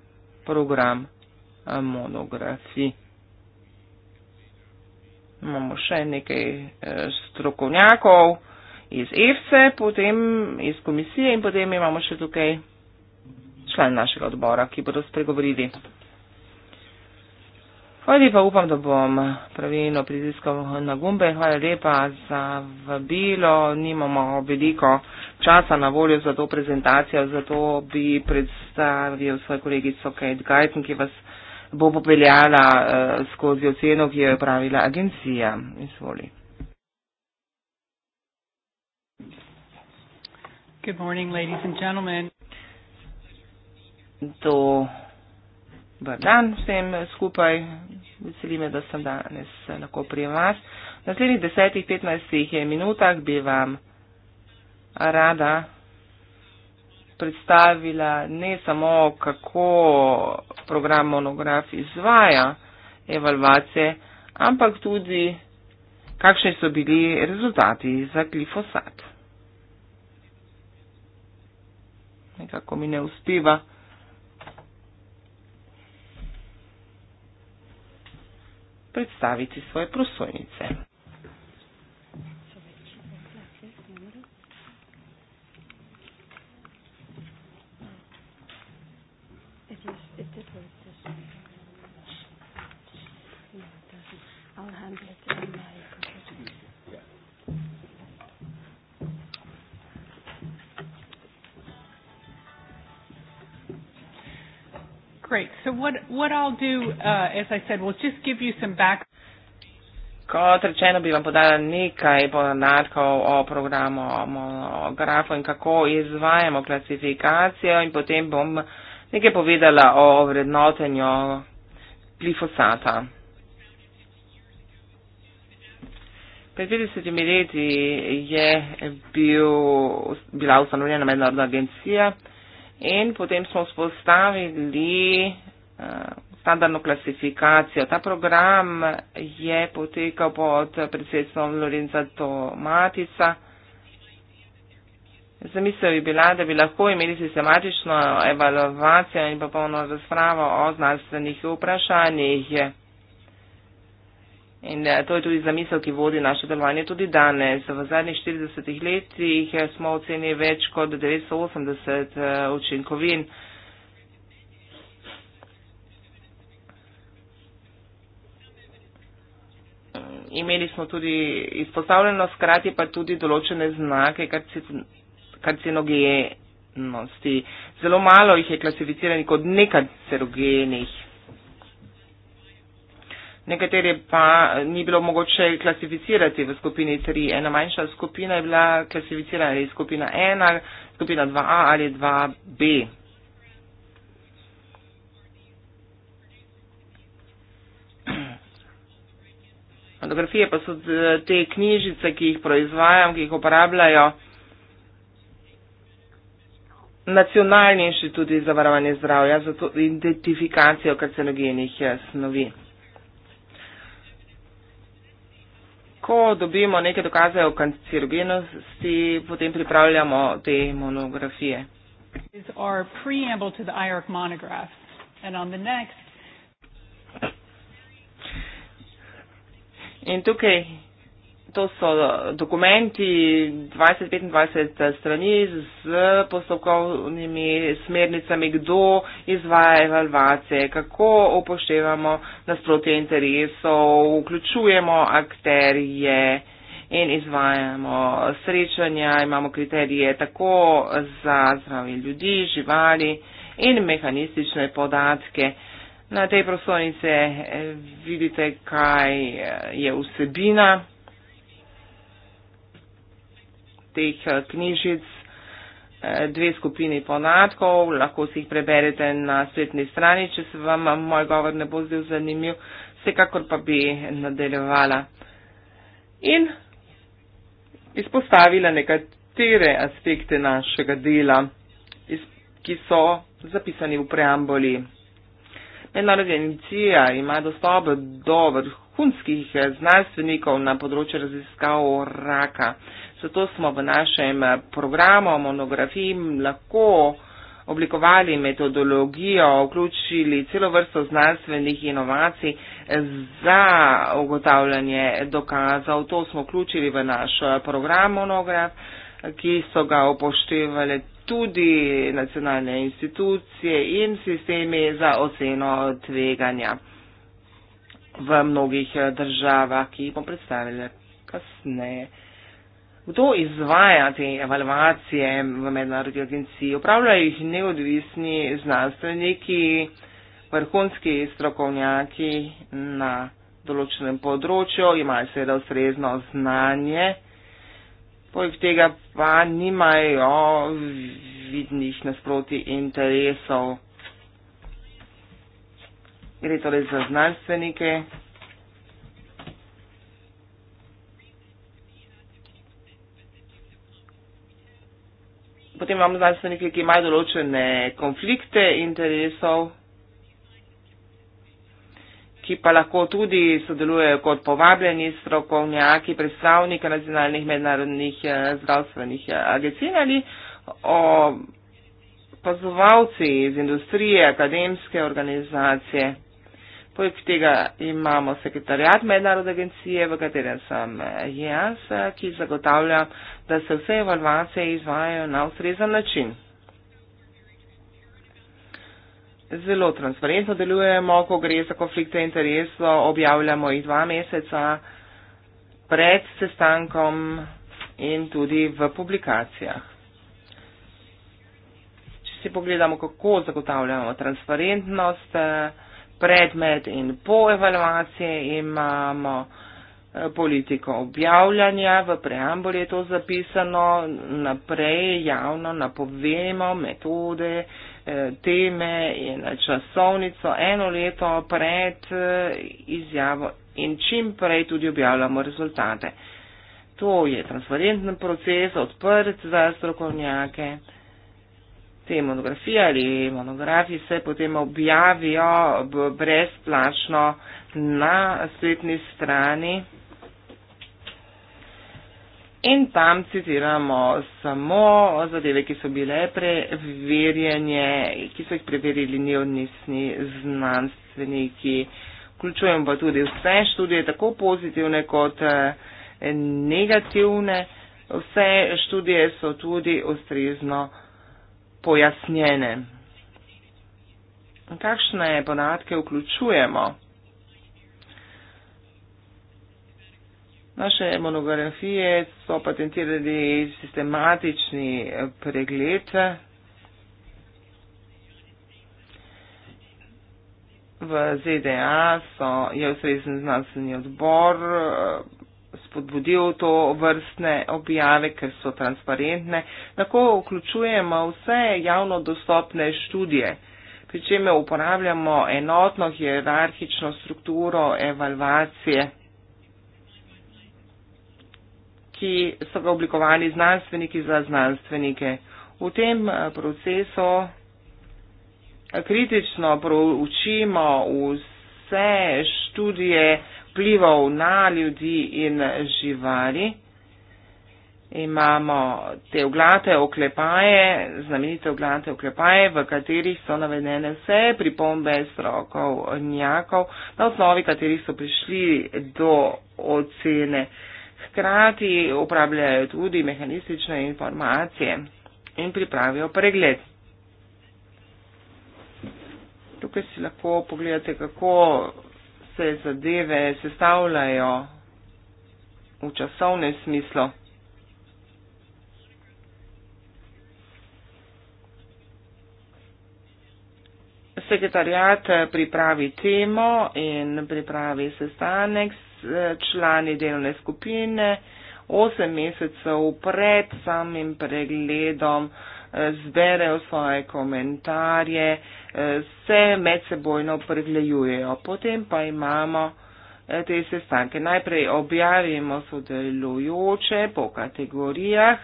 program uh, monografij imamo še nekaj eh, strokovnjakov iz EFSE, potem iz komisije in potem imamo še tukaj člen našega odbora, ki bodo spregovorili. Hvala lepa, upam, da bom pravilno pritiskal na gumbe. Hvala lepa za vabilo. Nimamo veliko časa na voljo za to prezentacijo, zato bi predstavil svojo kolegico Kate Gajten, ki vas bo popeljala uh, skozi oceno, ki jo je pravila agencija. Izvoli. Good morning, ladies and gentlemen. Do dan vsem skupaj. Veseli me, da sem danes lahko pri vas. V naslednjih desetih, petnajstih minutah bi vam rada predstavila ne samo, kako program monograf izvaja evalvacije, ampak tudi, kakšni so bili rezultati za glifosat. Nekako mi ne uspeva. predstaviti svoje prosojnice. great. So what what I'll do, uh, as I said, we'll just give you some back. Kot rečeno, bi vam podala nekaj podatkov o programu Grafo in kako izvajamo klasifikacijo in potem bom nekaj povedala o vrednotenju glifosata. Pred 50 leti je bil, bila ustanovljena mednarodna agencija in potem smo spostavili uh, eh, standardno klasifikacijo. Ta program je potekal pod predsedstvom Lorenza Tomatica. Zamisel je bila, da bi lahko imeli sistematično evalvacijo in popolno razpravo o znanstvenih vprašanjih. In eh, to je tudi zamisel, ki vodi naše delovanje tudi danes. V zadnjih 40 letih eh, smo ocenili več kot 980 eh, učinkovin. Imeli smo tudi izpostavljeno skrati, pa tudi določene znake karcinogenosti. Zelo malo jih je klasificirani kot nekancerogenih nekatere pa ni bilo mogoče klasificirati v skupini 3. Ena manjša skupina je bila klasificirana ali skupina 1, skupina 2A ali 2B. Fotografije pa so te knjižice, ki jih proizvajam, ki jih uporabljajo nacionalni inštituti za varovanje zdravja za to identifikacijo karcinogenih snovi. ko dobimo neke dokaze o kancerogenosti, potem pripravljamo te monografije. In tukaj to so dokumenti 20-25 strani z postopkovnimi smernicami, kdo izvaja evalvacije, kako upoštevamo nasprotje interesov, vključujemo akterje in izvajamo srečanja, imamo kriterije tako za zdravje ljudi, živali in mehanistične podatke. Na tej prosojnice vidite, kaj je vsebina teh eh, knjižic eh, dve skupini ponadkov, lahko si jih preberete na spletni strani, če se vam eh, moj govor ne bo zdel zanimiv, vsekakor pa bi nadaljevala in izpostavila nekatere aspekte našega dela, ki so zapisani v preamboli. Mednarodna agencija ima dostop do vrhunskih znanstvenikov na področju raziskav raka. Zato smo v našem eh, programu monografiji lahko oblikovali metodologijo, vključili celo vrsto znanstvenih inovacij eh, za ugotavljanje dokazov. To smo vključili v naš eh, program monograf, ki so ga upoštevali tudi nacionalne institucije in sistemi za oceno tveganja v mnogih državah, ki jih bom predstavila kasneje. Kdo izvaja te evalvacije v mednarodni agenciji? Upravljajo jih neodvisni znanstveniki, vrhunski strokovnjaki na določenem področju, imajo seveda ustrezno znanje, poleg tega pa nimajo vidnih nasproti interesov. Gre torej za znanstvenike, potem imamo znanstvenike, ki imajo določene konflikte interesov, ki pa lahko tudi sodelujejo kot povabljeni strokovnjaki, predstavniki nacionalnih mednarodnih eh, zdravstvenih eh, agencij ali opazovalci iz industrije, akademske organizacije. Poleg tega imamo sekretarjat mednarodne agencije, v katerem sem eh, jaz, ki zagotavlja da se vse evalvacije izvajajo na ustrezen način. Zelo transparentno delujemo, ko gre za konflikte interesov, objavljamo jih dva meseca pred sestankom in tudi v publikacijah. Če si pogledamo, kako zagotavljamo transparentnost, predmet in po evalvaciji imamo Eh, politiko objavljanja, v preambuli je to zapisano, naprej javno napovemo metode, eh, teme in časovnico eno leto pred eh, izjavo in čim prej tudi objavljamo rezultate. To je transparenten proces, odprt za strokovnjake. Te monografije ali monografije se potem objavijo brezplačno na spletni strani in tam citiramo samo zadeve, ki so bile preverjene, ki so jih preverili neodnisni znanstveniki. Vključujemo pa tudi vse študije, tako pozitivne kot eh, negativne. Vse študije so tudi ustrezno pojasnjene. Kakšne podatke vključujemo? Naše monografije so patentirali sistematični pregled v ZDA, so, je ustrezen znanstveni odbor eh, spodbudil to vrstne objave, ker so transparentne. Tako vključujemo vse javno dostopne študije, pri čemer uporabljamo enotno hierarhično strukturo evalvacije ki so ga oblikovali znanstveniki za znanstvenike. V tem eh, procesu eh, kritično proučimo vse študije plivov na ljudi in živali. Imamo te oglate oklepaje, znamenite oglate oklepaje, v katerih so navedene vse pripombe strokovnjakov, na osnovi katerih so prišli do ocene. Uh, Hkrati uporabljajo tudi mehanistične informacije in pripravijo pregled. Tukaj si lahko pogledate, kako se zadeve sestavljajo v časovnem smislu. Sekretarjat pripravi temo in pripravi sestanek s Eh, člani delne skupine, 8 mesecev pred samim pregledom eh, zberejo svoje komentarje, eh, se medsebojno pregledujejo. Potem pa imamo te sestanke. Najprej objavimo sodelujoče po kategorijah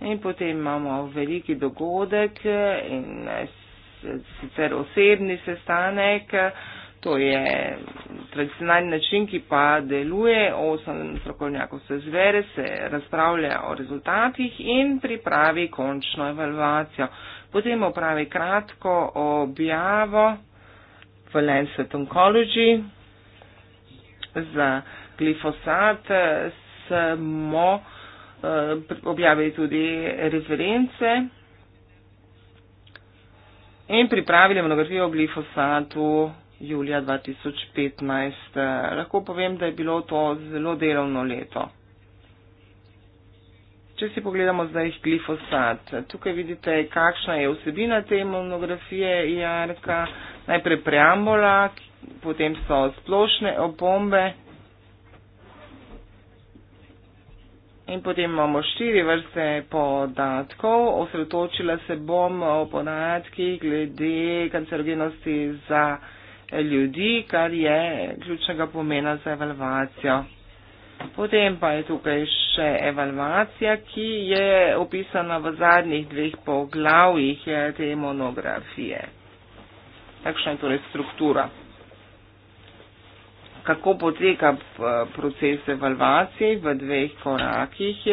in potem imamo veliki dogodek in sicer osebni sestanek. To je tradicionalni način, ki pa deluje, osem strokovnjakov se zvere, se razpravlja o rezultatih in pripravi končno evaluacijo. Potem opravi kratko objavo v Lancet Oncology za glifosat. Smo eh, objavili tudi reference in pripravili monografijo o glifosatu julija 2015. Lahko povem, da je bilo to zelo delovno leto. Če si pogledamo zdaj glifosat, tukaj vidite, kakšna je vsebina te monografije Jarka. Najprej preambola, potem so splošne opombe in potem imamo štiri vrste podatkov. Osredotočila se bom o podatkih glede kancerogenosti za ljudi, kar je ključnega pomena za evalvacijo. Potem pa je tukaj še evalvacija, ki je opisana v zadnjih dveh poglavjih eh, te monografije. Takšna je torej struktura. Kako poteka eh, proces evalvacije v dveh korakih?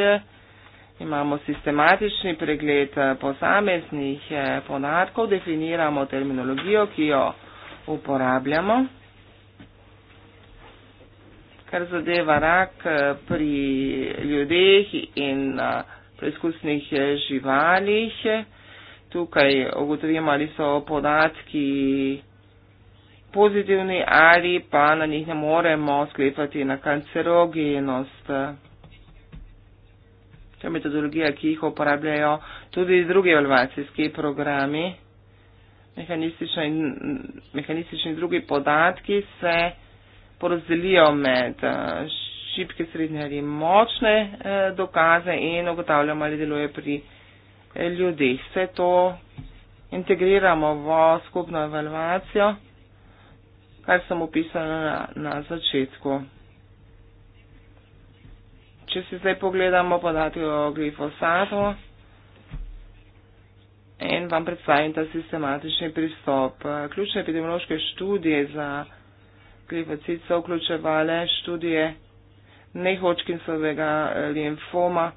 Imamo sistematični pregled eh, posameznih podatkov, definiramo terminologijo, ki jo uporabljamo. Kar zadeva rak eh, pri ljudeh in eh, preizkusnih eh, živalih, tukaj ugotovimo, ali so podatki pozitivni ali pa na njih ne moremo sklepati na kancerogenost. To je metodologija, ki jih uporabljajo tudi drugi evaluacijski programi mehanistični in, mehanistični in drugi podatki se porazdelijo med eh, šibke, srednje ali močne eh, dokaze in ugotavljamo, ali deluje pri eh, ljudeh. Vse to integriramo v skupno evalvacijo, kar sem opisala na, na začetku. Če si zdaj pogledamo podatke o glifosatu, En vam predstavim ta sistematični pristop. Ključne epidemiološke študije za glifocit so vključevale študije nehočkinsovega eh, limfoma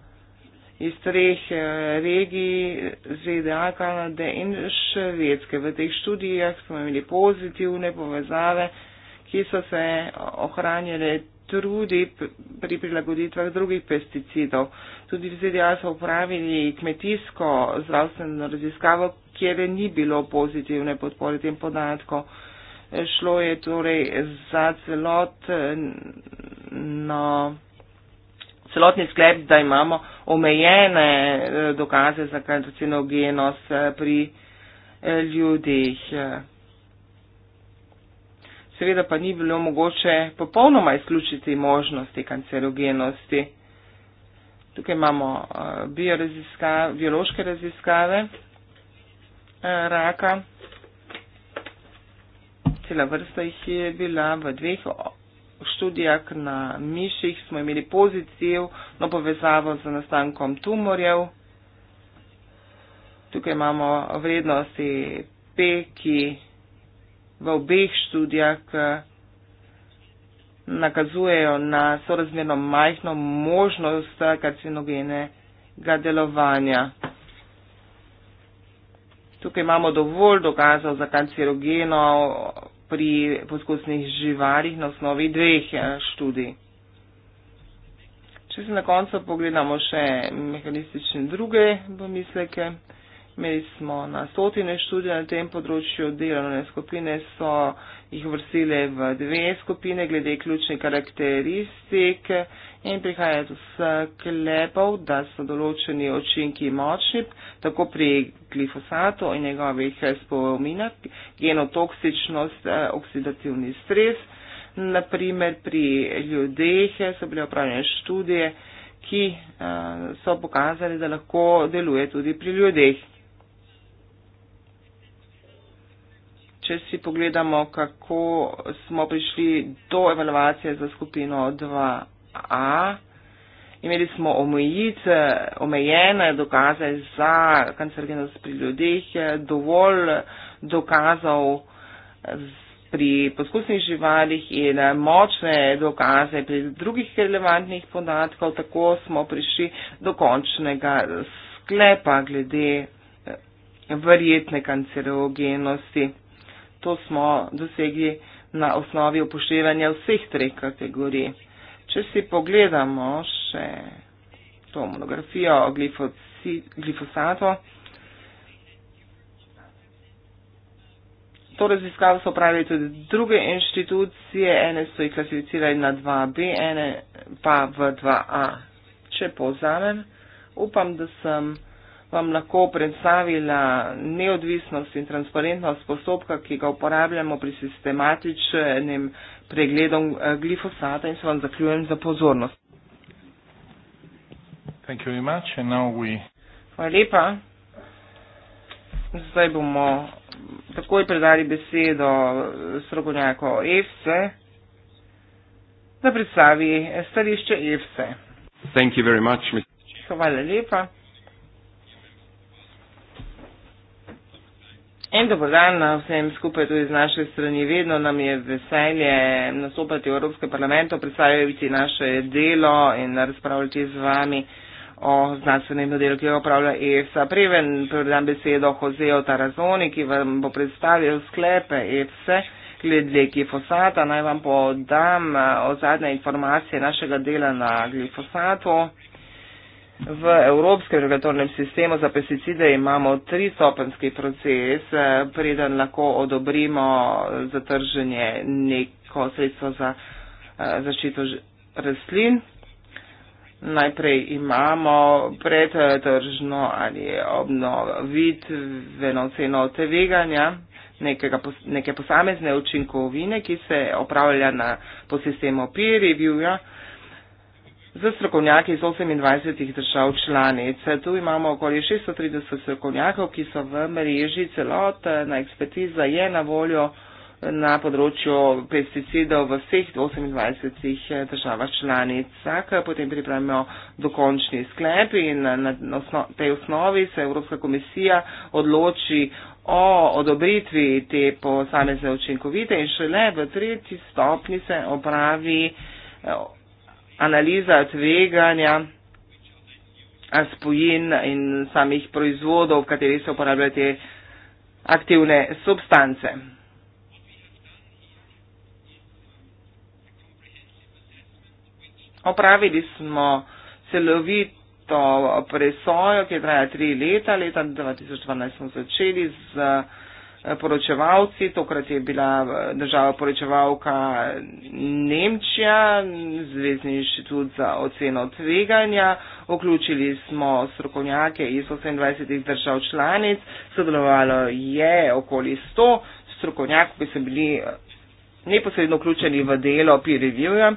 iz treh eh, regij ZDA, Kanade in Švedske. V teh študijah smo imeli pozitivne povezave, ki so se ohranjale trudi pri prilagoditvah drugih pesticidov. Tudi zdaj so upravili kmetijsko zdravstveno raziskavo, kjer ni bilo pozitivne podpore tem podatkom. Šlo je torej za celotno, celotni sklep, da imamo omejene eh, dokaze za karcinogenost eh, pri eh, ljudeh seveda pa ni bilo mogoče popolnoma izključiti možnosti kancerogenosti. Tukaj imamo eh, bio raziskave, biološke raziskave eh, raka. Cela vrsta jih je bila v dveh študijah na miših. Smo imeli pozitivno povezavo z nastankom tumorjev. Tukaj imamo vrednosti peki v obeh študijah eh, nakazujejo na sorazmerno majhno možnost eh, karcinogenega delovanja. Tukaj imamo dovolj dokazov za karcinogeno pri poskusnih živarih na osnovi dveh eh, študij. Če se na koncu pogledamo še mehanistične druge pomisleke. Imeli smo na stotine študij na tem področju, delovne skupine so jih vrstile v dve skupine glede ključne karakteristike in prihaja do sklepov, da so določeni očinki močni, tako pri glifosatu in njegovih spominah, genotoksičnost, eh, oksidativni stres. Naprimer pri ljudeh so bile opravljene študije, ki eh, so pokazali, da lahko deluje tudi pri ljudeh. če si pogledamo, kako smo prišli do evaluacije za skupino 2A, imeli smo omejice, omejene dokaze za kancerogenost pri ljudeh, dovolj dokazov pri poskusnih živalih in močne dokaze pri drugih relevantnih podatkov, tako smo prišli do končnega sklepa glede verjetne kancerogenosti to smo dosegli na osnovi upoštevanja vseh treh kategorij. Če si pogledamo še to monografijo o glifosatu, to raziskavo so pravili tudi druge inštitucije, ene so jih klasificirali na 2B, ene pa v 2A. Če povzamem, upam, da sem vam lahko predstavila neodvisnost in transparentnost postopka, ki ga uporabljamo pri sistematičnem pregledu eh, glifosata in se vam zaključujem za pozornost. Hvala lepa. Zdaj bomo takoj predali besedo strokovnjaku EFSE, da predstavi stališče EFSE. Hvala lepa. En dober dan na vsem skupaj tudi z naše strani. Vedno nam je veselje nastopati v Evropskem parlamentu, predstavljati naše delo in razpravljati z vami o znanstvenem delu, ki ga upravlja EFSA. Preven predam besedo Hozeo Tarazoni, ki vam bo predstavil sklepe EFSA glede glifosata. Naj vam podam o eh, zadnje informacije našega dela na glifosatu. V evropskem regulatornem sistemu za pesticide imamo tristopenski proces, eh, preden lahko odobrimo zatrženje neko sredstvo za eh, zaščito rastlin. Najprej imamo predtržno ali obnovitveno ceno teveganja nekega, neke posamezne učinkovine, ki se opravlja na, po sistemu peer reviewja. -ja z strokovnjaki iz 28 držav članic. Tu imamo okoli 630 strokovnjakov, ki so v mreži celotna ekspertiza je na voljo na področju pesticidov v vseh 28 državah članicah. Potem pripravimo dokončni sklep in na tej osnovi se Evropska komisija odloči o odobritvi te posamezne učinkovite in šele v tretji stopni se opravi analiza tveganja spojin in samih proizvodov, v kateri se uporabljajo te aktivne substance. Opravili smo celovito presojo, ki je trajala tri leta. Leta 2012 smo začeli z Eh, poročevalci, tokrat je bila eh, država poročevalka Nemčija, Zvezdni inštitut za oceno tveganja, vključili smo strokovnjake iz 28 držav članic, sodelovalo je okoli 100 strokovnjakov, ki so bili eh, neposredno vključeni v delo peer reviewja.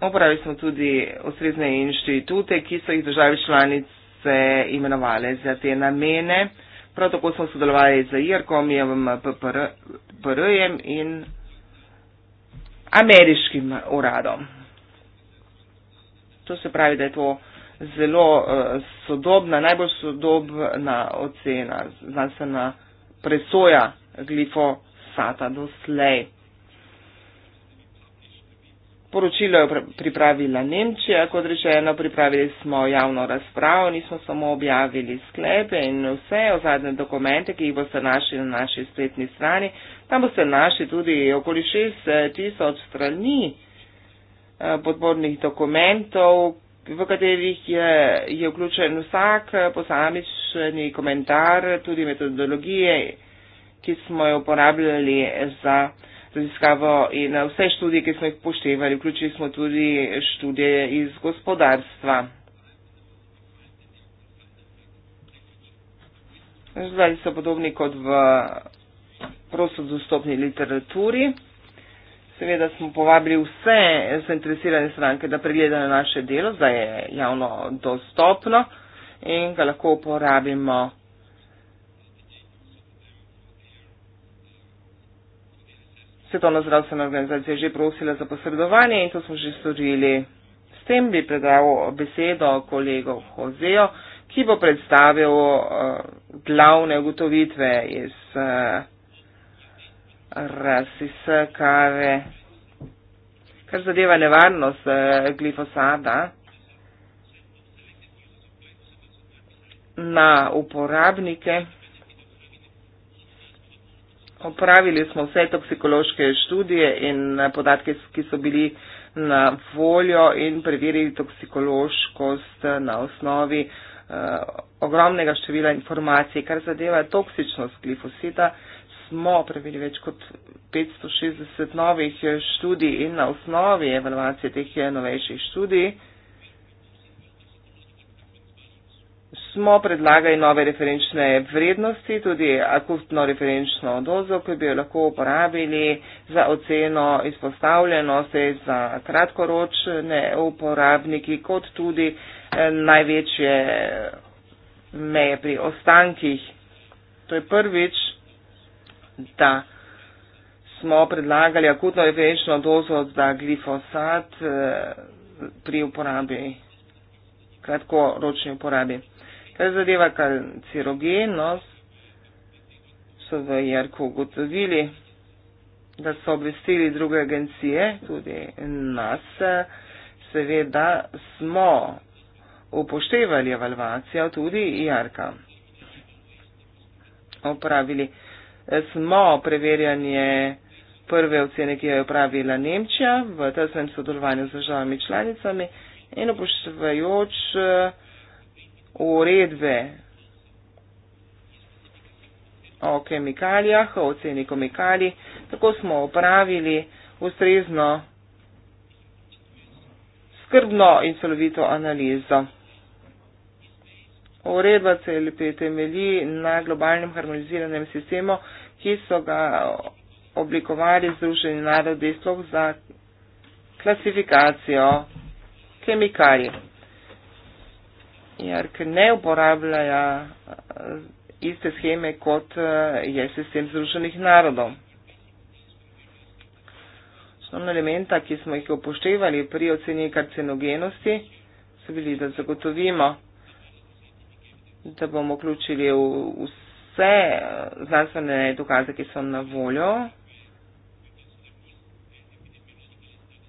Opravili smo tudi osrednje inštitute, ki so jih države članic se imenovale za te namene. Prav tako smo sodelovali z IRKOM, PPR-jem in ameriškim uradom. To se pravi, da je to zelo eh, sodobna, najbolj sodobna ocena, znanstvena presoja glifosata doslej. Poročilo je pripravila Nemčija, kot rečeno, pripravili smo javno razpravo, nismo samo objavili sklepe in vse o zadnje dokumente, ki jih boste našli na naši spletni strani. Tam boste našli tudi okoli 6 eh, tisoč strani eh, podbornih dokumentov, v katerih je, je vključen vsak eh, posamični komentar, tudi metodologije, ki smo jo uporabljali za raziskavo in vse študije, ki smo jih poštevali, vključili smo tudi študije iz gospodarstva. Zdaj so podobni kot v prosto dostopni literaturi. Seveda smo povabili vse zainteresirane stranke, da pregledajo naše delo, zdaj je javno dostopno in ga lahko uporabimo Svetovna zdravstvena organizacija je že prosila za posredovanje in to smo že storili. S tem bi predal besedo kolego Hozejo, ki bo predstavil uh, glavne ugotovitve iz uh, razisekave, kar zadeva nevarnost uh, glifosada. na uporabnike. Popravili smo vse toksikološke študije in eh, podatke, ki so bili na voljo in preverili toksikološkost eh, na osnovi eh, ogromnega števila informacij, kar zadeva toksičnost glifosita, smo preverili več kot 560 novih študij in na osnovi evalvacije teh novejših študij uh, smo predlagali nove referenčne vrednosti, tudi akustno referenčno dozo, ki bi jo lahko uporabili za oceno izpostavljenosti za kratkoročne uporabniki, kot tudi eh, največje meje pri ostankih. To je prvič, da smo predlagali akutno referenčno dozo za glifosat eh, pri uporabi, kratkoročni uporabi. Ta zadeva kancerogenost so v Jarku ugotovili, da so obvestili druge agencije, tudi nas. Seveda smo upoštevali evalvacijo tudi Jarka. Opravili smo preverjanje prve ocene, ki jo je opravila Nemčija v tesnem sodelovanju z državami članicami in upoštevajoč uredbe o kemikalijah, o ceni kemikalij, tako smo opravili ustrezno skrbno in celovito analizo. Uredba CLP temelji na globalnem harmoniziranem sistemu, ki so ga oblikovali Združeni narodi sploh za klasifikacijo kemikalij. Jer, ker ne uporabljajo eh, iste scheme kot eh, je sistem Združenih narodov. Osnovna elementa, ki smo jih upoštevali pri oceni karcinogenosti, so bili, da zagotovimo, da bomo vključili vse eh, znanstvene dokaze, ki so na voljo.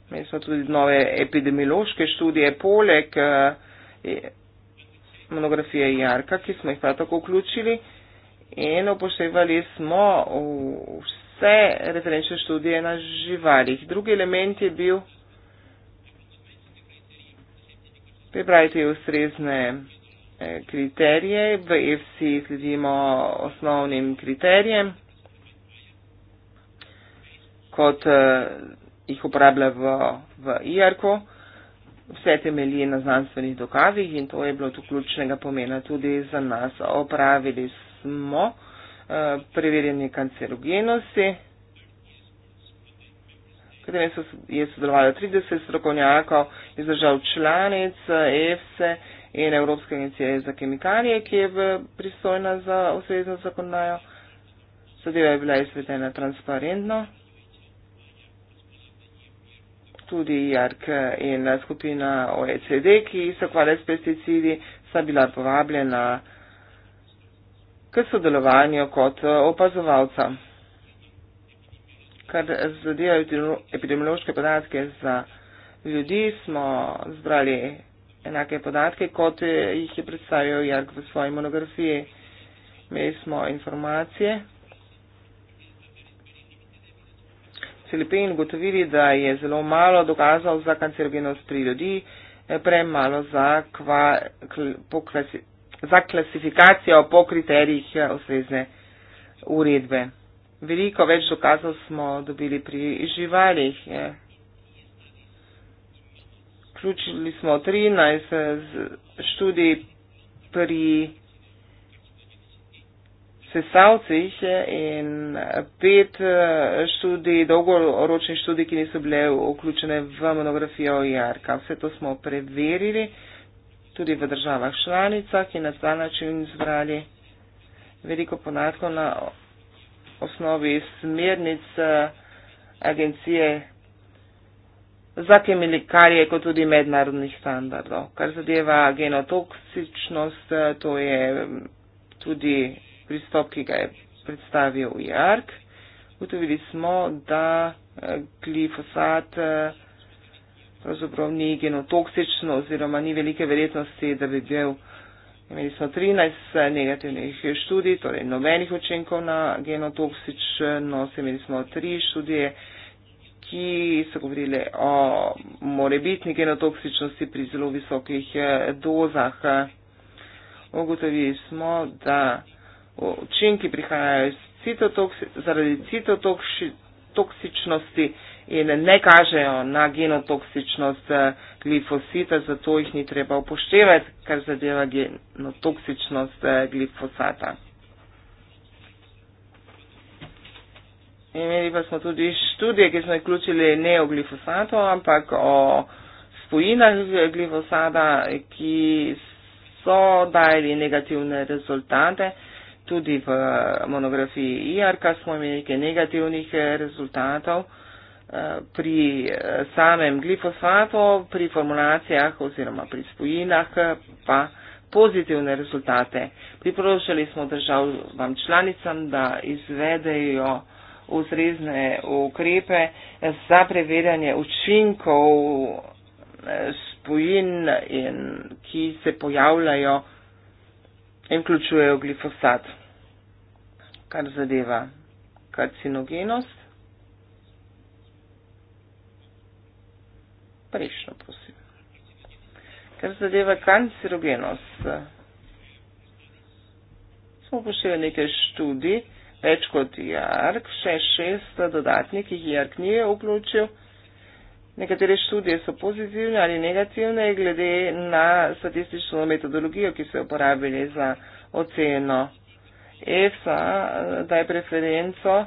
Mi smo tudi nove epidemiološke študije, poleg monografije Jarka, ki smo jih prav tako vključili in upoštevali smo vse referenčne študije na živalih. Drugi element je bil pripraviti ustrezne eh, kriterije. V EFC sledimo osnovnim kriterijem, kot eh, jih uporabljamo v, v IRK-u vse temelji na znanstvenih dokazih in to je bilo tu ključnega pomena tudi za nas. Opravili smo eh, preverjanje kancerogenosti, katerem je sodelovalo 30 strokovnjakov iz držav članic eh, EFSE in Evropske agencije za kemikalije, ki je pristojna za ustrezno zakonodajo. Zadeva je bila izvedena transparentno tudi JARK in skupina OECD, ki se ukvarja s pesticidi, sta bila povabljena k sodelovanju kot opazovalca. Kar zadeva epidemiološke podatke za ljudi, smo zbrali enake podatke, kot jih je predstavil JARK v svoji monografiji. Imeli smo informacije. filipin ugotovili, da je zelo malo dokazal za kancerogenost pri ljudi, eh, premalo za, kva, kl, po klasi, za klasifikacijo po kriterijih osrezne eh, uredbe. Veliko več dokazov smo dobili pri živalih. Eh. Vključili smo 13 študij pri sesalcih in pet eh, študij, dolgoročnih študij, ki niso bile vključene v monografijo IRK. Vse to smo preverili tudi v državah članicah in na ta način zbrali veliko podatkov na osnovi smernic eh, agencije za kemikalije, kot tudi mednarodnih standardov. Kar zadeva genotoksičnost, eh, to je mm, tudi pristop, ki ga je predstavil Jark. Utovili smo, da eh, glifosat eh, pravzaprav ni genotoksično oziroma ni velike verjetnosti, da bi bil. Imeli smo 13 eh, negativnih študij, torej nobenih učinkov na genotoksičnost. Imeli smo tri študije, ki so govorile o morebitni genotoksičnosti pri zelo visokih dozah. Ugotovili smo, da učinki prihajajo zaradi citotoksičnosti in ne kažejo na genotoksičnost eh, glifosita, zato jih ni treba upoštevati, kar zadeva genotoksičnost eh, glifosata. Imeli pa smo tudi študije, ki smo vključili ne o glifosatu, ampak o spojinah glifosata, ki so dajali negativne rezultate tudi v monografiji IARKA smo imeli nekaj negativnih eh, rezultatov eh, pri eh, samem glifosfatu, pri formulacijah oziroma pri spojinah pa pozitivne rezultate. Priprošali smo državam članicam, da izvedejo ustrezne ukrepe za preverjanje učinkov spojin, ki se pojavljajo in vključujejo glifosat kar zadeva karcinogenost. Prejšnjo, prosim. Kar zadeva karcinogenost. Smo pošiljali nekaj študij, več kot JARK, še šest dodatnih, ki jih JARK ni vključil. Nekatere študije so pozitivne ali negativne glede na statistično metodologijo, ki so jo uporabili za oceno EFSA eh, daje preferenco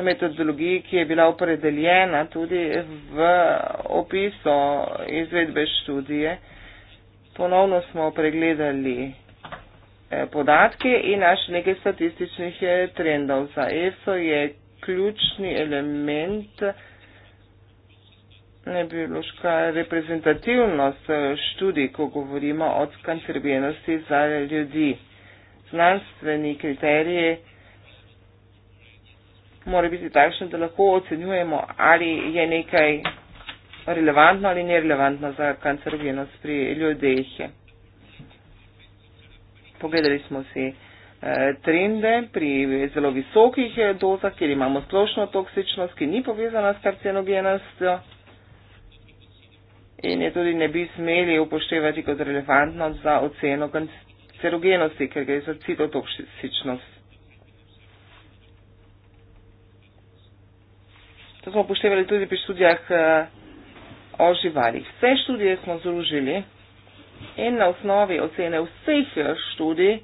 metodologiji, ki je bila opredeljena tudi v opisu izvedbe študije. Ponovno smo pregledali eh, podatke in naš nekaj statističnih eh, trendov. Za EFSO je ključni element nebiološka reprezentativnost študij, ko govorimo o skantrbenosti za ljudi znanstveni kriteriji mora biti takšen, da lahko ocenjujemo, ali je nekaj relevantno ali nerelevantno za kancerogenost pri ljudeh. Pogledali smo si eh, trende pri zelo visokih eh, dozah, kjer imamo splošno toksičnost, ki ni povezana s karcinogenostjo in je tudi ne bi smeli upoštevati kot relevantno za oceno cerogenosti, ker gre za citotoksičnost. To smo upoštevali tudi pri študijah eh, o živalih. Vse študije smo združili in na osnovi ocene vseh eh, študij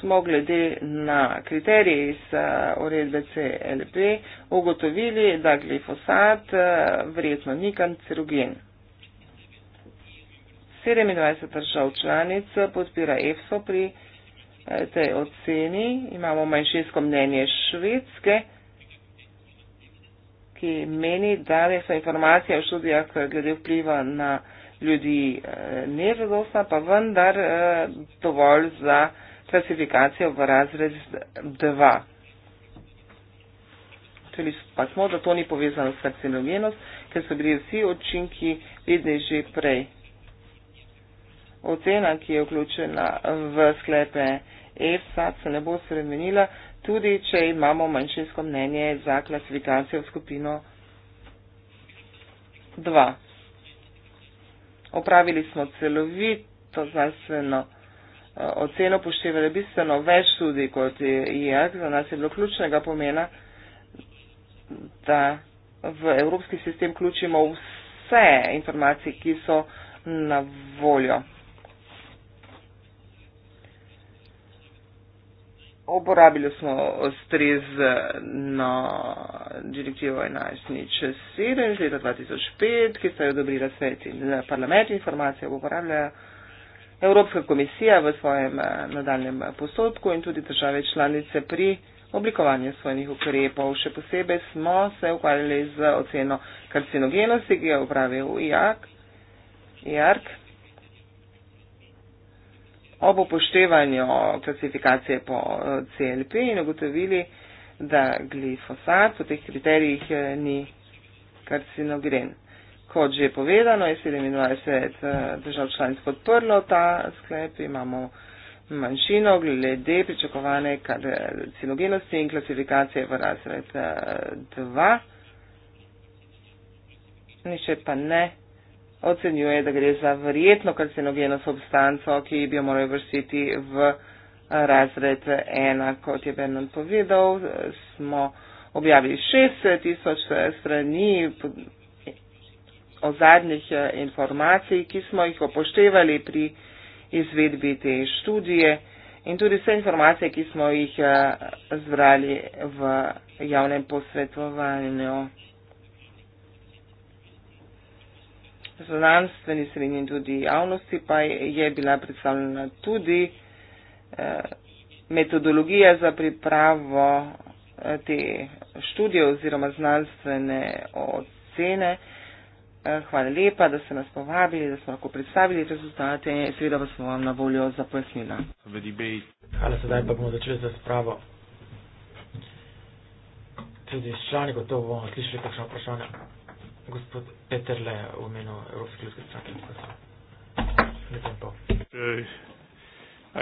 smo glede na kriterije iz eh, uredbe CLP ugotovili, da glifosat verjetno ni kancerogen. 27 držav članic podpira EFSO pri eh, tej oceni. Imamo manjšinsko mnenje Švedske, ki meni, da je so informacije v študijah eh, glede vpliva na ljudi eh, nezadostna, pa vendar dovolj za klasifikacijo v razred 2. Čeli pa smo, da to ni povezano s karcinogenost, ker so bili vsi učinki vidni že prej ocena, ki je vključena v sklepe EFSA, se ne bo spremenila, tudi če imamo manjšinsko mnenje za klasifikacijo v skupino 2. Opravili smo celovito znanstveno eh, oceno, poštevali bistveno več tudi kot IAK. Za nas je bilo ključnega pomena, da v evropski sistem vključimo vse informacije, ki so na voljo. Uporabili smo ustrezno direktivo 11.7 iz leta 2005, ki sta jo odobrila svet in eh, parlament. Informacije bo uporabljala Evropska komisija v svojem eh, nadaljem postopku in tudi države članice pri oblikovanju svojih ukrepov. Še posebej smo se ukvarjali z oceno karcinogenosti, ki jo je upravil IARC ob upoštevanju klasifikacije po eh, CLP in ugotovili, da glifosat v teh kriterijih eh, ni karcinogen. Kot že povedano, je 27 eh, držav članic podprlo ta sklep, imamo manjšino glede pričakovane karcinogenosti in klasifikacije v razred 2. Niče pa ne ocenjuje, da gre za verjetno karcinogeno substanco, ki bi jo morali vrstiti v razred 1. Kot je Bernan povedal, smo objavili 6000 strani o zadnjih informacij, ki smo jih upoštevali pri izvedbi te študije in tudi vse informacije, ki smo jih eh, zbrali v javnem posvetovanju. znanstveni srednji tudi javnosti, pa je bila predstavljena tudi eh, metodologija za pripravo eh, te študije oziroma znanstvene ocene. Eh, hvala lepa, da ste nas povabili, da smo lahko predstavili rezultate in seveda pa smo vam na voljo za pojasnila. Hvala, sedaj pa bomo začeli z razpravo. Tudi s člani, gotovo bomo slišali kakšno vprašanje gospod Peterle v imenu Evropske ljudske stranke. Uh,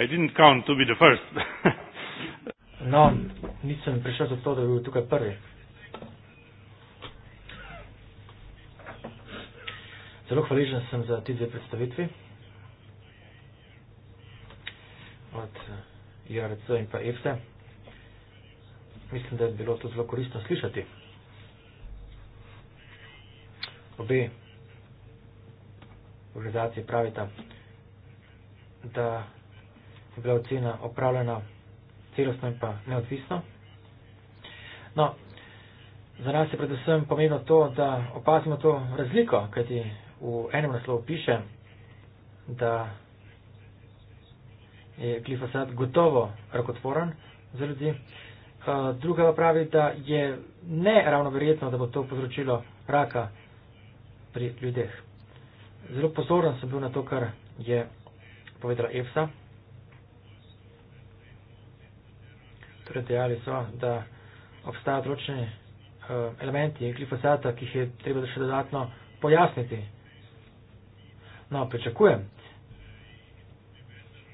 I didn't count to be the first. no, nisem prišel za to, da bi bil tukaj prvi. Zelo hvaležen sem za ti dve predstavitvi od uh, IRC in pa EFSE. Mislim, da je bilo to zelo koristno slišati obe organizacije pravita, da je bila ocena opravljena celostno in pa neodvisno. No, za nas je predvsem pomembno to, da opazimo to razliko, kajti v enem naslovu piše, da je glifosat gotovo rakotvoren za ljudi. Eh, druga pa pravi, da je ne ravno verjetno, da bo to povzročilo raka pri ljudeh. Zelo pozoren sem bil na to, kar je povedala EFSA. Torej, dejali so, da obstajajo določeni eh, elementi glifosata, ki jih je treba še dodatno pojasniti. No, pričakujem,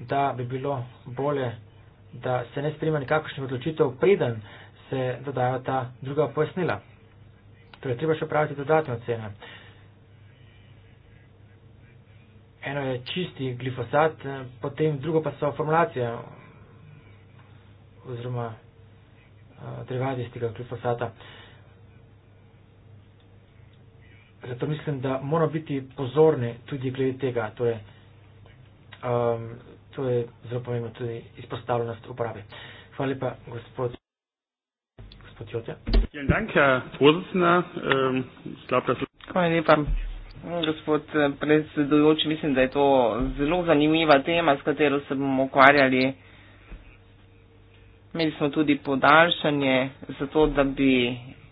da bi bilo bolje, da se ne sprejme nekakšnih odločitev, preden se dodajo ta druga pojasnila. Torej, treba še praviti dodatne ocene. Eno je čisti glifosat, eh, potem drugo pa so formulacije oziroma eh, derivati iz tega glifosata. Zato mislim, da moramo biti pozorni tudi glede tega. To je, um, to je zelo pomembno, tudi izpostavljenost uporabe. Hvala lepa, gospod. Gospod Jote. Ähm, Hvala lepa, Gospod predsedujoči, mislim, da je to zelo zanimiva tema, s katero se bomo ukvarjali. Imeli smo tudi podaljšanje, zato da bi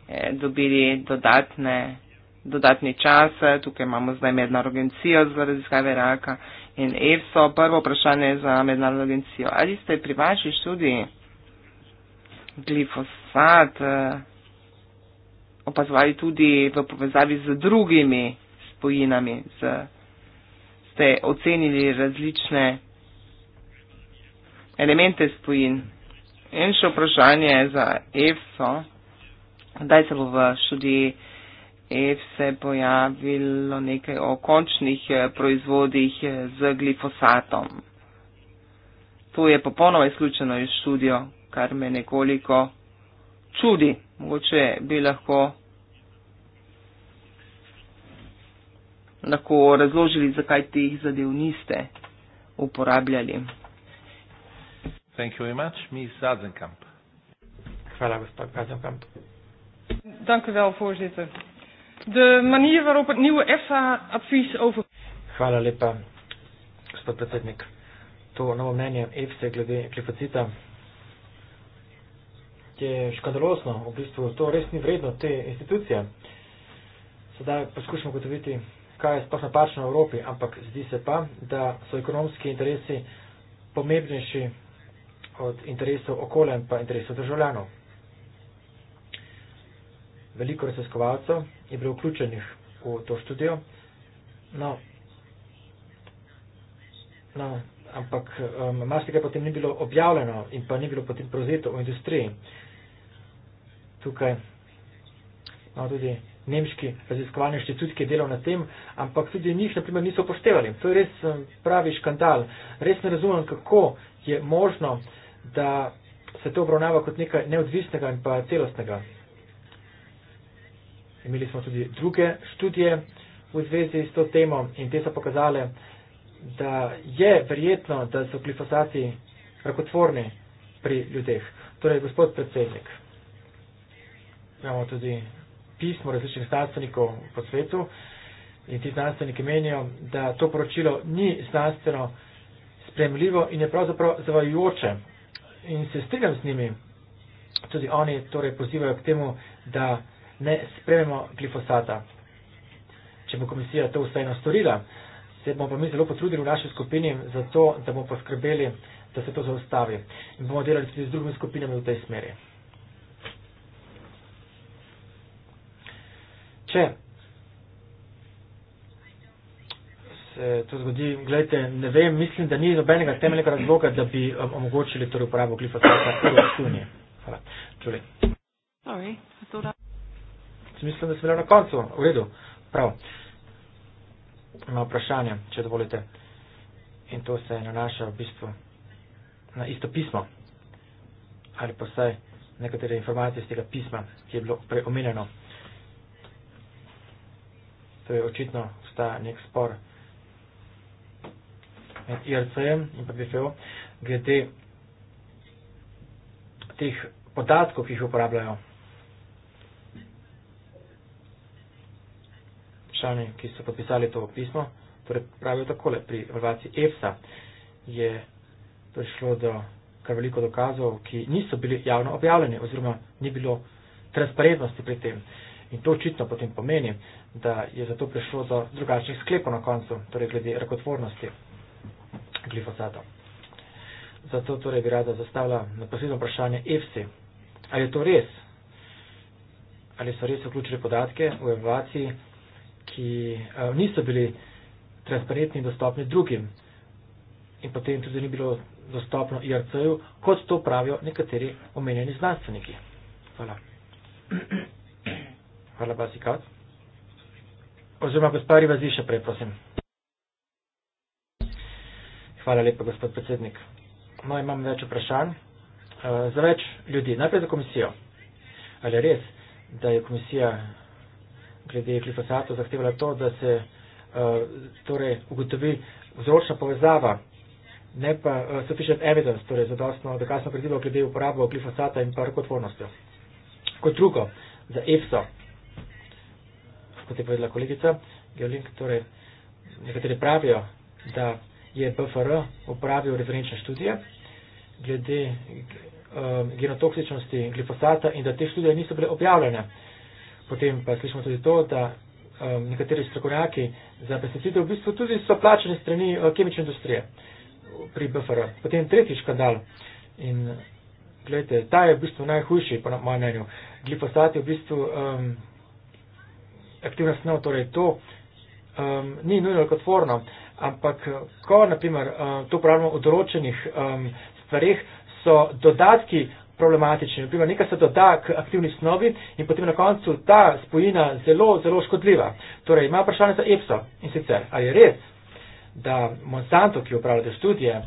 eh, dobili dodatne, dodatni čas. Tukaj imamo zdaj Mednarodno agencijo za raziskave raka in EFSO. Prvo vprašanje za Mednarodno agencijo. Ali ste pri vaši študiji glifosat eh, opazovali tudi v povezavi z drugimi spojinami, z, ste ocenili različne elemente spojin. In še vprašanje za EFSO. Kdaj se bo v študiji EFSE pojavilo nekaj o končnih eh, proizvodih eh, z glifosatom? To je popolnoma izključeno iz študijo, kar me nekoliko čudi. Mogoče bi lahko lahko razložili, zakaj teh zadev niste uporabljali. Hvala, gospod Gazenkamp. Hvala lepa, gospod predsednik. To novo mnenje EFSE glede glifocita je škandalozno. V bistvu to res ni vredno te institucije. Sedaj poskušamo gotoviti kaj je sploh napačno v Evropi, ampak zdi se pa, da so ekonomski interesi pomembnejši od interesov okolja in pa interesov državljanov. Veliko raziskovalcev je bilo vključenih v to študijo, no, no, ampak um, marsikaj tega potem ni bilo objavljeno in pa ni bilo potem prozeto v industriji. Tukaj imamo no, tudi nemški raziskovalni inštitut, ki je delal na tem, ampak tudi njih, naprimer, niso poštevali. To je res eh, pravi škandal. Res ne razumem, kako je možno, da se to obravnava kot nekaj neodvisnega in pa celostnega. Imeli smo tudi druge študije v zvezi s to temo in te so pokazale, da je verjetno, da so glifosati rakotvorni pri ljudeh. Torej, gospod predsednik, imamo tudi pismo različnih znanstvenikov po svetu in ti znanstveniki menijo, da to poročilo ni znanstveno spremljivo in je pravzaprav zavajujoče. In se strinjam z njimi, tudi oni torej pozivajo k temu, da ne spremljamo glifosata. Če bo komisija to vseeno storila, se bomo pa mi zelo potrudili v naši skupini za to, da bomo poskrbeli, da se to zaustavi. In bomo delali tudi z drugimi skupinami v tej smeri. če se to zgodi, gledajte, ne vem, mislim, da ni nobenega temeljega razloga, da bi eh, omogočili torej uporabo glifosata v Evropski uniji. Hvala. Čuli. Torej. Sorry, mislim, da smo bili na koncu. V redu. Prav. Na vprašanje, če dovolite. In to se nanaša v bistvu na isto pismo. Ali pa vsaj nekatere informacije iz tega pisma, ki je bilo preomenjeno to je očitno sta nek spor med IRC-em in pa BFO, glede teh podatkov, ki jih uporabljajo. Šani, ki so podpisali to pismo, torej pravijo takole, pri evaluaciji EFSA je prišlo do kar veliko dokazov, ki niso bili javno objavljeni oziroma ni bilo transparentnosti pri tem. In to očitno potem pomeni, da je zato prišlo do drugačnih sklepov na koncu, torej glede rakotvornosti glifosata. Zato torej bi rada zastavila na posebno vprašanje EFSI. Ali je to res? Ali so res vključili podatke v evaluaciji, ki uh, niso bili transparentni in dostopni drugim in potem tudi ni bilo dostopno IRC-ju, kot to pravijo nekateri omenjeni znanstveniki? Hvala. Hvala, Basikac oziroma gospari vazi še prej, prosim. Hvala lepa, gospod predsednik. No, imam več vprašanj uh, za več ljudi. Najprej za komisijo. Ali je res, da je komisija glede glifosatov zahtevala to, da se uh, torej ugotovi vzročna povezava, ne pa uh, sufficient evidence, torej zadostno dokazno predvidevo glede uporabo glifosata in pa rokotvornostjo. Kot drugo, za EFSO, kot je povedala kolegica Geolink, torej nekateri pravijo, da je BFR upravil referenčne študije glede uh, genotoksičnosti glifosata in da te študije niso bile objavljene. Potem pa slišimo tudi to, da um, nekateri strokovnjaki za pesticide v bistvu tudi so plačeni strani uh, kemične industrije pri BFR. Potem tretji škandal in gledajte, ta je v bistvu najhujši, po mojem mnenju. Glifosat je v bistvu. Um, aktivna snov, torej to, um, ni nujno rakotvorno, ampak eh, ko naprimer um, eh, to uporabljamo v določenih um, stvarih, so dodatki problematični. Naprimer, nekaj se doda k aktivni snovi in potem na koncu ta spojina zelo, zelo škodljiva. Torej, ima vprašanje za EPSO in sicer, ali je res, da Monsanto, ki upravlja te študije,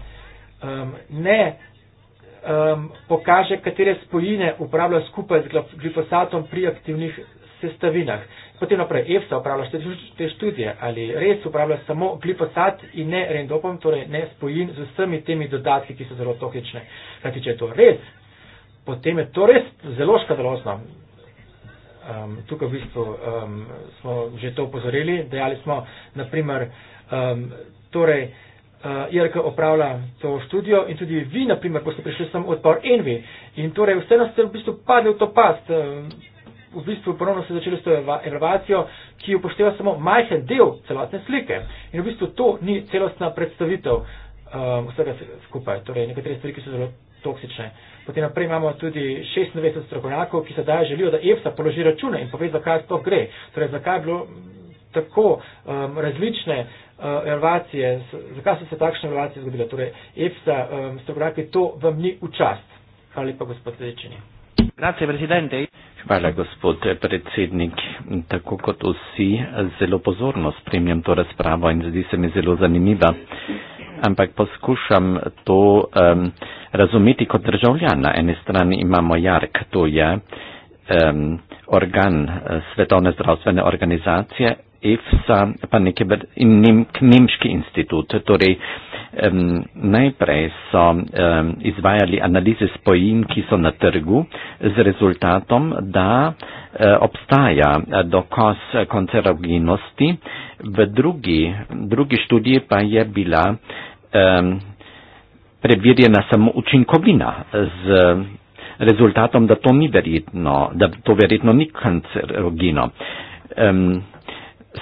um, ne um, pokaže, katere spojine uporablja skupaj z glifosatom pri aktivnih sestavinah. Potem naprej, EFSA upravlja te študije, ali res upravlja samo glifosat in ne rendopom, torej ne spojin z vsemi temi dodatki, ki so zelo toksične. Kajti, če je to res, potem je to res zelo škodolosno. Um, ehm, tukaj v bistvu um, smo že to upozorili, dejali smo, naprimer, um, ehm, torej, uh, eh, IRK opravlja to študijo in tudi vi, naprimer, ko ste prišli sem odpor Envi in torej vseeno ste v bistvu padli v to past. Um, v bistvu ponovno se začeli s to evalvacijo, ki upošteva samo majhen del celotne slike. In v bistvu to ni celostna predstavitev um, vsega skupaj. Torej, nekatere stvari, ki so zelo toksične. Potem naprej imamo tudi 96 strokovnjakov, ki sedaj želijo, da EFSA položi račune in pove, zakaj to gre. Torej, zakaj je bilo mm, tako um, različne uh, evalvacije, zakaj so se takšne evalvacije zgodile. Torej, EFSA, um, strokovnjaki, to vam ni v čast. Hvala lepa, gospod Sedečini. Grazie, Presidente. Hvala, gospod predsednik. Tako kot vsi, zelo pozorno spremljam to razpravo in zdi se mi zelo zanimiva, ampak poskušam to um, razumeti kot državljan. Na eni strani imamo JARK, to je um, organ eh, Svetovne zdravstvene organizacije, EFSA pa nekaj in nemški inštitut. Torej, najprej so izvajali analize spojin, ki so na trgu, z rezultatom, da e, obstaja e, dokaz kancerogenosti. V drugi, drugi študiji pa je bila preverjena samo učinkovina z rezultatom, da to, ni verjetno, da to verjetno ni kancerogeno.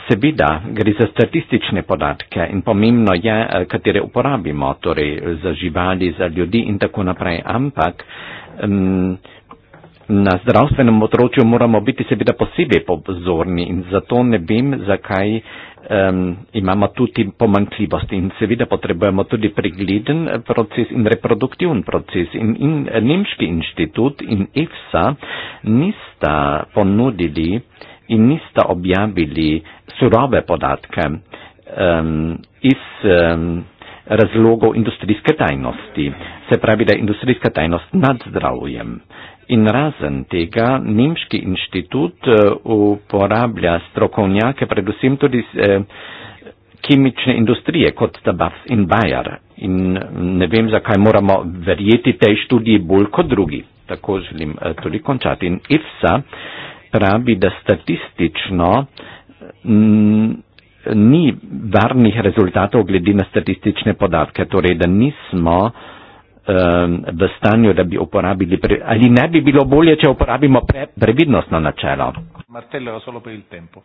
Seveda gre za statistične podatke in pomembno je, eh, katere uporabimo, torej za živali, za ljudi in tako naprej, ampak um, na zdravstvenem področju moramo biti seveda posebej pozorni in zato ne vem, zakaj um, imamo tudi pomankljivosti in seveda potrebujemo tudi pregleden eh, proces in reproduktiven proces. In, in Nemški inštitut in EFSA nista ponudili in nista objavili surove podatke um, iz um, razlogov industrijske tajnosti. Se pravi, da je industrijska tajnost nad zdravjem. In razen tega, Nemški inštitut e, uporablja strokovnjake, predvsem tudi iz eh, kemične industrije, kot sta Bavs in Bayer. In ne vem, zakaj moramo verjeti tej študiji bolj kot drugi. Tako želim eh, tudi končati. In IFSA eh, pravi, da statistično mm, ni varnih rezultatov glede na statistične podatke, torej da nismo ehm, v stanju, da bi uporabili, ali ne bi bilo bolje, če uporabimo pre, previdnostno načelo. Martello, solo per il tempo.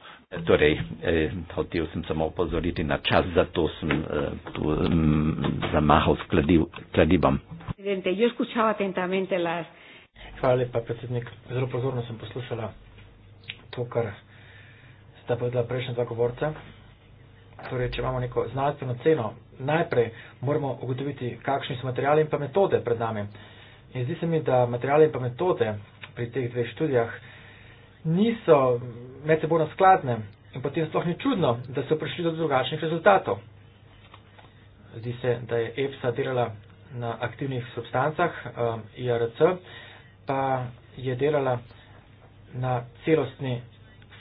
Torej, eh, hotel sem samo opozoriti na čas, zato sem eh, tu mm, zamahal s kladivom. Hvala lepa, predsednik. Zelo pozorno sem poslušala to, kar sta povedala prejšnja dva govorca. Torej, če imamo neko znanstveno ceno, najprej moramo ugotoviti, kakšni so materiali in pa metode pred nami. In zdi se mi, da materiali in pa metode pri teh dveh študijah niso medsebojno skladne in potem sploh ni čudno, da so prišli do drugačnih rezultatov. Zdi se, da je EFSA delala na aktivnih substancah, um, IRC pa je delala na celostni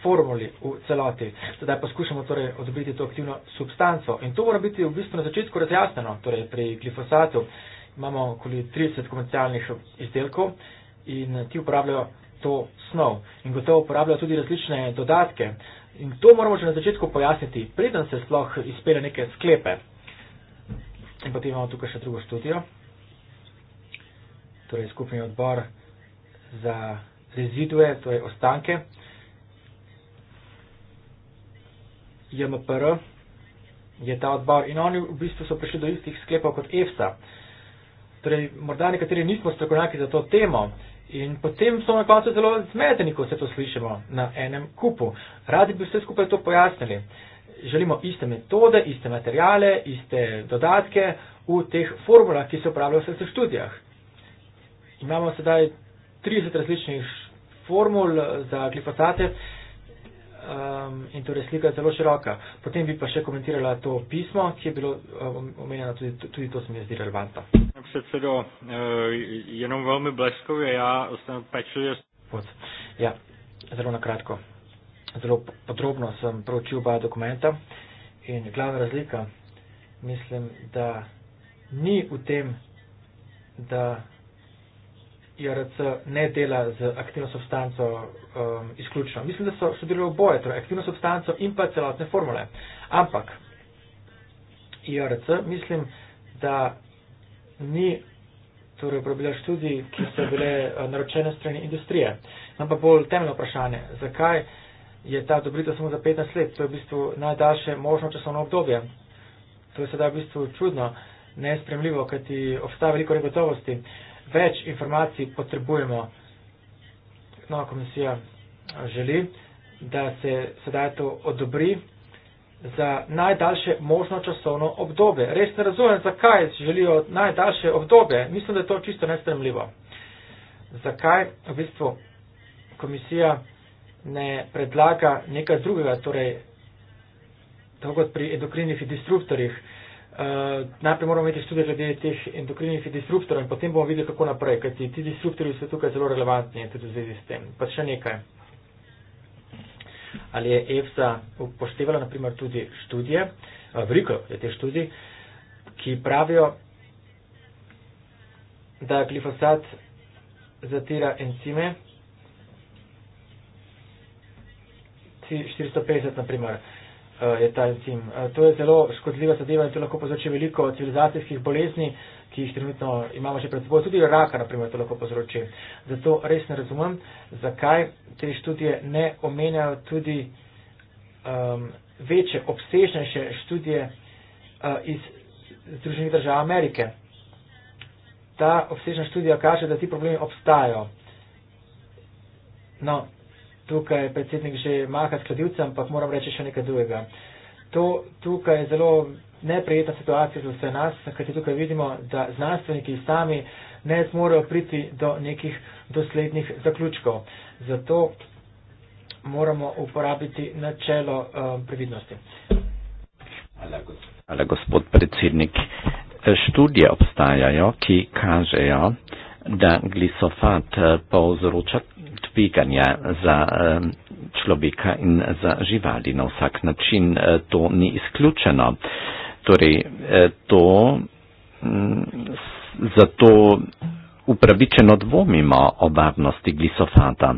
formuli v celoti. Sedaj poskušamo torej odobriti to aktivno substanco in to mora biti v bistvu na začetku razjasneno. Torej pri glifosatu imamo okoli 30 komercialnih izdelkov in ti uporabljajo to snov in gotovo uporabljajo tudi različne dodatke. In to moramo že na začetku pojasniti, preden se sploh izpele neke sklepe. In potem imamo tukaj še drugo študijo, torej skupni odbor za rezidue, torej ostanke, JMPR je ta odbor in oni v bistvu so prišli do istih sklepov kot EFSA. Torej, morda nekateri nismo strokovnjaki za to temo in potem smo na koncu zelo zmedeni, ko vse to slišimo na enem kupu. Radi bi vse skupaj to pojasnili. Želimo iste metode, iste materijale, iste dodatke v teh formulah, ki se uporabljajo v vseh študijah. Imamo sedaj 30 različnih formul za glifosate um, in torej slika je zelo široka. Potem bi pa še komentirala to pismo, ki je bilo um, omenjeno, tudi, tudi to se mi zdi relevantno. Predsedo, eh, jenom veliko bleskov je, ja, sem pečuje. Ja, zelo na kratko. Zelo podrobno sem proučil oba dokumenta in glavna razlika, mislim, da ni v tem, da IRC ne dela z aktivno substanco um, izključno. Mislim, da so sodelovali oboje, torej aktivno substanco in pa celotne formule. Ampak IRC mislim, da ni torej, uporabila študij, ki so bile uh, naročene strani industrije. Imam pa bolj temeljno vprašanje, zakaj je ta dobritev samo za 15 let, to je v bistvu najdaljše možno časovno obdobje. To je sedaj v bistvu čudno, nespremljivo, kajti obstaja veliko negotovosti. Uh, več informacij potrebujemo. Nova komisija želi, da se sedaj to odobri za najdaljše možno časovno obdobje. Res ne razumem, zakaj želijo najdaljše obdobje. Mislim, da je to čisto nespremljivo. Zakaj v bistvu komisija ne predlaga nekaj drugega, torej tako kot pri endokrinih disruptorjih. Uh, najprej moramo imeti študije glede teh endokrinih disruptorjev in potem bomo videli, kako naprej, kajti ti disruptorji so tukaj zelo relevantni in tudi v zvezi s tem. Pa še nekaj. Ali je EFSA upoštevala naprimer tudi študije, eh, veliko je te študije, ki pravijo, da glifosat zatira encime, 450 naprimer. Eh, je ta encim. Eh, to je zelo škodljiva zadeva in to lahko povzroči veliko civilizacijskih bolezni, ki jih trenutno imamo še pred seboj. Tudi raka, naprimer, to lahko povzroči. Zato res ne razumem, zakaj te študije ne omenjajo tudi um, večje, obsežnejše študije uh, iz Združenih držav Amerike. Ta obsežna študija kaže, da ti problemi obstajajo. No, tukaj predsednik že maha s kladivcem, ampak moram reči še nekaj drugega. To tukaj je zelo neprijetna situacija za vse nas, kajti tukaj vidimo, da znanstveniki sami ne zmorejo priti do nekih doslednih zaključkov. Zato moramo uporabiti načelo uh, previdnosti. Hvala, gospod predsednik. Študije obstajajo, ki kažejo, da glisofat eh, povzroča tveganja za eh, človeka in za živali na vsak način. Eh, to ni izključeno. Torej, to mm, zato upravičeno dvomimo o varnosti glisofata.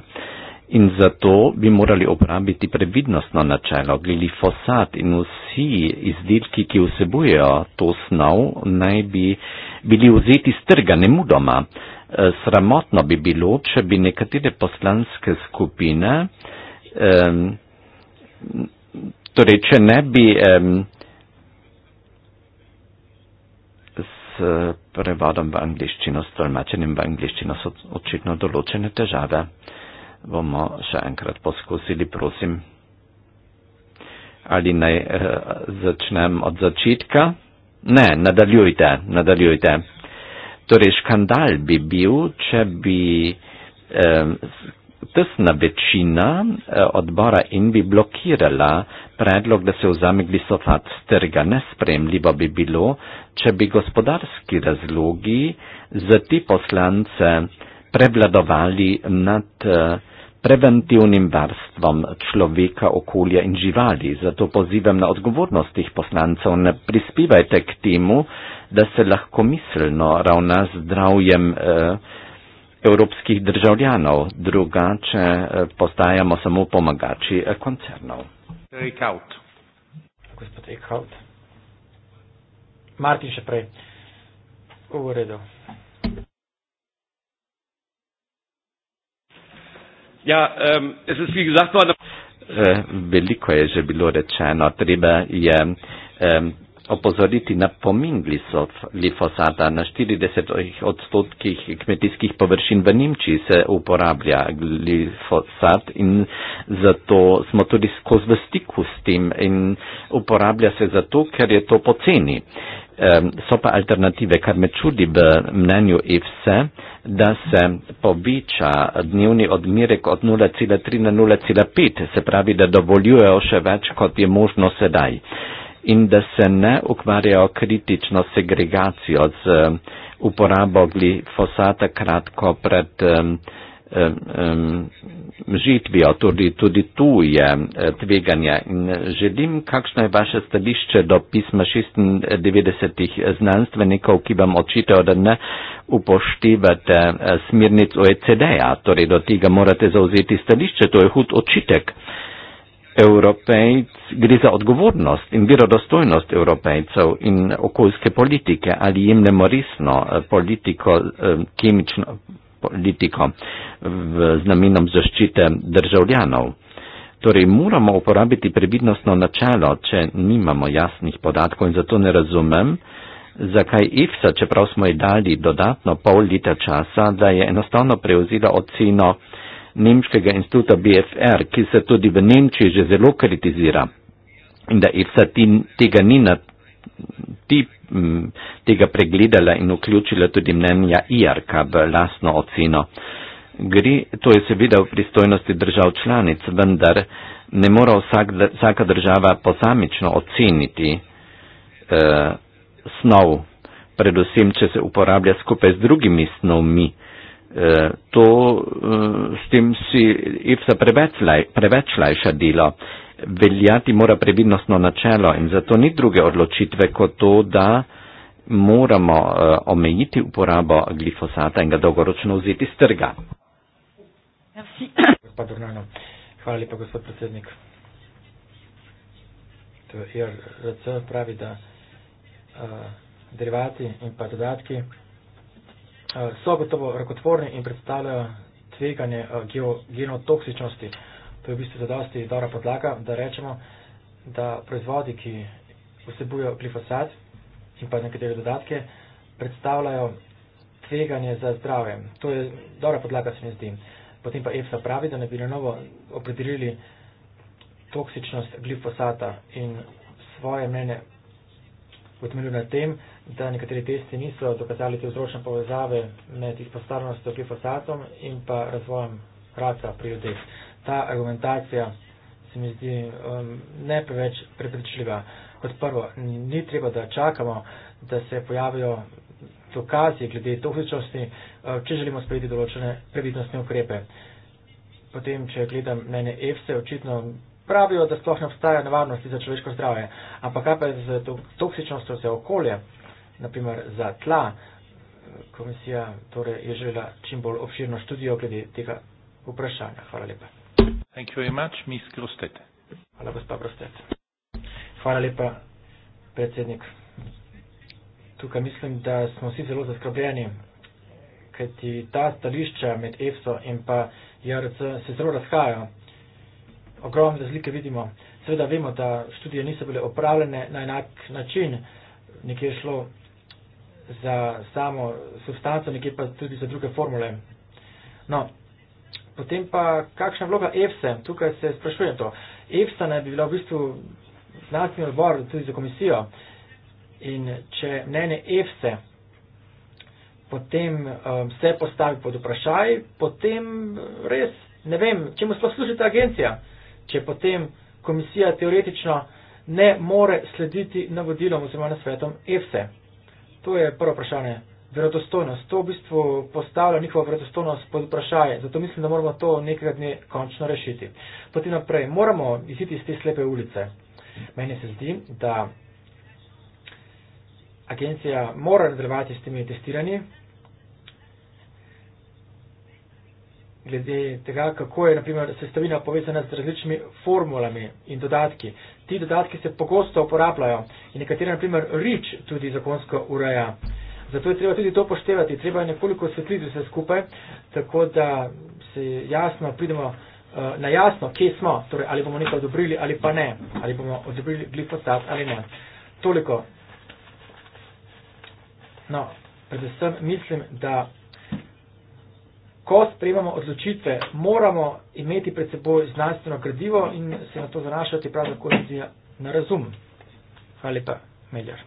In zato bi morali uporabiti previdnostno načelo. Glifosat in vsi izdelki, ki vsebujejo to snov, naj bi bili vzeti strga, ne mudoma. Eh, sramotno bi bilo, če bi nekatere poslanske skupine, torej če ne bi s prevodom v angliščino, s tolmačenjem v angliščino, so očitno določene težave. Bomo še enkrat poskusili, prosim. Ali naj eh, začnem od začetka? Ne, nadaljujte, nadaljujte. Torej, škandal bi bil, če bi eh, tesna večina eh, odbora in bi blokirala predlog, da se vzame glisofat z trga. Nespremljivo bi bilo, če bi gospodarski razlogi za ti poslance prevladovali nad. Eh, preventivnim varstvom človeka, okolja in živali. Zato pozivam na odgovornost teh poslancev. Ne prispivajte k temu, da se lahko miselno ravna z zdravjem eh, evropskih državljanov. Drugače eh, postajamo samo pomagači eh, koncernov. Ekaut. Gospod Ekaut. Martin še prej. V redu. Ja, um, es ist, wie gesagt, eh, Veliko je že bilo rečeno, treba je um, opozoriti na pomin glifosata. Na 40 odstotkih kmetijskih površin v Nemčiji se uporablja glifosat in zato smo tudi skozi v stiku s tem in uporablja se zato, ker je to poceni. So pa alternative, kar me čudi v mnenju IFSE, da se poveča dnevni odmirek od 0,3 na 0,5, se pravi, da dovoljujejo še več, kot je možno sedaj in da se ne ukvarjajo kritično segregacijo z um, uporabo glifosata kratko pred um, um, um, žitvijo. Tudi, tudi tu je um, tveganje. In uh, želim, kakšno je vaše stališče do pisma 96 znanstvenikov, ki vam očitajo, da ne upoštevate uh, smirnic OECD-a. Torej, do tega morate zauzeti stališče. To je hud očitek europejc, gre za odgovornost in verodostojnost europejcev in okoljske politike ali jim nemorisno eh, politiko, eh, kemično politiko v, z namenom zaščite državljanov. Torej moramo uporabiti previdnostno načelo, če nimamo jasnih podatkov in zato ne razumem, zakaj IFSA, čeprav smo ji dali dodatno pol leta časa, da je enostavno prevzela oceno, nemškega instituta BFR, ki se tudi v Nemčiji že zelo kritizira in da IFSA tega ni na tip tega pregledala in vključila tudi mnenja IRK v lastno oceno. Gre, to je seveda v pristojnosti držav članic, vendar ne mora vsak, vsaka država posamično oceniti eh, snov, predvsem če se uporablja skupaj z drugimi snovmi. Eh, Eh, to, eh, s tem si IFSA preveč, laj, preveč lajša delo. Veljati mora previdnostno načelo in zato ni druge odločitve kot to, da moramo eh, omejiti uporabo glifosata in ga dolgoročno vzeti z trga. Hvala lepa, gospod predsednik. RC pravi, da uh, derivati in pa dodatki. Eh, so gotovo rakotvorni in predstavljajo tveganje eh, genotoksičnosti. To je v bistvu zadosti dobra podlaga, da rečemo, da proizvodi, ki vsebujejo glifosat in pa nekatere dodatke, predstavljajo tveganje za zdravje. To je dobra podlaga, se mi zdi. Potem pa EFSA pravi, da ne bi na novo opredelili toksičnost glifosata in svoje mnenje utemeljuje na tem, da nekateri testi niso dokazali te vzročne povezave med izpostavljenostjo glifosatom in pa razvojem raka pri ljudeh. Ta argumentacija se mi zdi um, ne preveč prepričljiva. Kot prvo, ni treba, da čakamo, da se pojavijo dokazi glede toksičnosti, uh, če želimo sprejeti določene previdnostne ukrepe. Potem, če gledam mene EFSE, očitno pravijo, da sploh ne obstaja nevarnosti za človeško zdravje. Ampak kaj pa je z toksičnostjo za okolje? naprimer za tla, eh, komisija torej je želela čim bolj obširno študijo glede tega vprašanja. Hvala lepa. Thank you very much, Ms. Grostet. Hvala, gospa Grostet. Hvala lepa, predsednik. Tukaj mislim, da smo vsi zelo zaskrbljeni, kajti ta stališča med EFSO in pa JRC se zelo razhajajo. Ogromne razlike vidimo. Seveda vemo, da študije niso bile opravljene na enak način. Nekje je šlo za samo substanco, nekje pa tudi za druge formule. No, potem pa kakšna vloga EFSE, tukaj se sprašujem to. EFSA naj bi bila v bistvu znanstveni odbor tudi za komisijo in če mnenje EFSE potem um, se postavi pod vprašaj, potem res ne vem, čemu sploh služi ta agencija, če potem komisija teoretično ne more slediti navodilom oziroma na svetom EFSE. To je prvo vprašanje. Verodostojnost. To v bistvu postavlja njihovo verodostojnost pod vprašanje. Zato mislim, da moramo to nekega dne končno rešiti. Poti naprej. Moramo iziti iz te slepe ulice. Meni se zdi, da agencija mora nadaljevati s temi testiranji, glede tega, kako je naprimer, sestavina povezana z različnimi formulami in dodatki. Ti dodatki se pogosto uporabljajo in nekatere, naprimer, rič tudi zakonsko ureja. Zato je treba tudi to poštevati, treba je nekoliko osvetliti vse skupaj, tako da se jasno pridemo uh, na jasno, kje smo, torej ali bomo nekaj odobrili ali pa ne, ali bomo odobrili glifosat ali ne. Toliko. No, predvsem mislim, da ko sprejemamo odločitve, moramo imeti pred seboj znanstveno gradivo in se na to zanašati prav tako na razum. Hvala lepa, Meljar.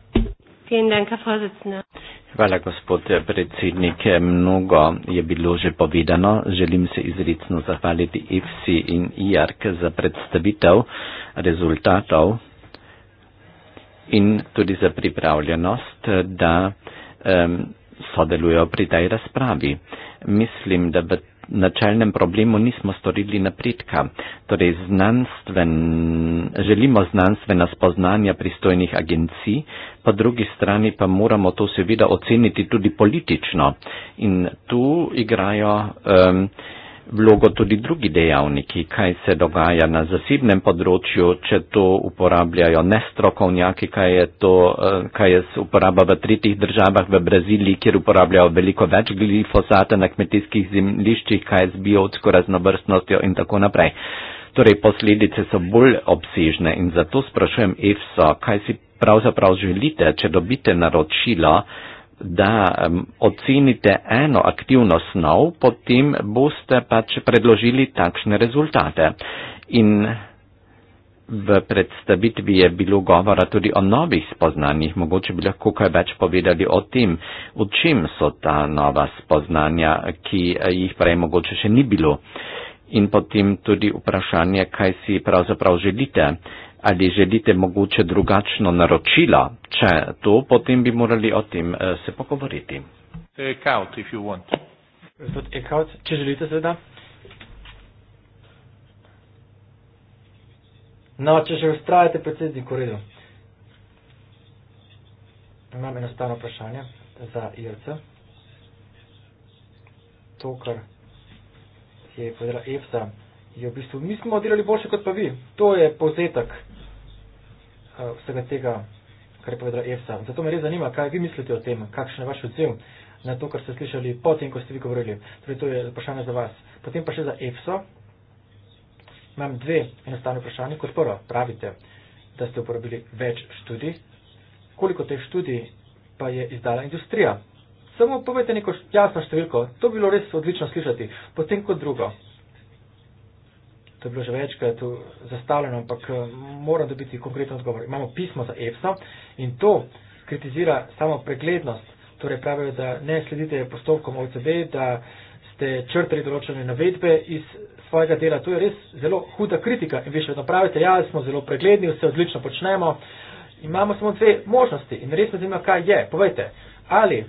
Hvala, gospod predsednik. Mnogo je bilo že povedano. Želim se izredno zahvaliti IFSI in IARK za predstavitev rezultatov in tudi za pripravljenost, da um, sodelujo pri tej razpravi. Mislim, da v načelnem problemu nismo storili napredka. Torej, znanstven, želimo znanstvena spoznanja pristojnih agencij, pa drugi strani pa moramo to seveda oceniti tudi politično. In tu igrajo. Um, vlogo tudi drugi dejavniki, kaj se dogaja na zasebnem področju, če to uporabljajo nestrokovnjaki, kaj je to, eh, kaj je uporaba v tretjih državah v Braziliji, kjer uporabljajo veliko več glifosata na kmetijskih zemljiščih, kaj je z biotsko raznovrstnostjo in tako naprej. Torej, posledice so bolj obsežne in zato sprašujem EFSO, kaj si pravzaprav želite, če dobite naročilo, da um, ocenite eno aktivno snov, potem boste pač predložili takšne rezultate. In v predstavitvi je bilo govora tudi o novih spoznanjih, mogoče bi lahko kaj več povedali o tem, v čem so ta nova spoznanja, ki eh, jih prej mogoče še ni bilo. In potem tudi vprašanje, kaj si pravzaprav želite ali želite mogoče drugačno naročilo, če to, potem bi morali o tem uh, se pogovoriti. Ekaut, eh, če želite, seveda. No, če že ustrajate, predsednik, v redu. Imam enostavno vprašanje za IRC. To, kar je povedala EFSA, je v bistvu, mi smo delali boljše kot pa vi. To je povzetek Eh, vsega tega, kar je povedala EFSA. Zato me res zanima, kaj vi mislite o tem, kakšen je vaš odziv na to, kar ste slišali potem, ko ste vi govorili. Torej, to je vprašanje za vas. Potem pa še za EFSO. Imam dve enostavne vprašanje. Kot prvo, pravite, da ste uporabili več študij. Koliko teh študij pa je izdala industrija? Samo povedite neko jasno številko. To bi bilo res odlično slišati. Potem kot drugo to je bilo že večkrat zastavljeno, ampak eh, moram dobiti konkreten odgovor. Imamo pismo za EFSA in to kritizira samo preglednost, torej pravijo, da ne sledite postopkom OECD, da ste črtali določene navedbe iz svojega dela. To je res zelo huda kritika in vi še vedno pravite, ja, smo zelo pregledni, vse odlično počnemo. Imamo samo dve možnosti in res me zanima, kaj je. Povejte, ali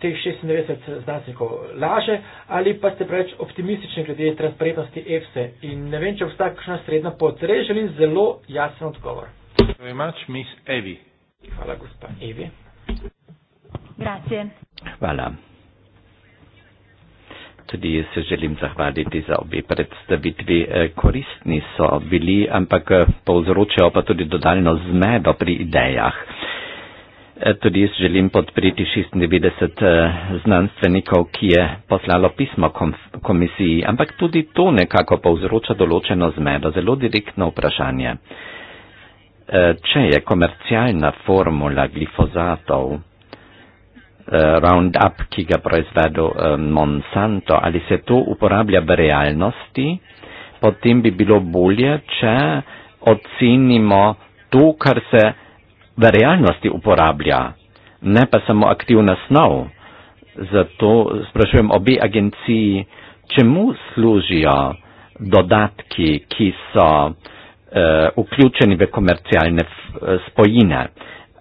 teh 96 znanstvenikov laže ali pa ste preveč optimistični glede transparentnosti EFSE in ne vem, če obstaja kakšna sredna pot. Res želim zelo jasen odgovor. Much, Hvala, gospa Evi. Grazie. Hvala. Tudi se želim zahvaliti za obe predstavitvi. E, koristni so bili, ampak e, povzročajo pa tudi dodaljno zmedo pri idejah. Eh, tudi jaz želim podpriti 96 eh, znanstvenikov, ki je poslalo pismo komisiji, ampak tudi to nekako povzroča določeno zmedo, zelo direktno vprašanje. Eh, če je komercialna formula glifozatov Roundup, ki ga proizvedo Monsanto, ali se to uporablja v realnosti, potem bi bilo bolje, če ocenimo to, kar se v realnosti uporablja, ne pa samo aktivna snov. Zato sprašujem obi agenciji, čemu služijo dodatki, ki so uh, vključeni v komercialne eh, spojine.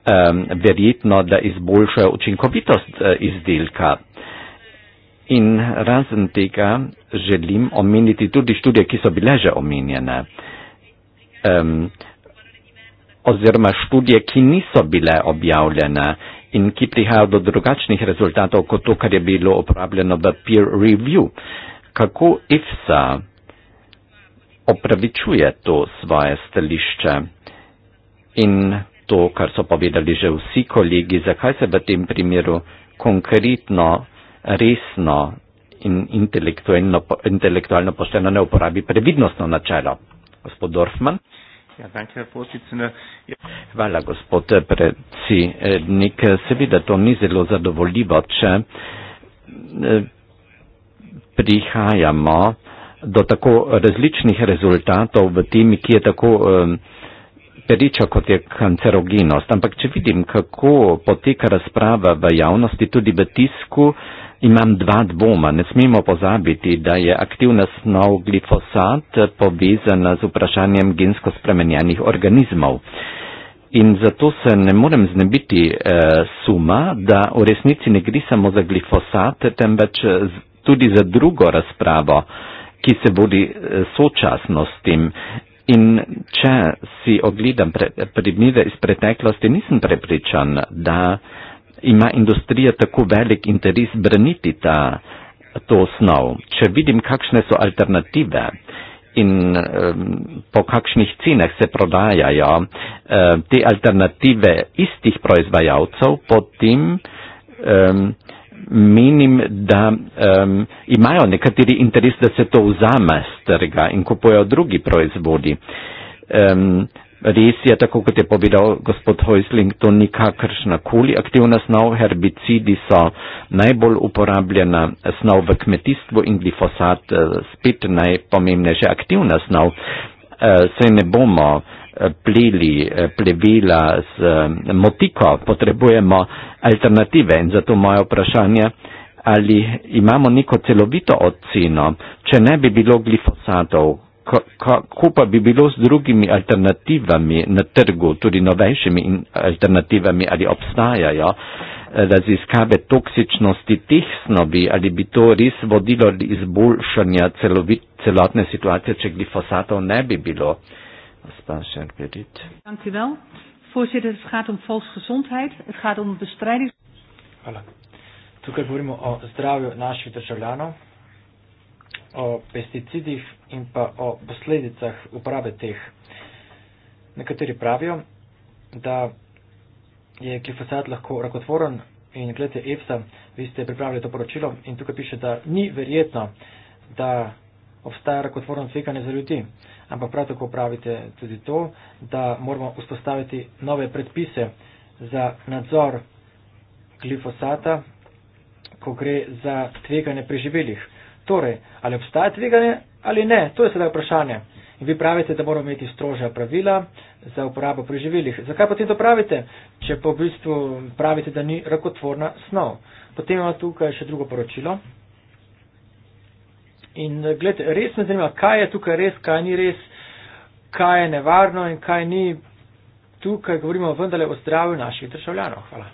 Um, verjetno, da izboljšajo učinkovitost uh, izdelka. In razen tega želim omeniti tudi študije, ki so bile že omenjene. Um, oziroma študije, ki niso bile objavljene in ki prihajajo do drugačnih rezultatov kot to, kar je bilo uporabljeno v peer review. Kako IFSA opravičuje to svoje stališče in to, kar so povedali že vsi kolegi, zakaj se v tem primeru konkretno, resno in intelektualno pošteno ne uporabi previdnostno načelo. Gospod Dorfman. Ja, danke, Herr Vorsitzende. Ja. Hvala, gospod predsednik. Seveda to ni zelo zadovoljivo, če eh, prihajamo do tako različnih rezultatov v temi, ki je tako eh, periča, kot je kancerogenost. Ampak če vidim, kako poteka razprava v javnosti, tudi v tisku, Imam dva dvoma. Ne smemo pozabiti, da je aktivna snov glifosat povezana z vprašanjem gensko spremenjenih organizmov. In zato se ne morem znebiti e, suma, da v resnici ne gre samo za glifosat, temveč eh, tudi za drugo razpravo, ki se vodi eh, sočasno s tem. In če si ogledam pre, primere iz preteklosti, nisem prepričan, da ima industrija tako velik interes braniti ta, to osnov. Če vidim, kakšne so alternative in um, po kakšnih cenah se prodajajo um, te alternative istih proizvajalcev, potem um, menim, da um, imajo nekateri interes, da se to vzame z trga in kupujejo drugi proizvodi. Um, Res je, tako kot je povedal gospod Hoisling, to ni kakršna koli aktivna snov, herbicidi so najbolj uporabljena snov v kmetijstvu in glifosat eh, spet najpomembnejša aktivna snov. Eh, Se ne bomo eh, pleli plevela z motiko, potrebujemo alternative in zato moje vprašanje, ali imamo neko celovito oceno, če ne bi bilo glifosatov, kako pa bi bilo z drugimi alternativami na trgu, tudi novejšimi alternativami, ali obstajajo eh, raziskave toksičnosti teh snovi, ali bi to res vodilo do izboljšanja celovit, celotne situacije, če glifosatov ne bi bilo. Hvala. Tukaj govorimo o zdravju naših državljanov o pesticidih in pa o posledicah uporabe teh. Nekateri pravijo, da je glifosat lahko rakotvoren in gledajte EFSA, vi ste pripravili to poročilo in tukaj piše, da ni verjetno, da obstaja rakotvorno tvekanje za ljudi, ampak prav tako pravite tudi to, da moramo vzpostaviti nove predpise za nadzor glifosata, ko gre za tveganje pri živelih. Torej, ali obstaja tveganje ali ne, to je sedaj vprašanje. In vi pravite, da moramo imeti strožja pravila za uporabo pri živilih. Zakaj potem to pravite, če pa v bistvu pravite, da ni rakotvorna snov? Potem imamo tukaj še drugo poročilo. In gledajte, res me zanima, kaj je tukaj res, kaj ni res, kaj je nevarno in kaj ni. Tukaj govorimo vendarle o zdravju naših državljanov. Hvala.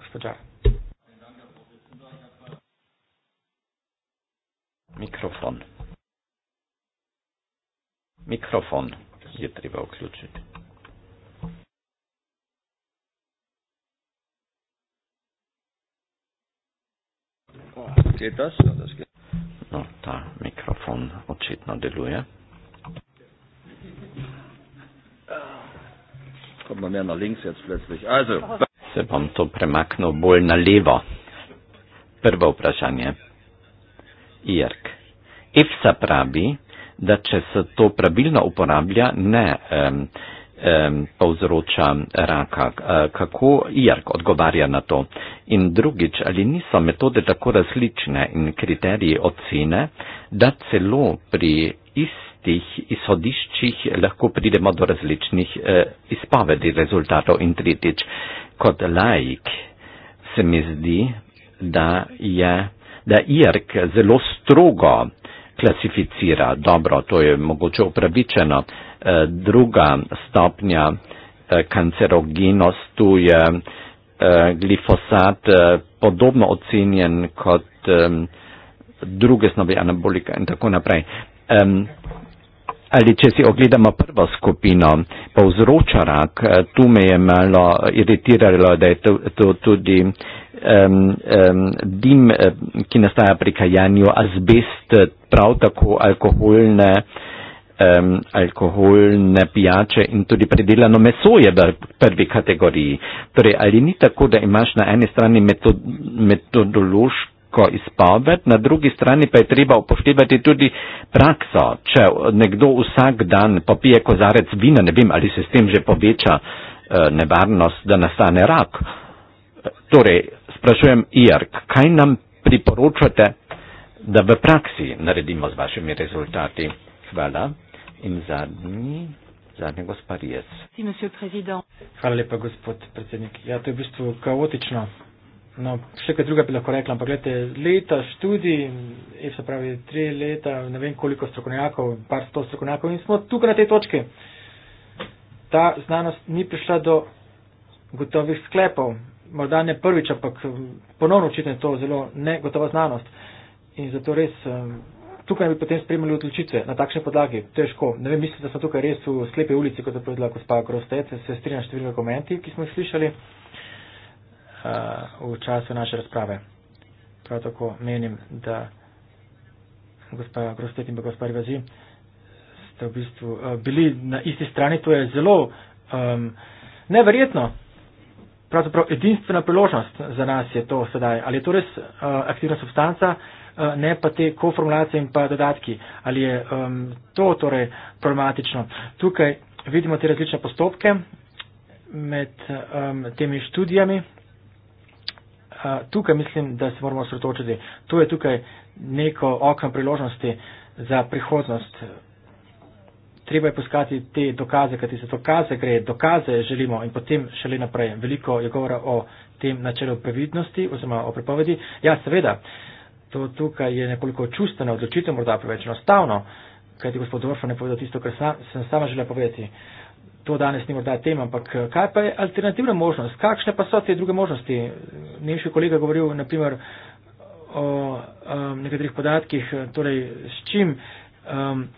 Gospodar. Микрофон. Микрофон я треба включить. No, ta mikrofon očitno deluje. Se bom to premaknil bolj na levo. Prvo vprašanje. IRK. EFSA pravi, da če se to pravilno uporablja, ne um, um, povzroča raka. Uh, kako IRK odgovarja na to? In drugič, ali niso metode tako različne in kriteriji ocene, da celo pri istih izhodiščih lahko pridemo do različnih uh, izpovedi rezultatov in tretjič, kot laik se mi zdi, da je da IRK zelo strogo klasificira, dobro, to je mogoče upravičeno, e, druga stopnja e, kancerogenost, tu je e, glifosat podobno ocenjen kot druge snovi anabolika in tako naprej. Ali če si ogledamo prvo skupino, povzroča rak, tu me je malo iritiralo, da je to, to tudi dim, eh, ki nastaja pri kajanju, azbest, eh, prav tako alkoholne, alkoholne pijače in tudi predelano meso je v prvi kategoriji. Torej, ali ni tako, da imaš na eni strani metod, metodološko izpoved, na drugi strani pa je treba upoštevati tudi prakso. Če nekdo vsak dan popije kozarec vina, ne vem, ali se s tem že poveča eh, nevarnost, da nastane rak. Torej, sprašujem, IR, kaj nam priporočate, da v praksi naredimo z vašimi rezultati? Hvala. In zadnji, zadnji gospod Jes. Hvala lepa, gospod predsednik. Ja, to je v bistvu kaotično. No, še kaj druga bi lahko rekla, ampak gledajte, leta študij, je eh, se pravi tri leta, ne vem koliko strokovnjakov, par sto strokovnjakov in smo tukaj na tej točki. Ta znanost ni prišla do gotovih sklepov, morda ne prvič, ampak um, ponovno očitno je to zelo negotova znanost. In zato res um, tukaj bi potem spremljali odločitve na takšne podlagi. Težko. Ne vem, mislim, da smo tukaj res v slepe ulici, kot je povedala gospa Grostec, se strinja številne komenti, ki smo jih slišali uh, v času naše razprave. Prav tako menim, da gospa Grostec in pa gospa Rivazi ste v bistvu uh, bili na isti strani. To je zelo um, neverjetno pravzaprav edinstvena priložnost za nas je to sedaj. Ali je to res uh, aktivna substanca, uh, ne pa te koformulacije in pa dodatki. Ali je um, to torej problematično. Tukaj vidimo te različne postopke med um, temi študijami. Uh, tukaj mislim, da se moramo osredotočiti. To je tukaj neko okno priložnosti za prihodnost treba je poskati te dokaze, kaj ti se dokaze gre, dokaze želimo in potem šele naprej. Veliko je govora o tem načelu previdnosti oziroma o prepovedi. Ja, seveda, to tukaj je nekoliko čustveno odločitev, morda preveč enostavno, kaj ti gospod Dorfa ne povedal tisto, kar sam, sem sama želela povedati. To danes ni morda tema, ampak eh, kaj pa je alternativna možnost? Kakšne pa so te druge možnosti? Nemški kolega je govoril naprimer o um, nekaterih podatkih, eh, torej s čim. Um,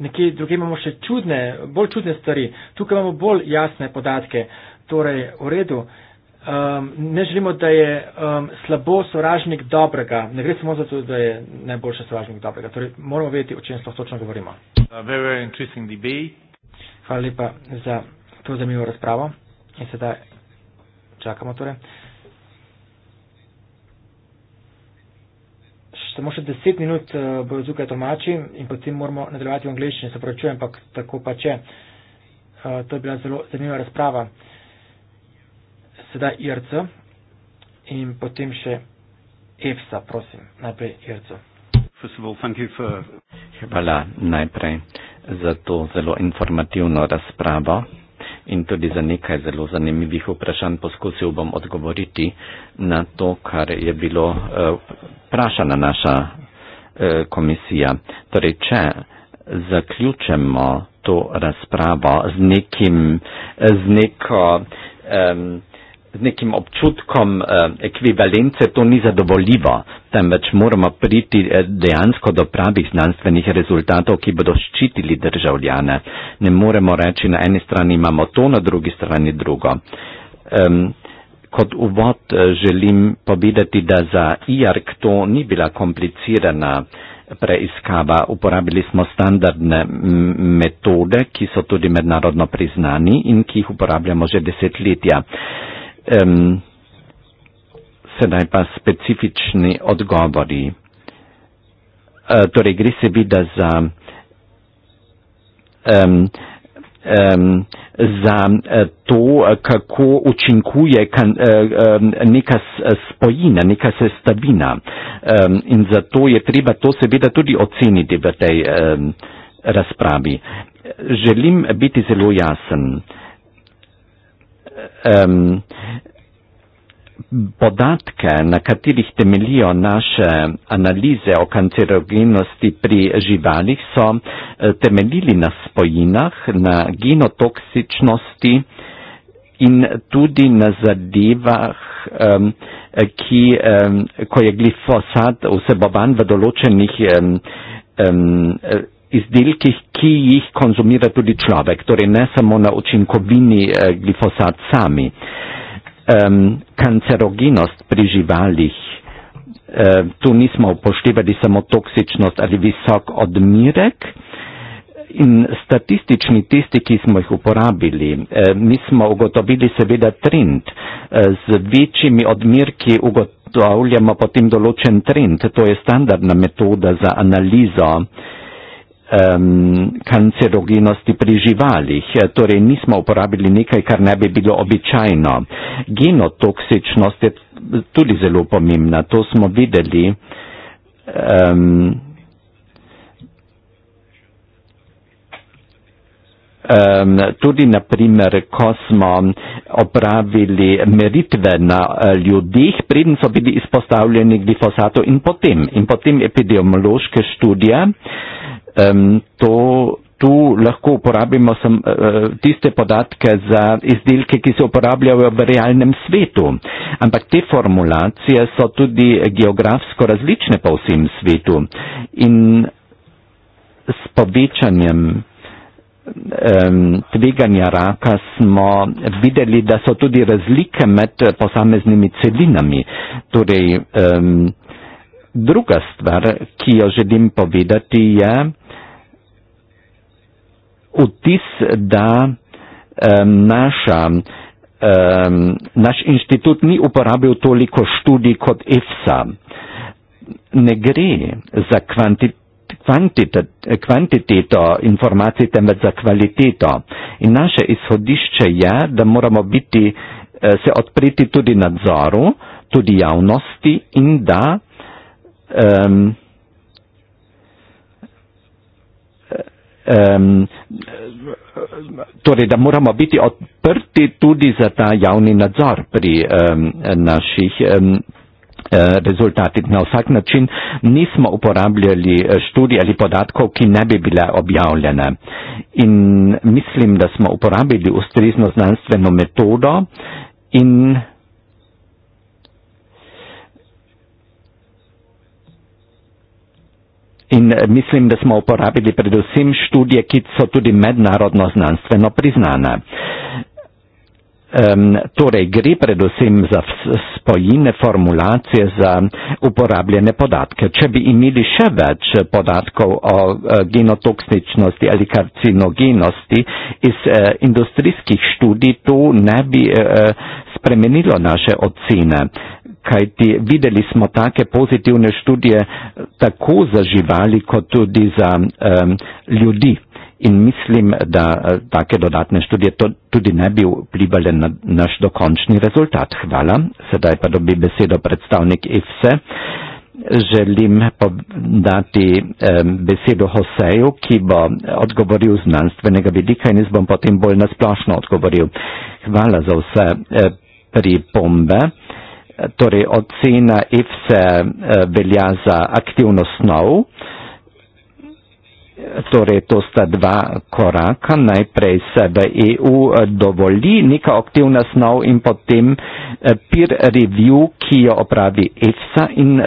nekje druge imamo še čudne, bolj čudne stvari. Tukaj imamo bolj jasne podatke. Torej, v redu, um, ne želimo, da je um, slabo sovražnik dobrega. Ne gre samo za to, da je najboljši sovražnik dobrega. Torej, moramo vedeti, o čem sploh točno govorimo. Hvala lepa za to zanimivo razpravo. In sedaj čakamo torej. samo še 10 minut uh, bojo tukaj tolmači in potem moramo nadaljevati v angliščini, se pravi, čujem, ampak tako pa če. Uh, eh, to je bila zelo zanimiva razprava. Sedaj IRC in potem še EFSA, prosim, najprej IRC. Hvala najprej za to zelo informativno razpravo in tudi za nekaj zelo zanimivih vprašanj poskusil bom odgovoriti na to, kar je bilo eh, vprašana uh, naša uh, komisija. Torej, če zaključemo to razpravo z, nekim, z neko. Um, z nekim občutkom eh, ekvivalence, to ni zadovoljivo, temveč moramo priti eh, dejansko do pravih znanstvenih rezultatov, ki bodo ščitili državljane. Ne moremo reči, na eni strani imamo to, na drugi strani drugo. Um, kot uvod eh, želim povedati, da za IARC to ni bila komplicirana eh, preiskava. Uporabili smo standardne metode, ki so tudi mednarodno priznani in ki jih uporabljamo že desetletja um, sedaj pa specifični odgovori. Uh, torej, gre seveda za, um, um, za e, to, kako učinkuje kan, um, neka spojina, neka sestavina. Um, in zato je treba to seveda tudi oceniti v tej um, razpravi. Želim biti zelo jasen. Uh, um, podatke, na katerih temelijo naše analize o kancerogenosti pri živalih, so e, temeljili na spojinah, na genotoksičnosti in tudi na zadevah, um, ki, um, ko je glifosat vseboban v določenih um, um, izdelkih, ki jih konzumira tudi človek, torej ne samo na učinkovini eh, glifosat sami. Um, kancerogenost pri živalih, um, tu nismo upoštevali samo toksičnost ali visok odmirek. In statistični testi, ki smo jih uporabili, eh, mi smo ugotovili seveda trend. Eh, z večjimi odmirki ugotavljamo potem določen trend. To je standardna metoda za analizo eh, um, kancerogenosti pri živalih, e, torej nismo uporabili nekaj, kar ne bi bilo običajno. Genotoksičnost je tudi zelo pomembna, to smo videli. Um, Um, tudi naprimer, ko smo opravili meritve na e, ljudih, preden so bili izpostavljeni glifosatu in potem, in potem epidemiološke študije. Uh, to, tu lahko uporabimo sem, eh, eh, tiste podatke za izdelke, ki se uporabljajo v realnem svetu. Ampak te formulacije so tudi geografsko različne po vsem svetu in s povečanjem tveganja raka smo videli, da so tudi razlike med posameznimi celinami. Torej, um, druga stvar, ki jo želim povedati, je, vtis, da um, naša, um, naš inštitut ni uporabil toliko študij kot EFSA. Ne gre za kvantit kvantiteto informacij, temveč za kvaliteto. In naše izhodišče je, da moramo biti, eh, se odpreti tudi nadzoru, tudi javnosti in da um, um, torej, da moramo biti odprti tudi za ta javni nadzor pri um, naših um, rezultatih. Na vsak način nismo uporabljali študij ali podatkov, ki ne bi bile objavljene. In mislim, da smo uporabili ustrezno znanstveno metodo in In eh, mislim, da smo uporabili predvsem študije, ki so tudi mednarodno znanstveno priznane. Um, torej, gre predvsem za spojine formulacije za uporabljene podatke. Če bi imeli še več podatkov o uh, genotoksičnosti ali karcinogenosti iz uh, industrijskih študij, to ne bi uh, spremenilo naše ocene kajti videli smo take pozitivne študije eh, tako za živali kot tudi za um, ljudi. In mislim, da eh, take dodatne študije to tudi ne bi vplivali na naš dokončni rezultat. Hvala. Sedaj pa dobi besedo predstavnik IFSE. Želim podati besedo Hoseju, ki bo odgovoril z znanstvenega vidika in jaz bom potem bolj nasplošno odgovoril. Hvala za vse eh, pripombe torej ocena IFSE eh, velja za aktivno snov, torej to sta dva koraka, najprej se v EU eh, dovoli neka aktivna snov in potem eh, peer review, ki jo opravi IFSA in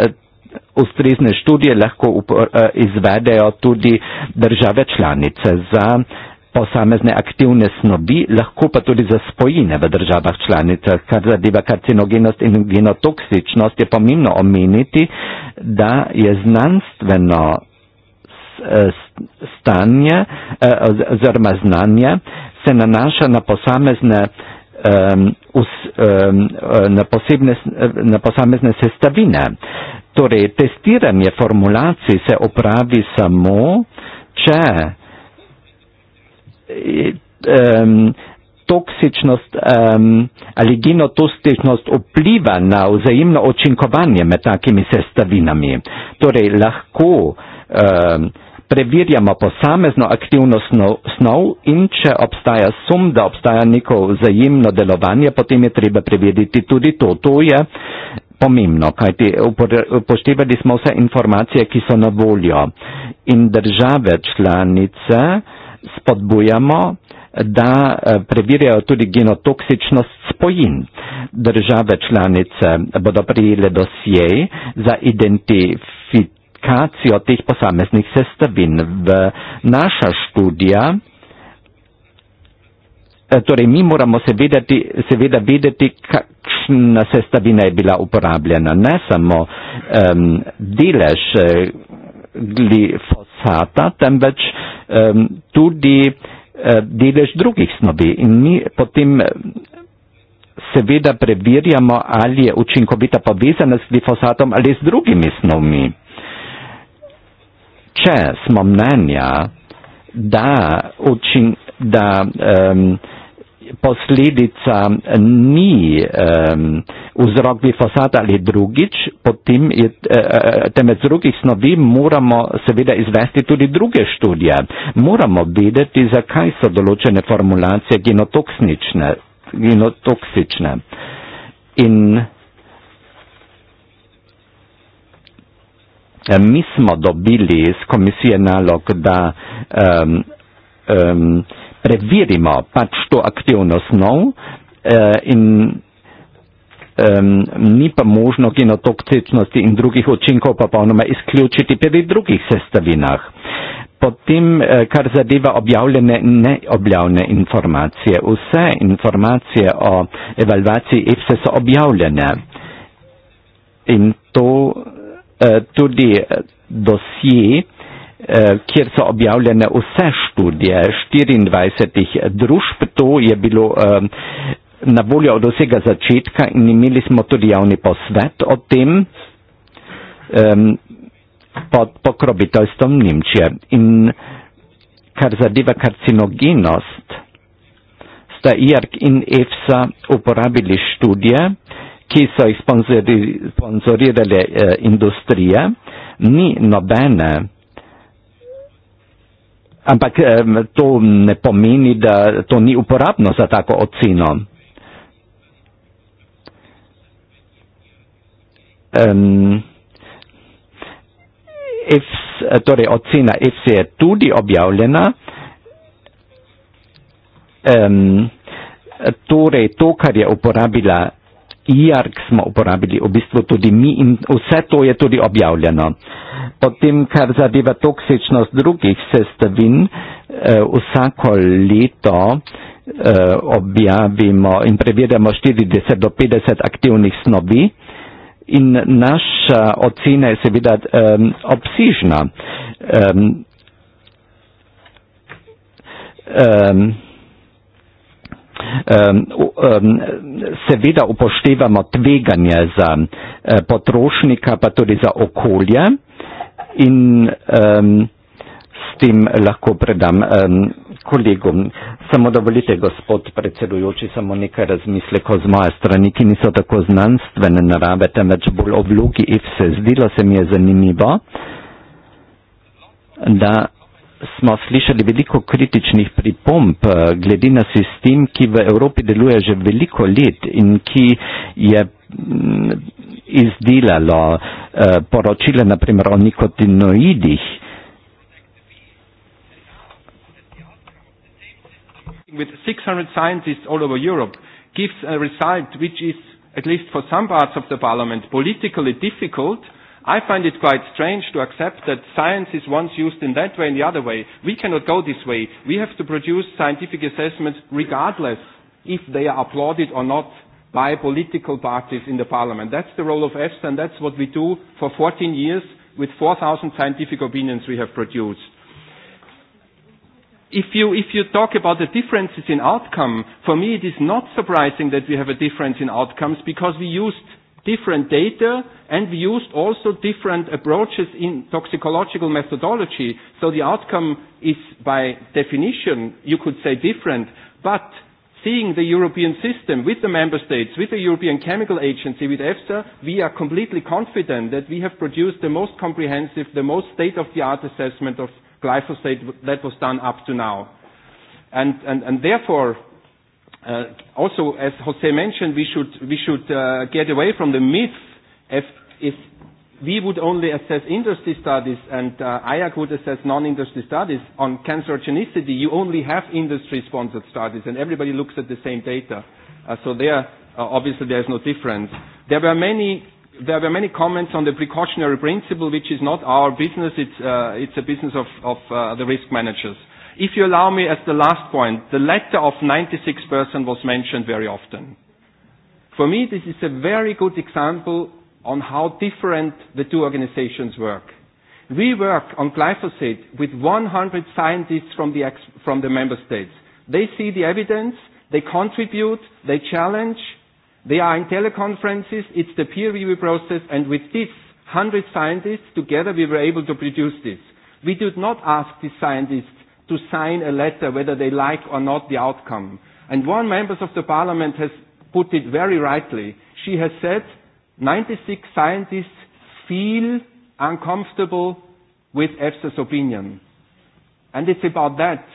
ustrezne študije lahko izvedejo tudi države članice za posamezne aktivne snovi, lahko pa tudi za spojine v državah članicah. Kar zadeva karcinogenost in genotoksičnost, je pomembno omeniti, da je znanstveno eh, stanje eh, oziroma znanje se nanaša na posamezne eh, na posebne, na posamezne sestavine. Torej, testiranje formulacij se opravi samo, če um, toksičnost um, ali genotoksičnost vpliva na vzajemno očinkovanje med takimi sestavinami. Torej lahko um, preverjamo posamezno aktivnostno snov in če obstaja sum, da obstaja neko vzajemno delovanje, potem je treba preveriti tudi to. To je pomembno, kajti upoštevali smo vse informacije, ki so na voljo in države članice spodbujamo, da eh, preverjajo tudi genotoksičnost spojin. Države članice bodo prijele dosjej za identifikacijo teh posameznih sestavin. V naša študija, eh, torej mi moramo vedeti, seveda vedeti, kakšna sestavina je bila uporabljena, ne samo um, delež eh, glifosata, temveč uh, tudi eh, delež drugih snovi. In mi potem eh, seveda preverjamo, ali je učinkovita povezana s glifosatom ali s drugimi snovmi. Če smo mnenja, da, učin, da um, posledica ni um, vzrok glifosata ali drugič, potem je uh, temveč drugih snovi moramo seveda izvesti tudi druge študije. Moramo vedeti, zakaj so določene formulacije genotoksične. genotoksične. In mi smo dobili z komisije nalog, da um, um, preverimo pač to aktivnost snov eh, in eh, ni pa možno genotoksičnosti in drugih učinkov popolnoma izključiti pri drugih sestavinah. Potem, eh, kar zadeva objavljene in neobjavljene informacije, vse informacije o evalvaciji EFSE so objavljene in to eh, tudi eh, dosje, Eh, kjer so objavljene vse študije, 24 družb, to je bilo ehm, na voljo od vsega začetka in imeli smo tudi javni posvet o tem ehm, pod pokrobitojstvom Nemčije. In kar zadeva karcinogenost, sta IARC in EFSA uporabili študije, ki so jih sponzorirale eh, industrije, ni nobene Ampak to ne pomeni, da to ni uporabno za tako oceno. Um, EFS, torej ocena EFS je tudi objavljena. Um, torej, to, kar je uporabila IARC smo uporabili, v bistvu tudi mi in vse to je tudi objavljeno. O tem, kar zadeva toksičnost drugih sestavin, eh, vsako leto eh, objavimo in preverjamo 40 do 50 aktivnih snovi in naša ocena je seveda um, obsižna. Um, um, Um, um, seveda upoštevamo tveganje za uh, potrošnika, pa tudi za okolje in um, s tem lahko predam um, kolegom. Samo dovolite, gospod predsedujoči, samo nekaj razmisleko z moje strani, ki niso tako znanstvene narave, temveč bolj o vlogi IFSE. Zdilo se mi je zanimivo, da smo slišali veliko kritičnih pripomb eh, glede na sistem, ki v Evropi deluje že veliko let in ki je mm, izdelalo eh, poročile naprimer o nikotinoidih. With 600 scientists all over Europe gives a result which is, at least for some parts of the parliament, politically difficult. I find it quite strange to accept that science is once used in that way and the other way. We cannot go this way. We have to produce scientific assessments regardless if they are applauded or not by political parties in the parliament. That's the role of EFSA and that's what we do for 14 years with 4,000 scientific opinions we have produced. If you, if you talk about the differences in outcome, for me it is not surprising that we have a difference in outcomes because we used different data and we used also different approaches in toxicological methodology. So the outcome is by definition, you could say different. But seeing the European system with the member states, with the European Chemical Agency, with EFSA, we are completely confident that we have produced the most comprehensive, the most state of the art assessment of glyphosate that was done up to now. And, and, and therefore, Uh, also, as José mentioned, we should uh, get away from the myth if we would only assess industry studies and IAC uh, would assess non-industry studies on cancerogenicity. You only have industry-sponsored studies, and everybody looks at the same data. There, obviously, there's no difference. There were many comments on the precautionary principle, which is not our business. It's a business of the risk managers. If you allow me, as the last point, the latter of 96% was mentioned very often. For me, this is a very good example on how different the two organizations work. We work on glyphosate with 100 scientists from the member states. They see the evidence, they contribute, they challenge, they are in teleconferences. It's the peer review process, and with these 100 scientists together, we were able to produce this. We did not ask the scientists to sign a letter whether they like or not the outcome. And one member of the parliament has put it very rightly. She has said 96 scientists feel uncomfortable with EFSA's opinion. And it's about that.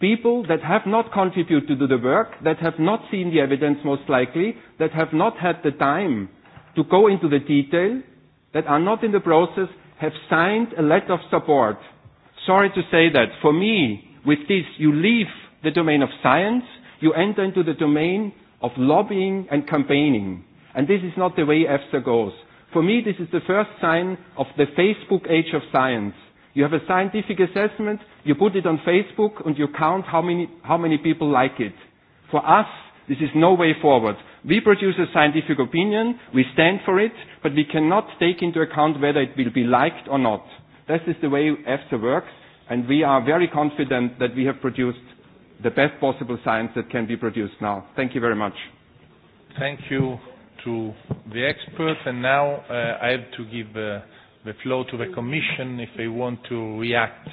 People that have not contributed to the work, that have not seen the evidence most likely, that have not had the time to go into the detail, that are not in the process, have signed a letter of support sorry to say that for me, with this, you leave the domain of science, you enter into the domain of lobbying and campaigning. And this is not the way EFSA goes. For me, this is the first sign of the Facebook age of science. You have a scientific assessment, you put it on Facebook, and you count how many, how many people like it. For us, this is no way forward. We produce a scientific opinion, we stand for it, but we cannot take into account whether it will be liked or not. This is the way EFSA works, and we are very confident that we have produced the best possible science that can be produced now. Thank you very much. Thank you to the experts. Now, uh, I have to give uh, the floor to the commission if they want to react.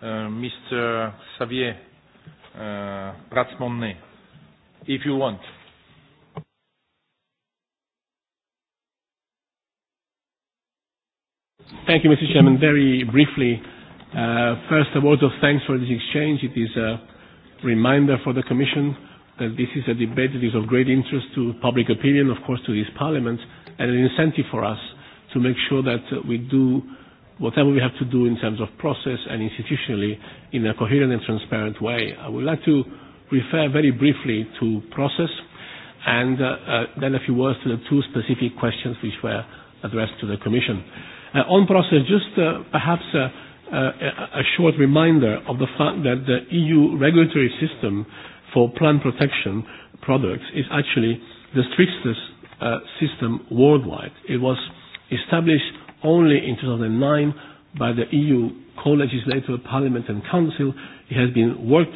Uh, Mr. Xavier Rats-Montagne, if you want. Thank you, Mr. Chairman. Very briefly, Uh, first, a word of thanks for this exchange. It is a reminder for the Commission that this is a debate that is of great interest to public opinion, of course, to this Parliament, and an incentive for us to make sure that we do whatever we have to do in terms of process and institutionally in a coherent and transparent way. I would like to refer very briefly to process and uh, uh, then a few words to the two specific questions which were addressed to the Commission. On process, just perhaps a short reminder of the fact that the EU regulatory system for plant protection products is actually the strictest uh, system worldwide. It was established only in 2009 by the EU co-legislator, parliament and council. It has been worked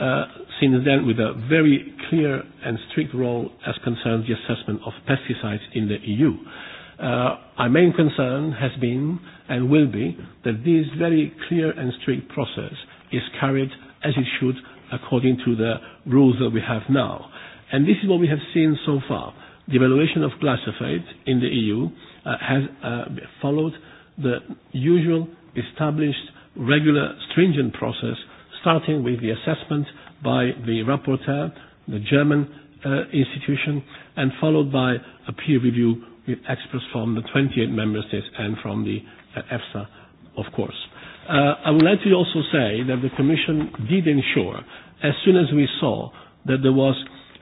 uh, since then with a very clear and strict role as concerns the assessment of pesticides in the EU. Uh, Uh, our main concern has been and will be that this very clear and strict process is carried as it should according to the rules that we have now. This is what we have seen so far. The evaluation of glyphosate in the EU uh, has uh, followed the usual established regular stringent process, starting with the assessment by the rapporteur, the German institution, and followed by a peer review with experts from the 28 member states and from the uh, EFSA, of course. Uh, I would like to also say that the Commission did ensure, as soon as we saw that there was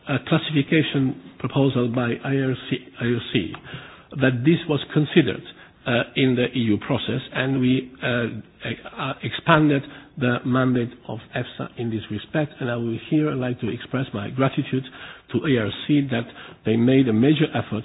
a classification proposal by IRC, IRC that this was considered uh, in the EU process, and we uh, uh, expanded the mandate of EFSA in this respect. And I would here like to express my gratitude to ARC that they made a major effort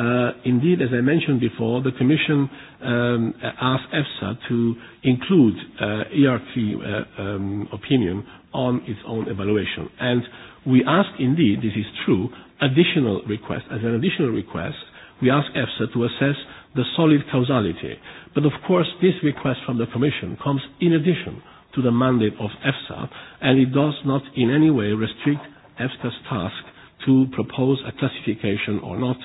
Uh, indeed, as I mentioned before, the Commission um, asked EFSA to include uh, ERT uh, um, opinion on its own evaluation. And we ask, indeed, this is true, additional request, as an additional request, we ask EFSA to assess the solid causality. But of course, this request from the Commission comes in addition to the mandate of EFSA, and it does not in any way restrict EFSA's task to propose a classification or not uh,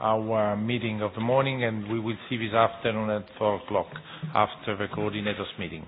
our meeting of the morning, and we will see this afternoon at 4:00 P.M. after the coordinators meeting.